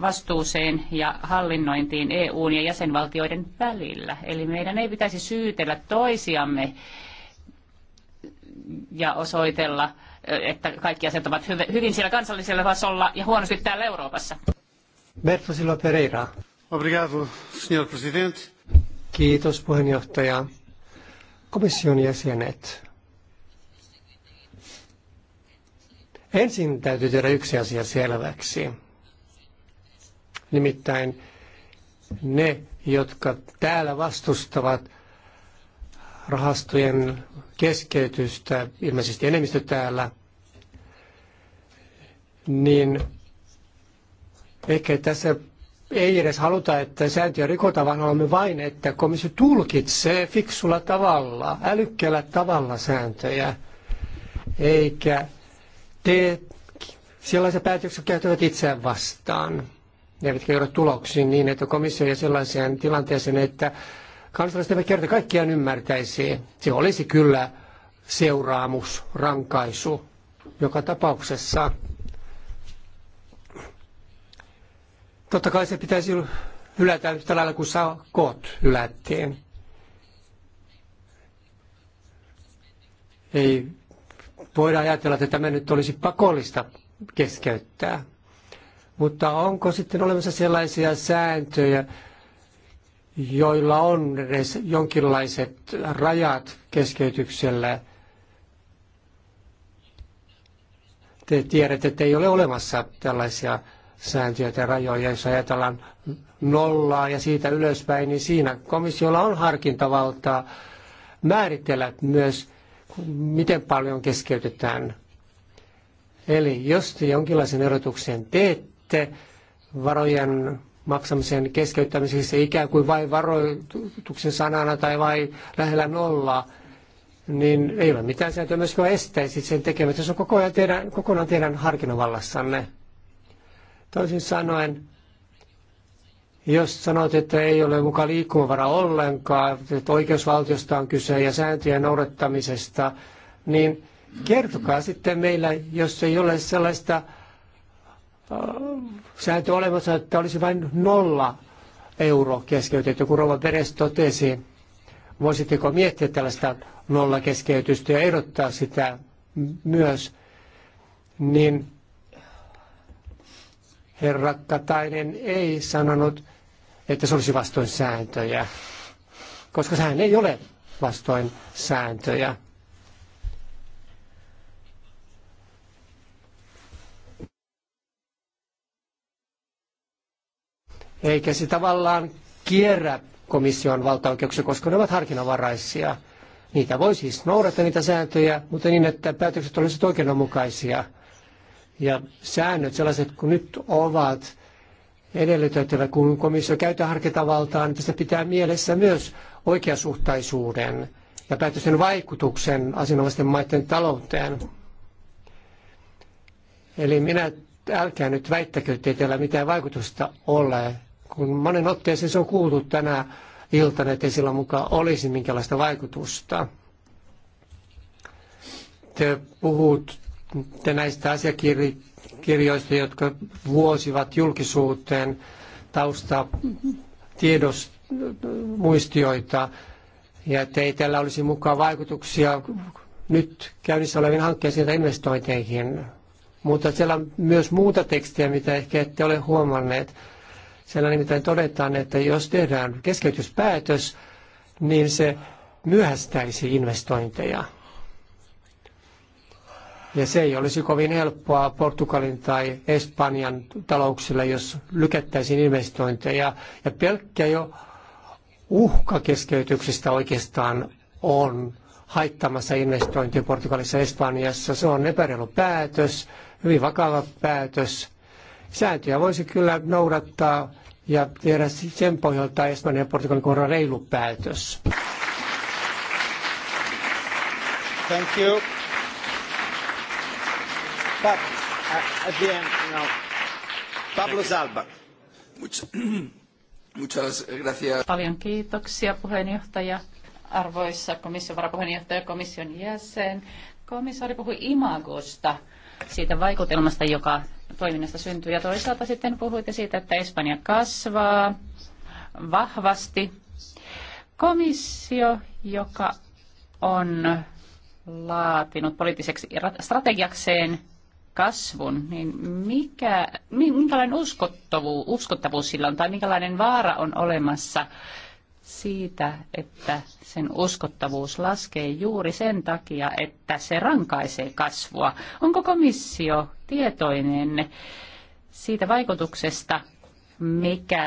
vastuuseen ja hallinnointiin EUn ja jäsenvaltioiden välillä. Eli meidän ei pitäisi syytellä toisiamme ja osoitella, että kaikki asiat ovat hyvin siellä kansallisella tasolla ja huonosti täällä Euroopassa. Berto Silva Pereira. Obrigado, signor Presidente. Kiitos puheenjohtaja. Komission jäsenet. Ensin täytyy tehdä yksi asia selväksi. Nimittäin ne, jotka täällä vastustavat rahastojen keskeytystä, ilmeisesti enemmistö täällä, niin ehkä tässä ei edes haluta, että sääntöjä rikotaan, vaan haluamme vain, että komissio tulkitsee fiksulla tavalla, älykkäällä tavalla sääntöjä, eikä teet sellaisia päätöksiä, käyttävät itseään vastaan, eivätkä joudu tuloksiin niin, että komissio ja sellaiseen tilanteeseen, että kansalaiset eivät kerta kaikkiaan ymmärtäisi. Se olisi kyllä seuraamus, rankaisu joka tapauksessa. Totta kai se pitäisi hylätä yhtä lailla kuin sakot hylättiin. Ei voidaan ajatella, että tämä nyt olisi pakollista keskeyttää. Mutta onko sitten olemassa sellaisia sääntöjä, joilla on edes jonkinlaiset rajat keskeytyksellä? Te tiedätte, että ei ole olemassa tällaisia sääntöjä tai rajoja. Jos ajatellaan nollaa ja siitä ylöspäin, niin siinä komissiolla on harkintavaltaa määritellä myös miten paljon keskeytetään. Eli jos te jonkinlaisen erotuksen teette varojen maksamisen keskeyttämiseksi ikään kuin vain varoituksen sanana tai vain lähellä nollaa, niin ei ole mitään sääntöä myöskään estäisi sen tekemistä. Se on koko ajan teidän, kokonaan teidän harkinnanvallassanne. Toisin sanoen, jos sanot, että ei ole mukaan liikkumavara ollenkaan, että oikeusvaltiosta on kyse ja sääntöjen noudattamisesta, niin kertokaa sitten meillä, jos ei ole sellaista äh, sääntö olemassa, että olisi vain nolla euro keskeytetty, kun Rova Peres totesi. Voisitteko miettiä tällaista nolla keskeytystä ja ehdottaa sitä myös, niin herra Katainen ei sanonut, että se olisi vastoin sääntöjä, koska sehän ei ole vastoin sääntöjä. Eikä se tavallaan kierrä komission valtaoikeuksia, koska ne ovat harkinnanvaraisia. Niitä voi siis noudattaa niitä sääntöjä, mutta niin, että päätökset olisivat oikeudenmukaisia – ja säännöt sellaiset kuin nyt ovat edellytettävä, kun komissio käyttää harkintavaltaa, niin tässä pitää mielessä myös oikeasuhtaisuuden ja päätösten vaikutuksen asianomaisten maiden talouteen. Eli minä älkää nyt väittäkö, ettei teillä mitään vaikutusta ole. Kun monen otteeseen se on kuultu tänä iltana, ettei sillä mukaan olisi minkälaista vaikutusta. Te puhut, näistä asiakirjoista, jotka vuosivat julkisuuteen tausta tiedost, ja teillä tällä olisi mukaan vaikutuksia nyt käynnissä oleviin hankkeisiin tai investointeihin. Mutta siellä on myös muuta tekstiä, mitä ehkä ette ole huomanneet. Siellä nimittäin todetaan, että jos tehdään keskeytyspäätös, niin se myöhästäisi investointeja. Ja se ei olisi kovin helppoa Portugalin tai Espanjan talouksille, jos lykättäisiin investointeja. Ja pelkkä jo uhka keskeytyksistä oikeastaan on haittamassa investointia Portugalissa ja Espanjassa. Se on epäreilu päätös, hyvin vakava päätös. Sääntöjä voisi kyllä noudattaa ja tehdä sen pohjalta Espanjan ja Portugalin kohdalla reilu päätös. Thank you. Pa at the end, no. Pablo Salva. muchas gracias. Paljon kiitoksia puheenjohtaja. Arvoisa komission varapuheenjohtaja, komission jäsen. Komissaari puhui imagosta, siitä vaikutelmasta, joka toiminnasta syntyy. Ja toisaalta sitten puhuitte siitä, että Espanja kasvaa vahvasti. Komissio, joka on laatinut poliittiseksi strategiakseen kasvun, niin mikä, minkälainen uskottavuus, uskottavuus sillä on tai minkälainen vaara on olemassa siitä, että sen uskottavuus laskee juuri sen takia, että se rankaisee kasvua. Onko komissio tietoinen siitä vaikutuksesta, mikä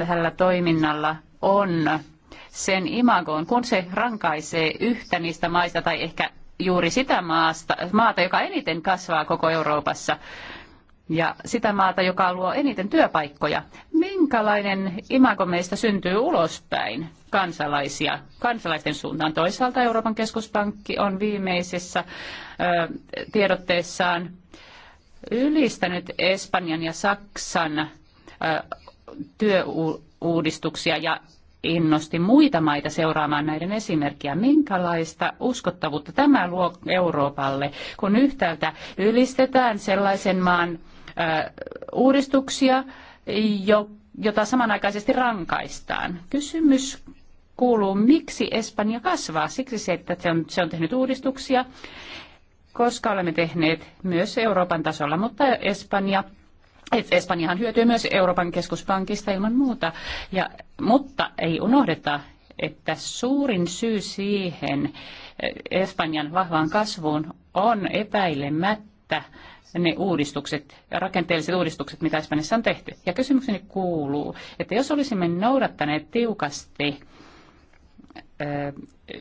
äh, tällä toiminnalla on sen imagoon, kun se rankaisee yhtä niistä maista tai ehkä juuri sitä maasta, maata, joka eniten kasvaa koko Euroopassa ja sitä maata, joka luo eniten työpaikkoja. Minkälainen imago meistä syntyy ulospäin kansalaisia, kansalaisten suuntaan? Toisaalta Euroopan keskuspankki on viimeisessä ö, tiedotteessaan ylistänyt Espanjan ja Saksan ö, työuudistuksia ja innosti muita maita seuraamaan näiden esimerkkiä. Minkälaista uskottavuutta tämä luo Euroopalle, kun yhtäältä ylistetään sellaisen maan uudistuksia, jota samanaikaisesti rankaistaan. Kysymys kuuluu, miksi Espanja kasvaa? Siksi se, että se on, se on tehnyt uudistuksia, koska olemme tehneet myös Euroopan tasolla, mutta Espanja Espanjahan hyötyy myös Euroopan keskuspankista ilman muuta, ja, mutta ei unohdeta, että suurin syy siihen eh, Espanjan vahvaan kasvuun on epäilemättä ne uudistukset, rakenteelliset uudistukset, mitä Espanjassa on tehty. Ja kysymykseni kuuluu, että jos olisimme noudattaneet tiukasti eh,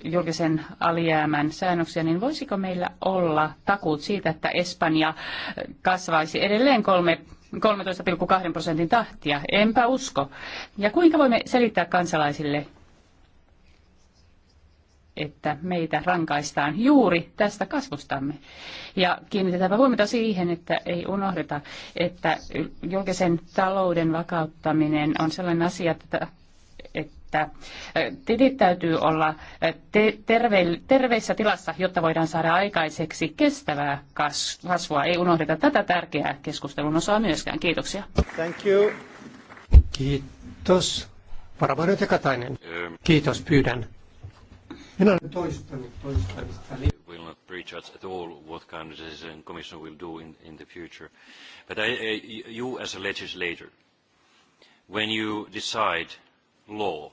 julkisen alijäämän säännöksiä, niin voisiko meillä olla takuut siitä, että Espanja kasvaisi edelleen kolme 13,2 prosentin tahtia. Enpä usko. Ja kuinka voimme selittää kansalaisille, että meitä rankaistaan juuri tästä kasvustamme. Ja kiinnitetäänpä huomiota siihen, että ei unohdeta, että julkisen talouden vakauttaminen on sellainen asia, että että eh, tilit täytyy olla eh, te- terve- terveissä tilassa, jotta voidaan saada aikaiseksi kestävää kasvua. Ei unohdeta tätä tärkeää keskustelun osaa myöskään. Kiitoksia. Thank you. Kiitos. Varamainen Katainen. Kiitos, pyydän. Minä olen toistanut toistamista. Will not prejudge at all what kind of decision Commission will do in, in the future. But I, I, you as a legislator, when you decide law,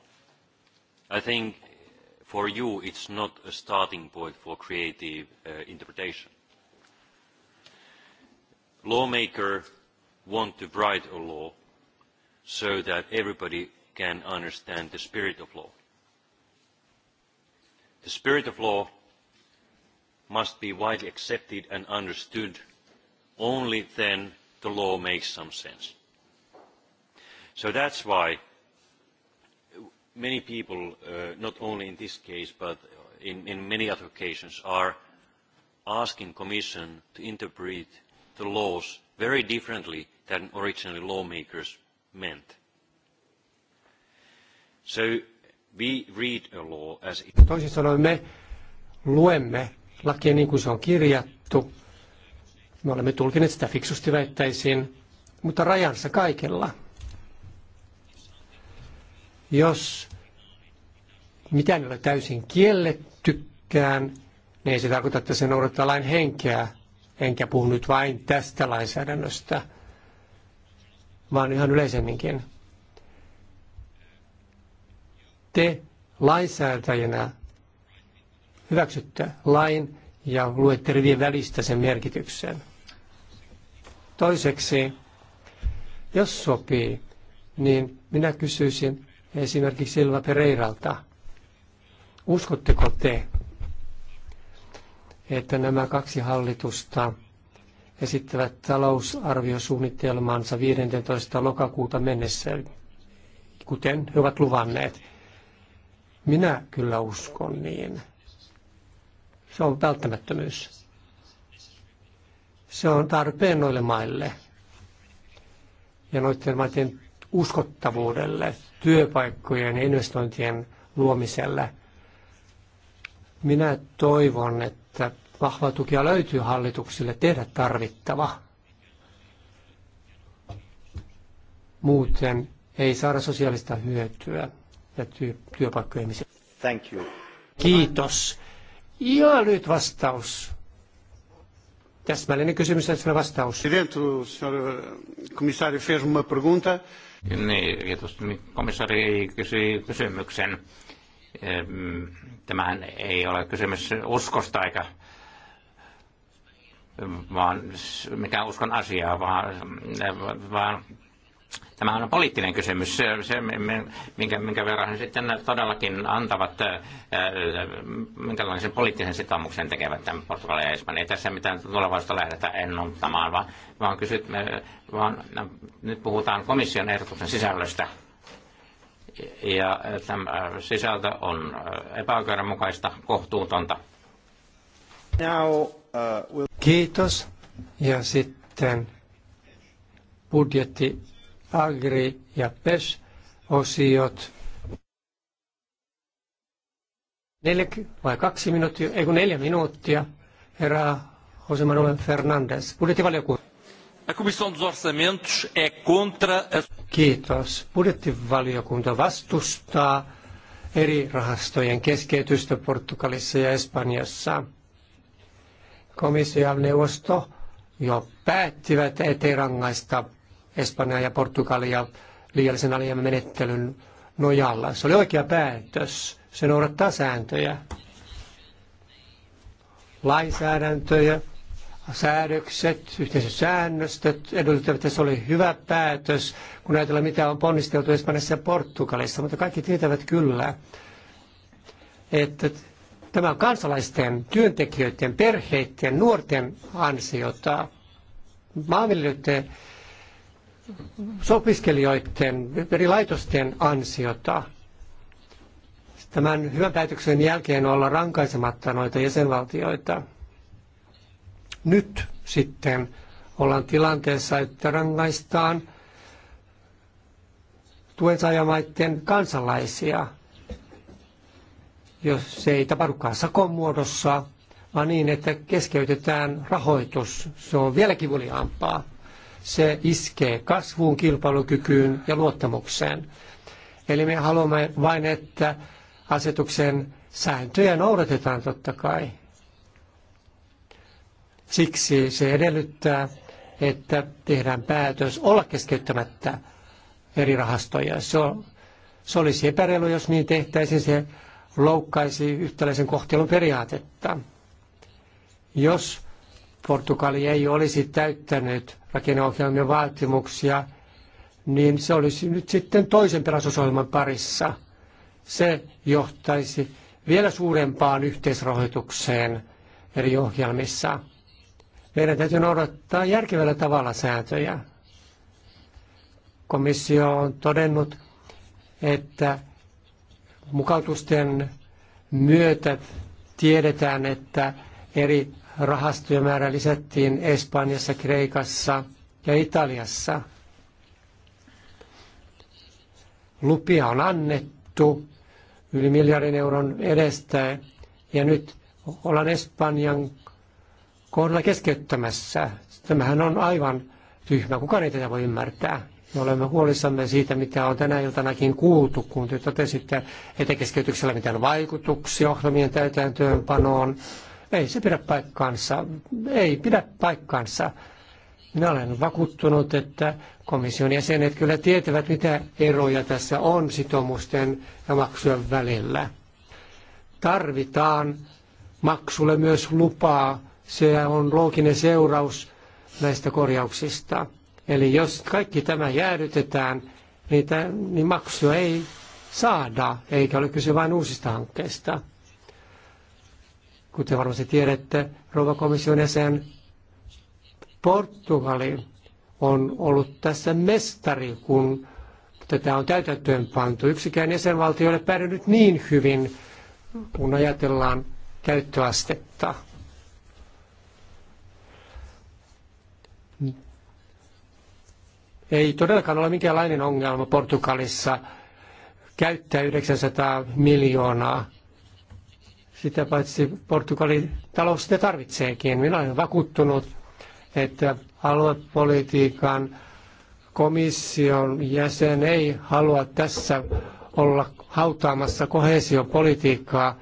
I think for you it's not a starting point for creative uh, interpretation. Lawmaker want to write a law so that everybody can understand the spirit of law. The spirit of law must be widely accepted and understood. Only then the law makes some sense. So that's why many people, uh, not only in this case, but in, in many other occasions, are asking Commission to interpret the laws very differently than originally lawmakers meant. So we read a law as it... Toisin sanoen me luemme lakia niin kuin se on kirjattu. Me olemme tulkineet sitä fiksusti väittäisiin, mutta rajansa kaikella. Jos mitään ei ole täysin kiellettykään, niin ei se tarkoita, että se noudattaa lain henkeä. Enkä puhu nyt vain tästä lainsäädännöstä, vaan ihan yleisemminkin. Te lainsäätäjänä hyväksytte lain ja luette rivien välistä sen merkityksen. Toiseksi, jos sopii, niin minä kysyisin, esimerkiksi Silva Pereiralta. Uskotteko te, että nämä kaksi hallitusta esittävät talousarviosuunnitelmansa 15. lokakuuta mennessä, kuten he ovat luvanneet? Minä kyllä uskon niin. Se on välttämättömyys. Se on tarpeen noille maille. Ja noiden maiden uskottavuudelle, työpaikkojen ja investointien luomiselle. Minä toivon, että vahva tukia löytyy hallituksille tehdä tarvittava. Muuten ei saada sosiaalista hyötyä ja työ, työpaikkoja Thank you. Kiitos. Ja nyt vastaus. Täsmällinen kysymys ja vastaus. Presidente, o senhor eh, comissário fez uma niin, kiitos. Komissari kysyi kysymyksen. Tämähän ei ole kysymys uskosta eikä vaan mikä uskon asiaa, vaan, vaan Tämähän on poliittinen kysymys, se, se minkä, minkä verran he sitten todellakin antavat, äh, äh, minkälaisen poliittisen sitoumuksen tekevät tämän Portugalia ja Espanjan. Ei tässä mitään tulevaisuutta lähdetä ennustamaan, vaan, vaan, kysyt, äh, vaan no, nyt puhutaan komission ehdotuksen sisällöstä. Ja tämä sisältö on epäoikeudenmukaista, kohtuutonta. Now, uh, we'll... Kiitos. Ja sitten budjetti Agri- ja PES-osiot. Neljä vai kaksi minuuttia, ei kun neljä minuuttia, herra José Manuel Fernández, budjettivaliokunta. A Comissão dos Orçamentos é contra a... Kiitos. Budjettivaliokunta vastustaa eri rahastojen keskeytystä Portugalissa ja Espanjassa. Komissio ja neuvosto jo päättivät, ettei rangaista Espanja ja Portugalia liiallisen menettelyn nojalla. Se oli oikea päätös. Se noudattaa sääntöjä, lainsäädäntöjä, säädökset, yhteiset säännöstöt edellyttävät, että se oli hyvä päätös, kun ajatellaan mitä on ponnisteltu Espanjassa ja Portugalissa, mutta kaikki tietävät kyllä, että tämä on kansalaisten, työntekijöiden, perheiden, nuorten ansiota. Maanviljelijöiden opiskelijoiden, eri laitosten ansiota. Tämän hyvän päätöksen jälkeen olla rankaisematta noita jäsenvaltioita. Nyt sitten ollaan tilanteessa, että rangaistaan tuensaajamaiden kansalaisia, jos se ei tapahdukaan sakon muodossa, vaan niin, että keskeytetään rahoitus. Se on vielä kivuliaampaa se iskee kasvuun, kilpailukykyyn ja luottamukseen. Eli me haluamme vain, että asetuksen sääntöjä noudatetaan totta kai. Siksi se edellyttää, että tehdään päätös olla keskeyttämättä eri rahastoja. Se, on, se olisi epäreilu, jos niin tehtäisiin. Se loukkaisi yhtäläisen kohtelun periaatetta. Jos Portugali ei olisi täyttänyt rakenneohjelmien vaatimuksia, niin se olisi nyt sitten toisen pelastusohjelman parissa. Se johtaisi vielä suurempaan yhteisrahoitukseen eri ohjelmissa. Meidän täytyy noudattaa järkevällä tavalla sääntöjä. Komissio on todennut, että mukautusten myötä tiedetään, että eri rahastojen määrä lisättiin Espanjassa, Kreikassa ja Italiassa. Lupia on annettu yli miljardin euron edestä ja nyt ollaan Espanjan kohdalla keskeyttämässä. Tämähän on aivan tyhmä, kukaan ei tätä voi ymmärtää. Me olemme huolissamme siitä, mitä on tänä iltanakin kuultu, kun te totesitte, että keskeytyksellä mitään vaikutuksia ohjelmien täytäntöönpanoon. panoon ei se pidä paikkaansa. Ei pidä paikkaansa. Minä olen vakuuttunut, että komission jäsenet kyllä tietävät, mitä eroja tässä on sitoumusten ja maksujen välillä. Tarvitaan maksulle myös lupaa. Se on looginen seuraus näistä korjauksista. Eli jos kaikki tämä jäädytetään, niin, tämän, niin ei saada, eikä ole kyse vain uusista hankkeista. Kuten varmasti tiedätte, rouva komission jäsen, Portugali on ollut tässä mestari, kun tätä on täytäntöön pantu. Yksikään jäsenvaltio ei ole pärjännyt niin hyvin, kun ajatellaan käyttöastetta. Ei todellakaan ole mikäänlainen ongelma Portugalissa käyttää 900 miljoonaa sitä paitsi Portugalin talous sitä tarvitseekin. Minä olen vakuuttunut, että aluepolitiikan komission jäsen ei halua tässä olla hautaamassa kohesiopolitiikkaa,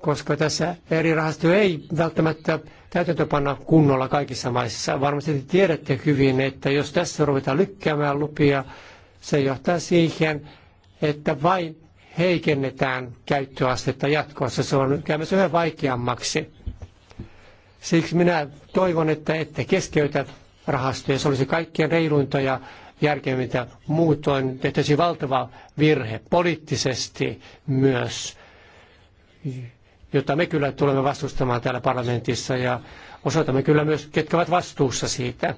koska tässä eri rahasto ei välttämättä täytäntöpanna kunnolla kaikissa maissa. Varmasti te tiedätte hyvin, että jos tässä ruvetaan lykkäämään lupia, se johtaa siihen, että vain heikennetään käyttöastetta jatkossa. Se on käymässä yhä vaikeammaksi. Siksi minä toivon, että ette keskeytä rahastoja. Se olisi kaikkien reiluinta ja järkevintä. Muutoin tehtäisiin valtava virhe poliittisesti myös, jota me kyllä tulemme vastustamaan täällä parlamentissa ja osoitamme kyllä myös, ketkä ovat vastuussa siitä.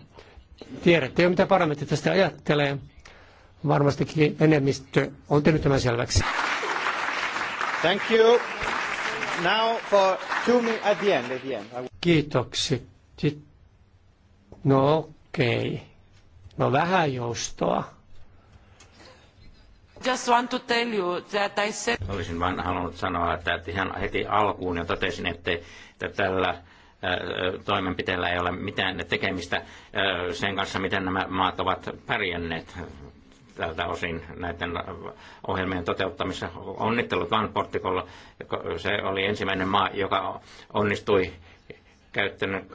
Tiedätte jo, mitä parlamentti tästä ajattelee varmastikin enemmistö on tehnyt tämän selväksi. Thank you. Now for two minutes at the end. At the end. Kiitoksi. No okei. Okay. No vähän joustoa. Just want to tell you that I said... Olisin vain halunnut sanoa, että ihan heti alkuun jo totesin, että, että tällä toimenpiteellä ei ole mitään tekemistä sen kanssa, miten nämä maat ovat pärjänneet tältä osin näiden ohjelmien toteuttamissa. Onnittelut vaan Portikolla. Se oli ensimmäinen maa, joka onnistui käyttänyt 2007-2013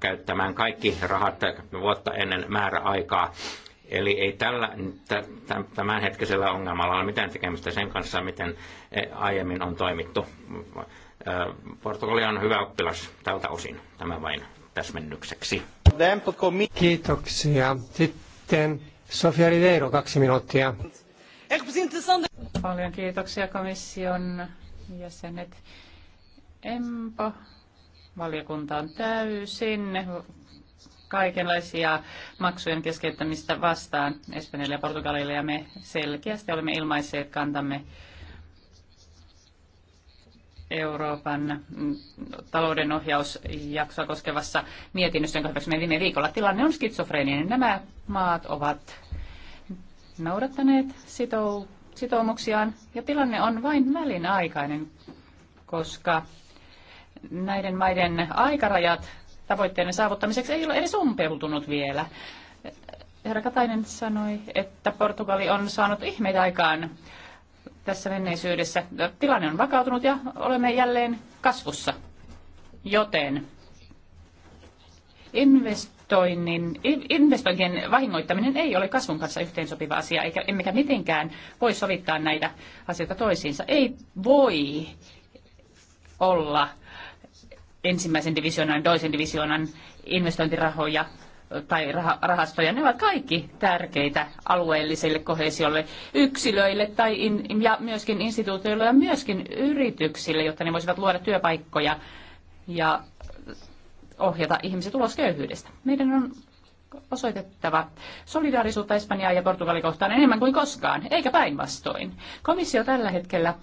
käyttämään kaikki rahat vuotta ennen määräaikaa. Eli ei tällä tämänhetkisellä ongelmalla ole mitään tekemistä sen kanssa, miten eh, aiemmin on toimittu. Portugali on hyvä oppilas tältä osin, tämä vain täsmennykseksi. Kiitoksia. Sitten sitten Sofia Ribeiro, kaksi minuuttia. Paljon kiitoksia komission jäsenet. Empa, valiokunta on täysin kaikenlaisia maksujen keskeyttämistä vastaan Espanjalle ja Portugalille ja me selkeästi olemme ilmaisseet kantamme Euroopan mm, talouden ohjausjaksoa koskevassa mietinnössä, jonka hyväksymme viime viikolla. Tilanne on skitsofreeninen. Nämä maat ovat noudattaneet sitou- sitoumuksiaan ja tilanne on vain välinaikainen, koska näiden maiden aikarajat tavoitteiden saavuttamiseksi ei ole edes umpeutunut vielä. Herra Katainen sanoi, että Portugali on saanut ihmeitä aikaan tässä menneisyydessä. Tilanne on vakautunut ja olemme jälleen kasvussa. Joten investoinnin, investointien vahingoittaminen ei ole kasvun kanssa yhteensopiva asia, eikä, emmekä mitenkään voi sovittaa näitä asioita toisiinsa. Ei voi olla ensimmäisen divisioonan, toisen divisioonan investointirahoja tai rahastoja, ne ovat kaikki tärkeitä alueelliselle kohesiolle, yksilöille tai in, ja myöskin instituutioille ja myöskin yrityksille, jotta ne voisivat luoda työpaikkoja ja ohjata ihmiset ulos köyhyydestä. Meidän on osoitettava solidaarisuutta Espanjaa ja Portugalia kohtaan enemmän kuin koskaan, eikä päinvastoin. Komissio tällä hetkellä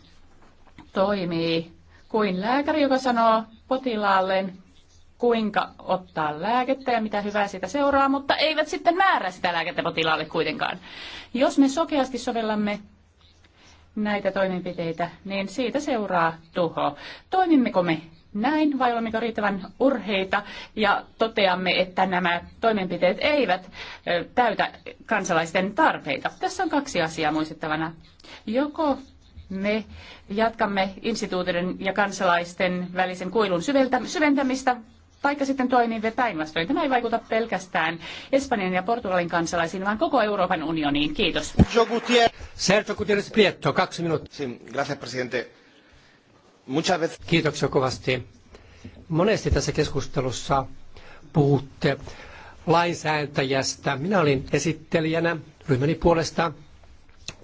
toimii kuin lääkäri, joka sanoo potilaalleen, kuinka ottaa lääkettä ja mitä hyvää siitä seuraa, mutta eivät sitten määrä sitä lääkettä potilaalle kuitenkaan. Jos me sokeasti sovellamme näitä toimenpiteitä, niin siitä seuraa tuho. Toimimmeko me näin vai olemmeko riittävän urheita ja toteamme, että nämä toimenpiteet eivät täytä kansalaisten tarpeita. Tässä on kaksi asiaa muistettavana. Joko me jatkamme instituutioiden ja kansalaisten välisen kuilun syventämistä taikka sitten toimii niin päinvastoin. Tämä ei vaikuta pelkästään Espanjan ja Portugalin kansalaisiin, vaan koko Euroopan unioniin. Kiitos. Sergio Gutierrez Prieto, kaksi minuuttia. Kiitoksia kovasti. Monesti tässä keskustelussa puhutte lainsääntäjästä. Minä olin esittelijänä ryhmäni puolesta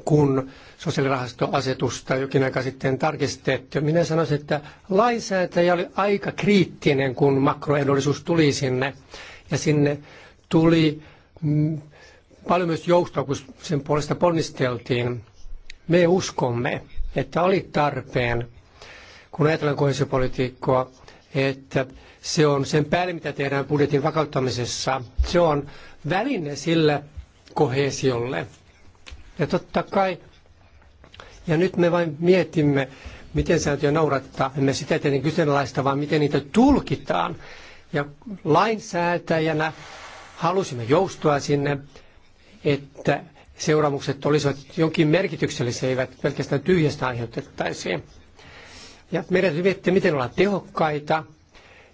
kun sosiaalirahastoasetusta jokin aika sitten tarkistettiin. Minä sanoisin, että lainsäätäjä oli aika kriittinen, kun makroehdollisuus tuli sinne. Ja sinne tuli mm, paljon myös joustoa, kun sen puolesta ponnisteltiin. Me uskomme, että oli tarpeen, kun ajatellaan kohesiopolitiikkoa, että se on sen päälle, mitä tehdään budjetin vakauttamisessa. Se on väline sille kohesiolle, ja totta kai, ja nyt me vain mietimme, miten sääntöjä noudattaa. Emme sitä tietenkin kyseenalaista, vaan miten niitä tulkitaan. Ja lainsäätäjänä halusimme joustua sinne, että seuraamukset olisivat jonkin merkityksellisiä, eivät pelkästään tyhjästä aiheutettaisiin. Ja meidän miettiä, miten olla tehokkaita,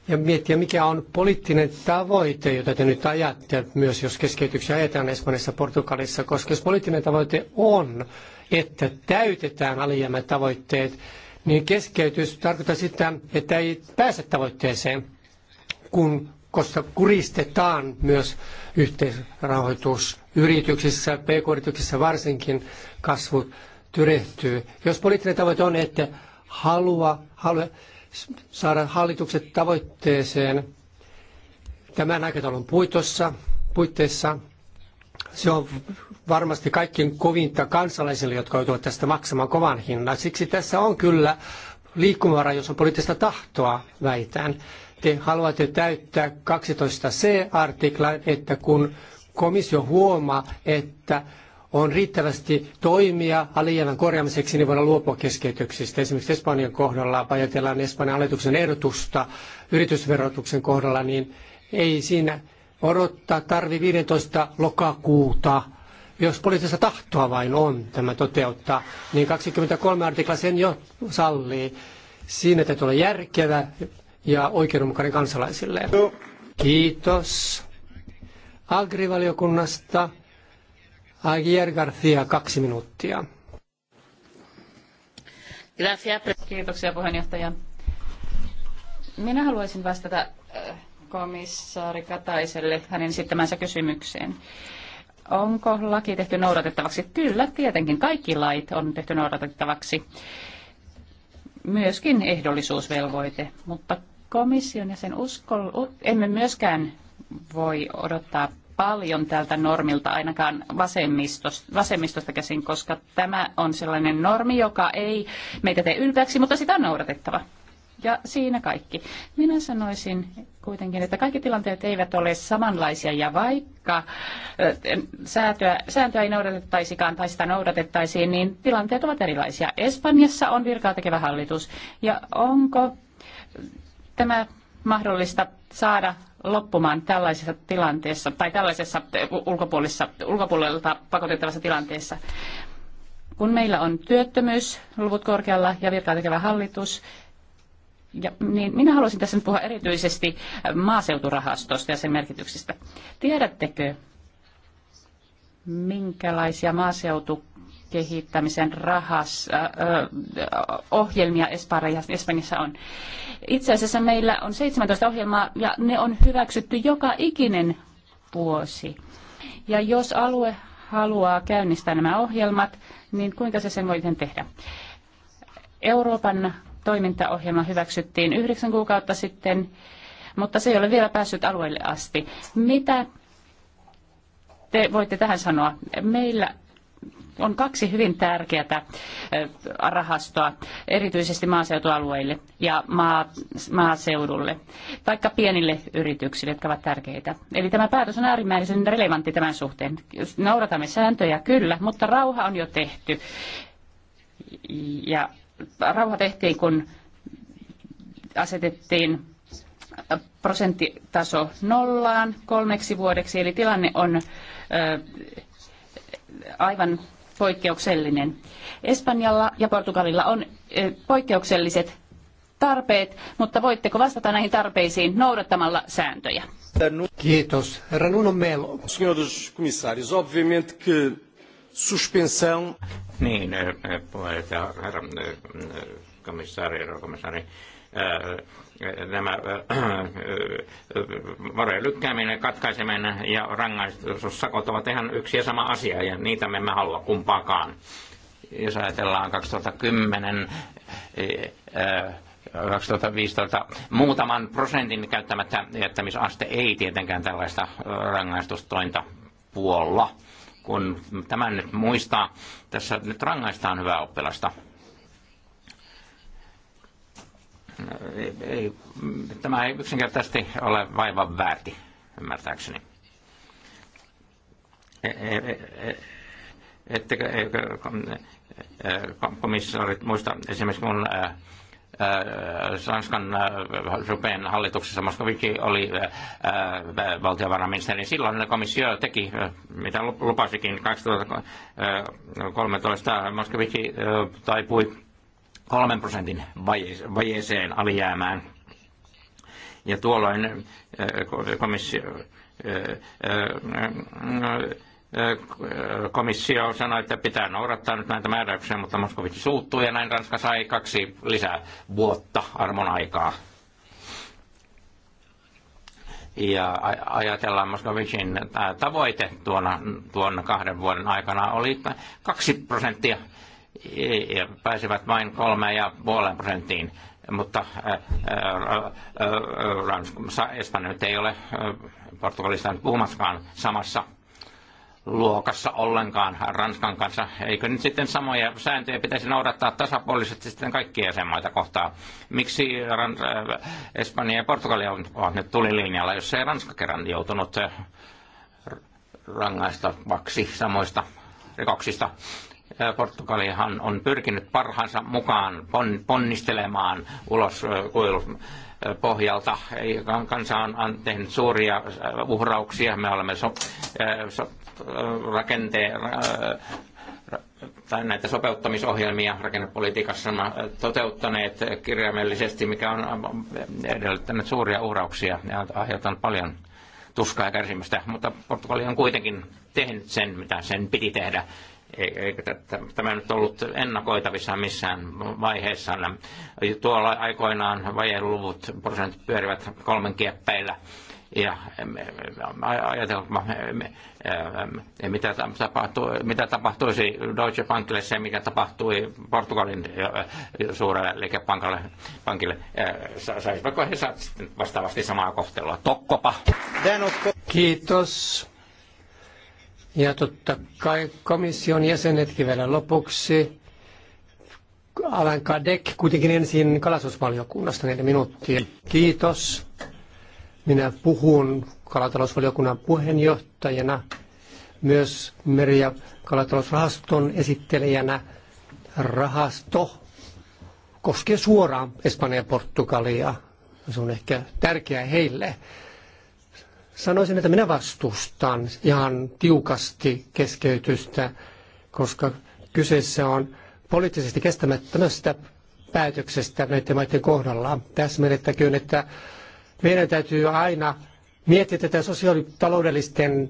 ja miettiä, mikä on poliittinen tavoite, jota te nyt ajatte, myös jos keskeytyksiä ajetaan Espanjassa Portugalissa, koska jos poliittinen tavoite on, että täytetään alijäämätavoitteet, niin keskeytys tarkoittaa sitä, että ei pääse tavoitteeseen, kun, koska kuristetaan myös yhteisrahoitus yrityksissä, pk-yrityksissä varsinkin kasvu tyrehtyy. Jos poliittinen tavoite on, että halua, halua saada hallitukset tavoitteeseen tämän aikataulun puitossa, puitteissa. Se on varmasti kaikkien kovinta kansalaisille, jotka joutuvat tästä maksamaan kovan hinnan. Siksi tässä on kyllä liikkumavara, jos on poliittista tahtoa, väitän. Te haluatte täyttää 12c-artiklan, että kun komissio huomaa, että on riittävästi toimia alijäämän korjaamiseksi, niin voidaan luopua keskeytyksistä. Esimerkiksi Espanjan kohdalla, ajatellaan Espanjan hallituksen ehdotusta yritysverotuksen kohdalla, niin ei siinä odottaa tarvi 15 lokakuuta, jos poliittista tahtoa vain on tämä toteuttaa, niin 23 artikla sen jo sallii. Siinä täytyy olla järkevä ja oikeudenmukainen kansalaisille. No. Kiitos agrivaliokunnasta. Aguiar Garcia, kaksi minuuttia. Kiitoksia puheenjohtaja. Minä haluaisin vastata äh, komissaari Kataiselle hänen esittämänsä kysymykseen. Onko laki tehty noudatettavaksi? Kyllä, tietenkin. Kaikki lait on tehty noudatettavaksi. Myöskin ehdollisuusvelvoite, mutta komission ja sen uskon, emme myöskään voi odottaa paljon tältä normilta, ainakaan vasemmistosta, vasemmistosta käsin, koska tämä on sellainen normi, joka ei meitä tee ylpeäksi, mutta sitä on noudatettava. Ja siinä kaikki. Minä sanoisin kuitenkin, että kaikki tilanteet eivät ole samanlaisia ja vaikka säätöä, sääntöä ei noudatettaisikaan tai sitä noudatettaisiin, niin tilanteet ovat erilaisia. Espanjassa on virkaa tekevä hallitus ja onko tämä mahdollista saada loppumaan tällaisessa tilanteessa tai tällaisessa eh, ulkopuolisessa, ulkopuolelta pakotettavassa tilanteessa. Kun meillä on työttömyys, luvut korkealla ja virkaa tekevä hallitus, ja, niin minä haluaisin tässä nyt puhua erityisesti eh, maaseuturahastosta ja sen merkityksistä. Tiedättekö, minkälaisia maaseutu kehittämisen rahas, äh, äh ohjelmia Espanjassa on. Itse asiassa meillä on 17 ohjelmaa ja ne on hyväksytty joka ikinen vuosi. Ja jos alue haluaa käynnistää nämä ohjelmat, niin kuinka se sen voi tehdä? Euroopan toimintaohjelma hyväksyttiin yhdeksän kuukautta sitten, mutta se ei ole vielä päässyt alueelle asti. Mitä te voitte tähän sanoa? Meillä on kaksi hyvin tärkeää rahastoa, erityisesti maaseutualueille ja maaseudulle, taikka pienille yrityksille, jotka ovat tärkeitä. Eli tämä päätös on äärimmäisen relevantti tämän suhteen. Noudatamme sääntöjä kyllä, mutta rauha on jo tehty. Ja rauha tehtiin, kun asetettiin prosenttitaso nollaan kolmeksi vuodeksi, eli tilanne on aivan poikkeuksellinen. Espanjalla ja Portugalilla on poikkeukselliset tarpeet, mutta voitteko vastata näihin tarpeisiin noudattamalla sääntöjä? Kiitos. Herra Nuno Melo. Senhores comissários, obviamente que suspensão... Niin, puheenjohtaja, herra komissaari, herra komissaari, nämä varojen lykkääminen, katkaiseminen ja rangaistussakot ovat ihan yksi ja sama asia, ja niitä me emme halua kumpaakaan. Jos ajatellaan 2010 2015 e, muutaman prosentin käyttämättä jättämisaste ei tietenkään tällaista rangaistustointa puolla. Kun tämän nyt muistaa, tässä nyt rangaistaan hyvää oppilasta ei, ei, tämä ei yksinkertaisesti ole vaivan väärti, ymmärtääkseni. E, e, e, ettekö komissaarit muista esimerkiksi mun ää, Ranskan Rupen hallituksessa Moskoviki oli valtiovarainministeri. Silloin komissio teki, mitä lupasikin 2013, Moskoviki taipui 3 prosentin vajeeseen alijäämään. Ja tuolloin komissio, komissio sanoi, että pitää noudattaa nyt näitä määräyksiä, mutta Moskovitsi suuttui ja näin Ranska sai kaksi lisää vuotta armon aikaa. Ja ajatellaan Moskovicin tavoite tuona, tuon kahden vuoden aikana oli kaksi prosenttia ja pääsivät vain kolme ja puolen prosenttiin, mutta äh, äh, äh, Ranskassa, Espanja nyt ei ole Portugalista nyt puhumassakaan samassa luokassa ollenkaan Ranskan kanssa. Eikö nyt sitten samoja sääntöjä pitäisi noudattaa tasapuolisesti sitten kaikkia jäsenmaita kohtaan? Miksi Ran- Espanja ja Portugali ovat nyt tulilinjalla, jos ei Ranska kerran joutunut rangaistavaksi samoista rikoksista? Portugalihan on pyrkinyt parhaansa mukaan ponnistelemaan ulos kuilun pohjalta. Kansa on tehnyt suuria uhrauksia. Me olemme so, so, rakenteen tai näitä sopeuttamisohjelmia rakennepolitiikassa toteuttaneet kirjaimellisesti, mikä on edellyttänyt suuria uhrauksia ja aiheuttanut paljon tuskaa ja kärsimystä, mutta Portugali on kuitenkin tehnyt sen, mitä sen piti tehdä eikä tämä nyt ollut ennakoitavissa missään vaiheessa. Tuolla aikoinaan vajeluvut prosentit pyörivät kolmen kieppeillä. Ja ajatelma, mitä, tapahtui, mitä tapahtuisi Deutsche Bankille, se mikä tapahtui Portugalin suurelle liikepankille, pankille, saisivatko he vastaavasti samaa kohtelua? Tokkopa! Kiitos. Ja totta kai komission jäsenetkin vielä lopuksi. Alan Kadek kuitenkin ensin kalastusvaliokunnasta neljä minuuttia. Kiitos. Minä puhun kalatalousvaliokunnan puheenjohtajana, myös meri- ja kalatalousrahaston esittelijänä. Rahasto koskee suoraan Espanjaa ja Portugalia. Se on ehkä tärkeää heille. Sanoisin, että minä vastustan ihan tiukasti keskeytystä, koska kyseessä on poliittisesti kestämättömästä päätöksestä näiden maiden kohdalla. Tässä menettäköön, että meidän täytyy aina miettiä tätä sosiaalitaloudellisten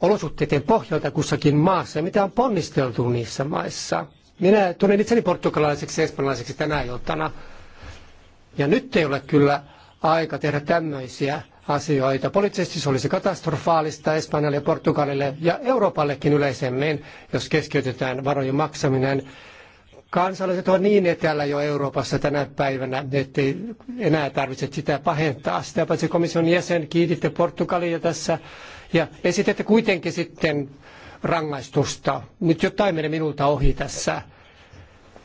olosuhteiden pohjalta kussakin maassa ja mitä on ponnisteltu niissä maissa. Minä tunnen itseni portugalaiseksi ja espanjalaiseksi tänä iltana. Ja nyt ei ole kyllä aika tehdä tämmöisiä asioita. Poliittisesti se olisi katastrofaalista Espanjalle ja Portugalille ja Euroopallekin yleisemmin, jos keskeytetään varojen maksaminen. Kansalaiset ovat niin etäällä jo Euroopassa tänä päivänä, ettei enää tarvitse sitä pahentaa. Sitä paitsi komission jäsen kiititte Portugalia tässä ja esitette kuitenkin sitten rangaistusta. Nyt jotain menee minulta ohi tässä.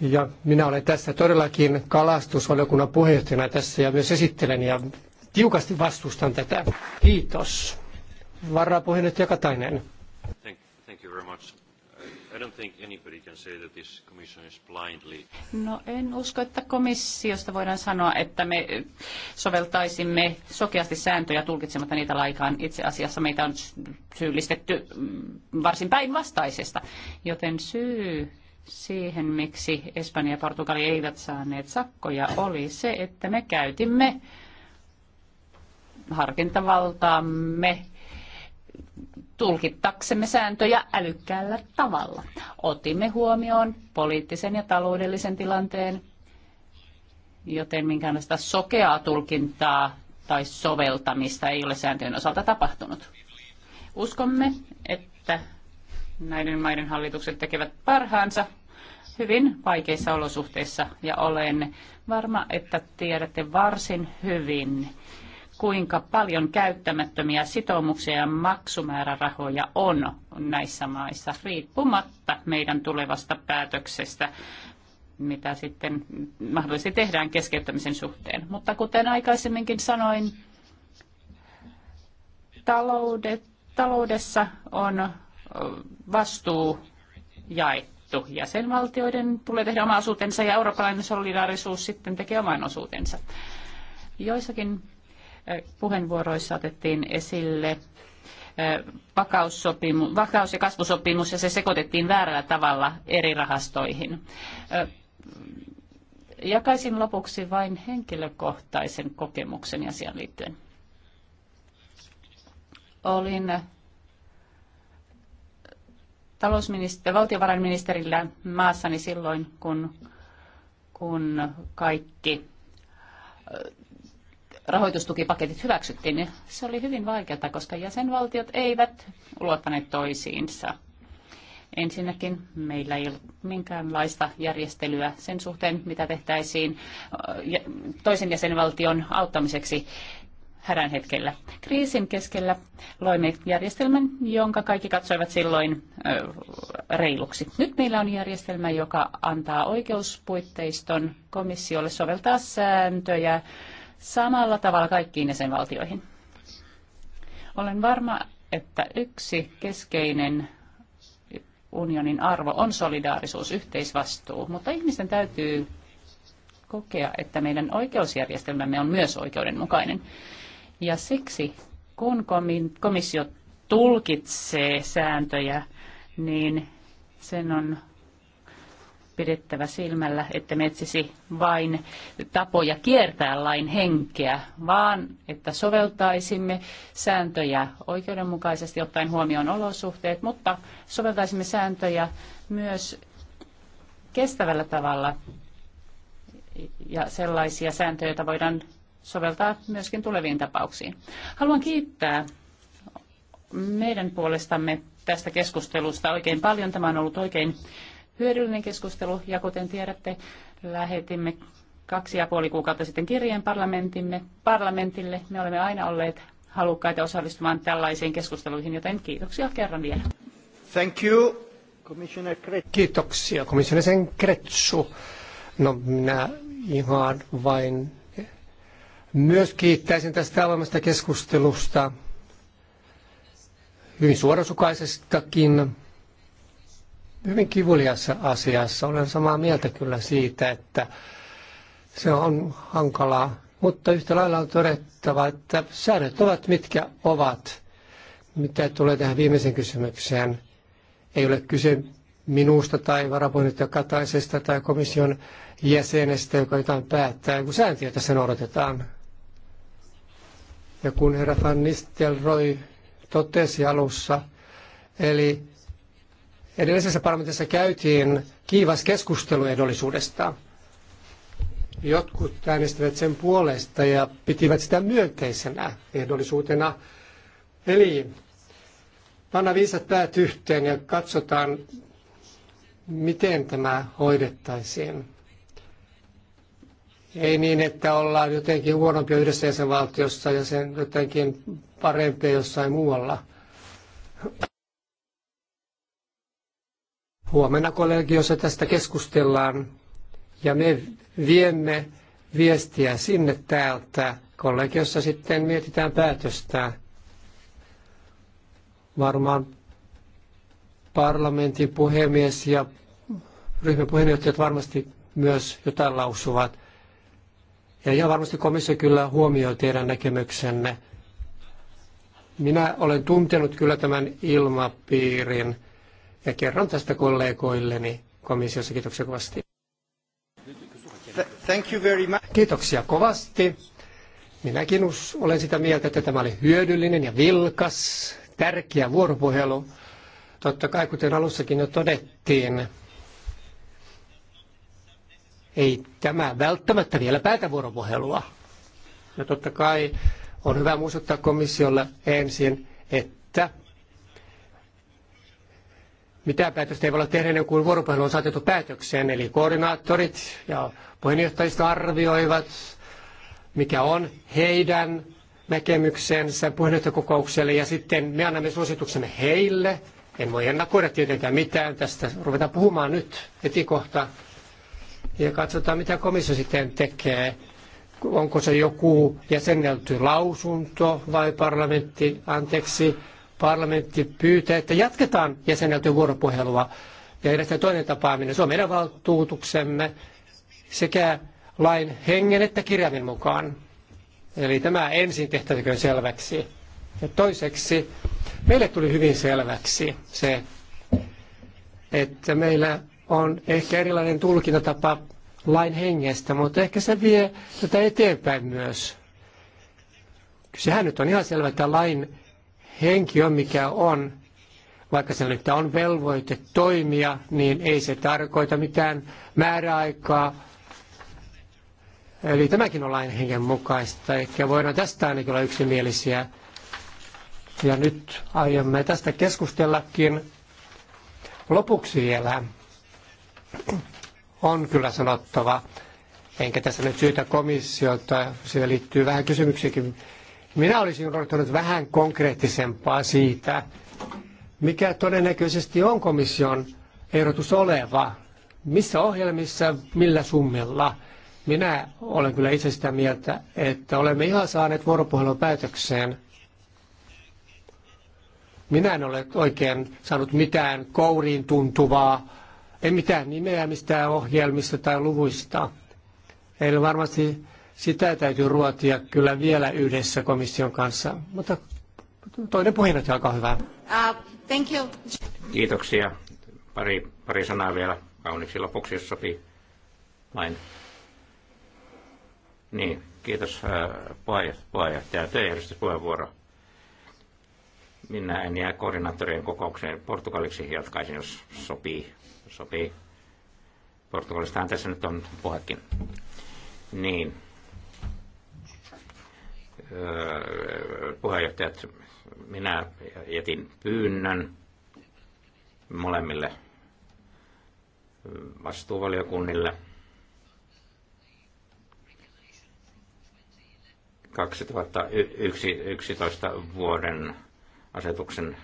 Ja minä olen tässä todellakin kalastusvaliokunnan puheenjohtajana tässä ja myös esittelen ja tiukasti vastustan tätä. Kiitos. Varapuheenjohtaja Katainen. Thank, thank you very much. I don't think anybody can say that this commission is blindly. No en usko, että komissiosta voidaan sanoa, että me soveltaisimme sokeasti sääntöjä tulkitsematta niitä laikaan. Itse asiassa meitä on syyllistetty mm, varsin päinvastaisesta, joten syy siihen, miksi Espanja ja Portugali eivät saaneet sakkoja, oli se, että me käytimme harkintavaltaamme tulkittaksemme sääntöjä älykkäällä tavalla. Otimme huomioon poliittisen ja taloudellisen tilanteen, joten minkäänlaista sokeaa tulkintaa tai soveltamista ei ole sääntöjen osalta tapahtunut. Uskomme, että näiden maiden hallitukset tekevät parhaansa hyvin vaikeissa olosuhteissa ja olen varma, että tiedätte varsin hyvin, kuinka paljon käyttämättömiä sitoumuksia ja maksumäärärahoja on näissä maissa, riippumatta meidän tulevasta päätöksestä, mitä sitten mahdollisesti tehdään keskeyttämisen suhteen. Mutta kuten aikaisemminkin sanoin, taloudet, taloudessa on vastuu jaettu. Jäsenvaltioiden tulee tehdä oma osuutensa ja eurooppalainen solidaarisuus sitten tekee oman osuutensa. Joissakin puheenvuoroissa otettiin esille vakaussopimus, vakaus- ja kasvusopimus ja se sekoitettiin väärällä tavalla eri rahastoihin. Jakaisin lopuksi vain henkilökohtaisen kokemuksen asiaan liittyen. Olin talousministeri, valtiovarainministerillä maassani silloin, kun, kun kaikki rahoitustukipaketit hyväksyttiin, niin se oli hyvin vaikeaa, koska jäsenvaltiot eivät luottaneet toisiinsa. Ensinnäkin meillä ei ollut minkäänlaista järjestelyä sen suhteen, mitä tehtäisiin toisen jäsenvaltion auttamiseksi hädän hetkellä. Kriisin keskellä loimme järjestelmän, jonka kaikki katsoivat silloin reiluksi. Nyt meillä on järjestelmä, joka antaa oikeuspuitteiston komissiolle soveltaa sääntöjä samalla tavalla kaikkiin jäsenvaltioihin. Olen varma, että yksi keskeinen unionin arvo on solidaarisuus, yhteisvastuu, mutta ihmisten täytyy kokea, että meidän oikeusjärjestelmämme on myös oikeudenmukainen. Ja siksi, kun komissio tulkitsee sääntöjä, niin sen on pidettävä silmällä, että me etsisi vain tapoja kiertää lain henkeä, vaan että soveltaisimme sääntöjä oikeudenmukaisesti ottaen huomioon olosuhteet, mutta soveltaisimme sääntöjä myös kestävällä tavalla ja sellaisia sääntöjä, joita voidaan soveltaa myöskin tuleviin tapauksiin. Haluan kiittää meidän puolestamme tästä keskustelusta oikein paljon. Tämä on ollut oikein hyödyllinen keskustelu ja kuten tiedätte, lähetimme kaksi ja puoli kuukautta sitten kirjeen parlamentimme, parlamentille. Me olemme aina olleet halukkaita osallistumaan tällaisiin keskusteluihin, joten kiitoksia kerran vielä. Thank you, Commissioner Kretsu. Kiitoksia, komissioner sen Kretsu. No minä ihan vain myös kiittäisin tästä avoimesta keskustelusta, hyvin suorasukaisestakin hyvin kivuliassa asiassa. Olen samaa mieltä kyllä siitä, että se on hankalaa, mutta yhtä lailla on todettava, että säädöt ovat mitkä ovat. Mitä tulee tähän viimeisen kysymykseen, ei ole kyse minusta tai varapuheenjohtaja Kataisesta tai komission jäsenestä, joka jotain päättää, kun sääntöjä tässä noudatetaan. Ja kun herra Van Nistelrooy totesi alussa, eli Edellisessä parlamentissa käytiin kiivas keskustelu ehdollisuudesta. Jotkut äänestivät sen puolesta ja pitivät sitä myönteisenä ehdollisuutena. Eli panna viisat päät yhteen ja katsotaan, miten tämä hoidettaisiin. Ei niin, että ollaan jotenkin huonompia yhdessä jäsenvaltiossa ja sen jotenkin parempia jossain muualla. Huomenna kollegiossa tästä keskustellaan ja me viemme viestiä sinne täältä. Kollegiossa sitten mietitään päätöstä. Varmaan parlamentin puhemies ja ryhmän puheenjohtajat varmasti myös jotain lausuvat. Ja ihan varmasti komissio kyllä huomioi teidän näkemyksenne. Minä olen tuntenut kyllä tämän ilmapiirin ja kerron tästä kollegoilleni komissiossa. Kiitoksia kovasti. Thank you very much. Kiitoksia kovasti. Minäkin olen sitä mieltä, että tämä oli hyödyllinen ja vilkas, tärkeä vuoropuhelu. Totta kai, kuten alussakin jo todettiin, ei tämä välttämättä vielä päätä vuoropuhelua. Ja totta kai on hyvä muistuttaa komissiolle ensin, että mitä päätöstä ei voi tehdä ennen kuin vuoropuhelu on saatettu päätökseen. Eli koordinaattorit ja puheenjohtajista arvioivat, mikä on heidän näkemyksensä puheenjohtajakokoukselle ja sitten me annamme suosituksemme heille. En voi ennakoida tietenkään mitään tästä. Ruvetaan puhumaan nyt heti kohta ja katsotaan mitä komissio sitten tekee. Onko se joku jäsennelty lausunto vai parlamentti, anteeksi, parlamentti pyytää, että jatketaan jäseneltyä vuoropuhelua ja järjestetään toinen tapaaminen. Se on meidän valtuutuksemme sekä lain hengen että kirjaimen mukaan. Eli tämä ensin tehtäväkö selväksi. Ja toiseksi meille tuli hyvin selväksi se, että meillä on ehkä erilainen tulkintatapa lain hengestä, mutta ehkä se vie tätä eteenpäin myös. Sehän nyt on ihan selvä, että lain henki on mikä on, vaikka sillä nyt on velvoite toimia, niin ei se tarkoita mitään määräaikaa. Eli tämäkin on lain hengen mukaista. Ehkä voidaan tästä ainakin olla yksimielisiä. Ja nyt aiomme tästä keskustellakin. Lopuksi vielä on kyllä sanottava, enkä tässä nyt syytä komissiota, siihen liittyy vähän kysymyksiäkin minä olisin odottanut vähän konkreettisempaa siitä, mikä todennäköisesti on komission ehdotus oleva, missä ohjelmissa, millä summilla. Minä olen kyllä itse sitä mieltä, että olemme ihan saaneet vuoropuhelun päätökseen. Minä en ole oikein saanut mitään kouriin tuntuvaa, en mitään nimeämistä ohjelmista tai luvuista. Eli varmasti sitä täytyy ruotia kyllä vielä yhdessä komission kanssa. Mutta toinen puheenjohtaja, olkaa hyvä. Uh, thank you. Kiitoksia. Pari, pari sanaa vielä kauniiksi lopuksi, jos sopii vain. Niin, kiitos äh, puheenjohtaja. Työjärjestyspuheenvuoro. Minä en jää koordinaattorien kokoukseen portugaliksi jatkaisin, jos sopii. Sopii. Portugalistahan tässä nyt on puhekin. Niin, puheenjohtajat, minä jätin pyynnön molemmille vastuuvaliokunnille 2011 vuoden asetuksen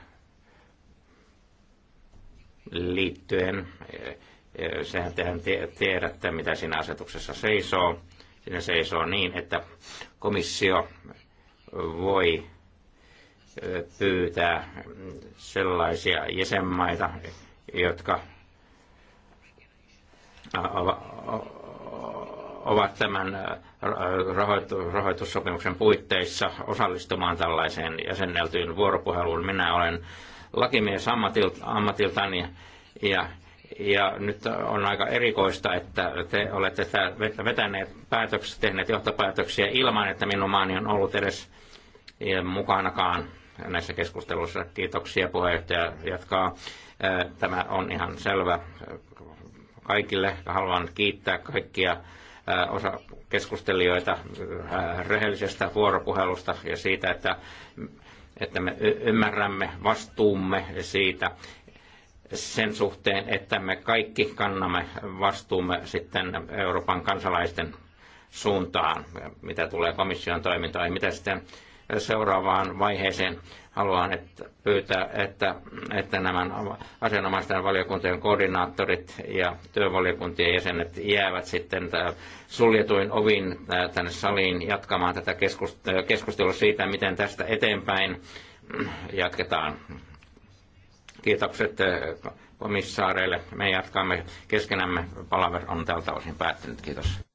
liittyen. Sehän tehän tiedätte, mitä siinä asetuksessa seisoo. Siinä seisoo niin, että komissio voi pyytää sellaisia jäsenmaita, jotka ovat tämän rahoitussopimuksen puitteissa osallistumaan tällaiseen jäsenneltyyn vuoropuheluun. Minä olen lakimies ammatiltani ja, ja ja nyt on aika erikoista, että te olette vetäneet päätöksiä, tehneet johtopäätöksiä ilman, että minun maani on ollut edes e, mukanakaan näissä keskusteluissa. Kiitoksia puheenjohtaja jatkaa. E, tämä on ihan selvä kaikille. Haluan kiittää kaikkia e, osa keskustelijoita rehellisestä vuoropuhelusta ja siitä, että, että me ymmärrämme vastuumme siitä, sen suhteen, että me kaikki kannamme vastuumme sitten Euroopan kansalaisten suuntaan, mitä tulee komission toimintaan. Mitä sitten seuraavaan vaiheeseen haluan että pyytää, että, että nämä asianomaisten valiokuntien koordinaattorit ja työvaliokuntien jäsenet jäävät sitten suljetuin ovin tänne saliin jatkamaan tätä keskustelua siitä, miten tästä eteenpäin jatketaan. Kiitokset eh, komissaareille. Me jatkamme keskenämme. Palaver on tältä osin päättynyt. Kiitos.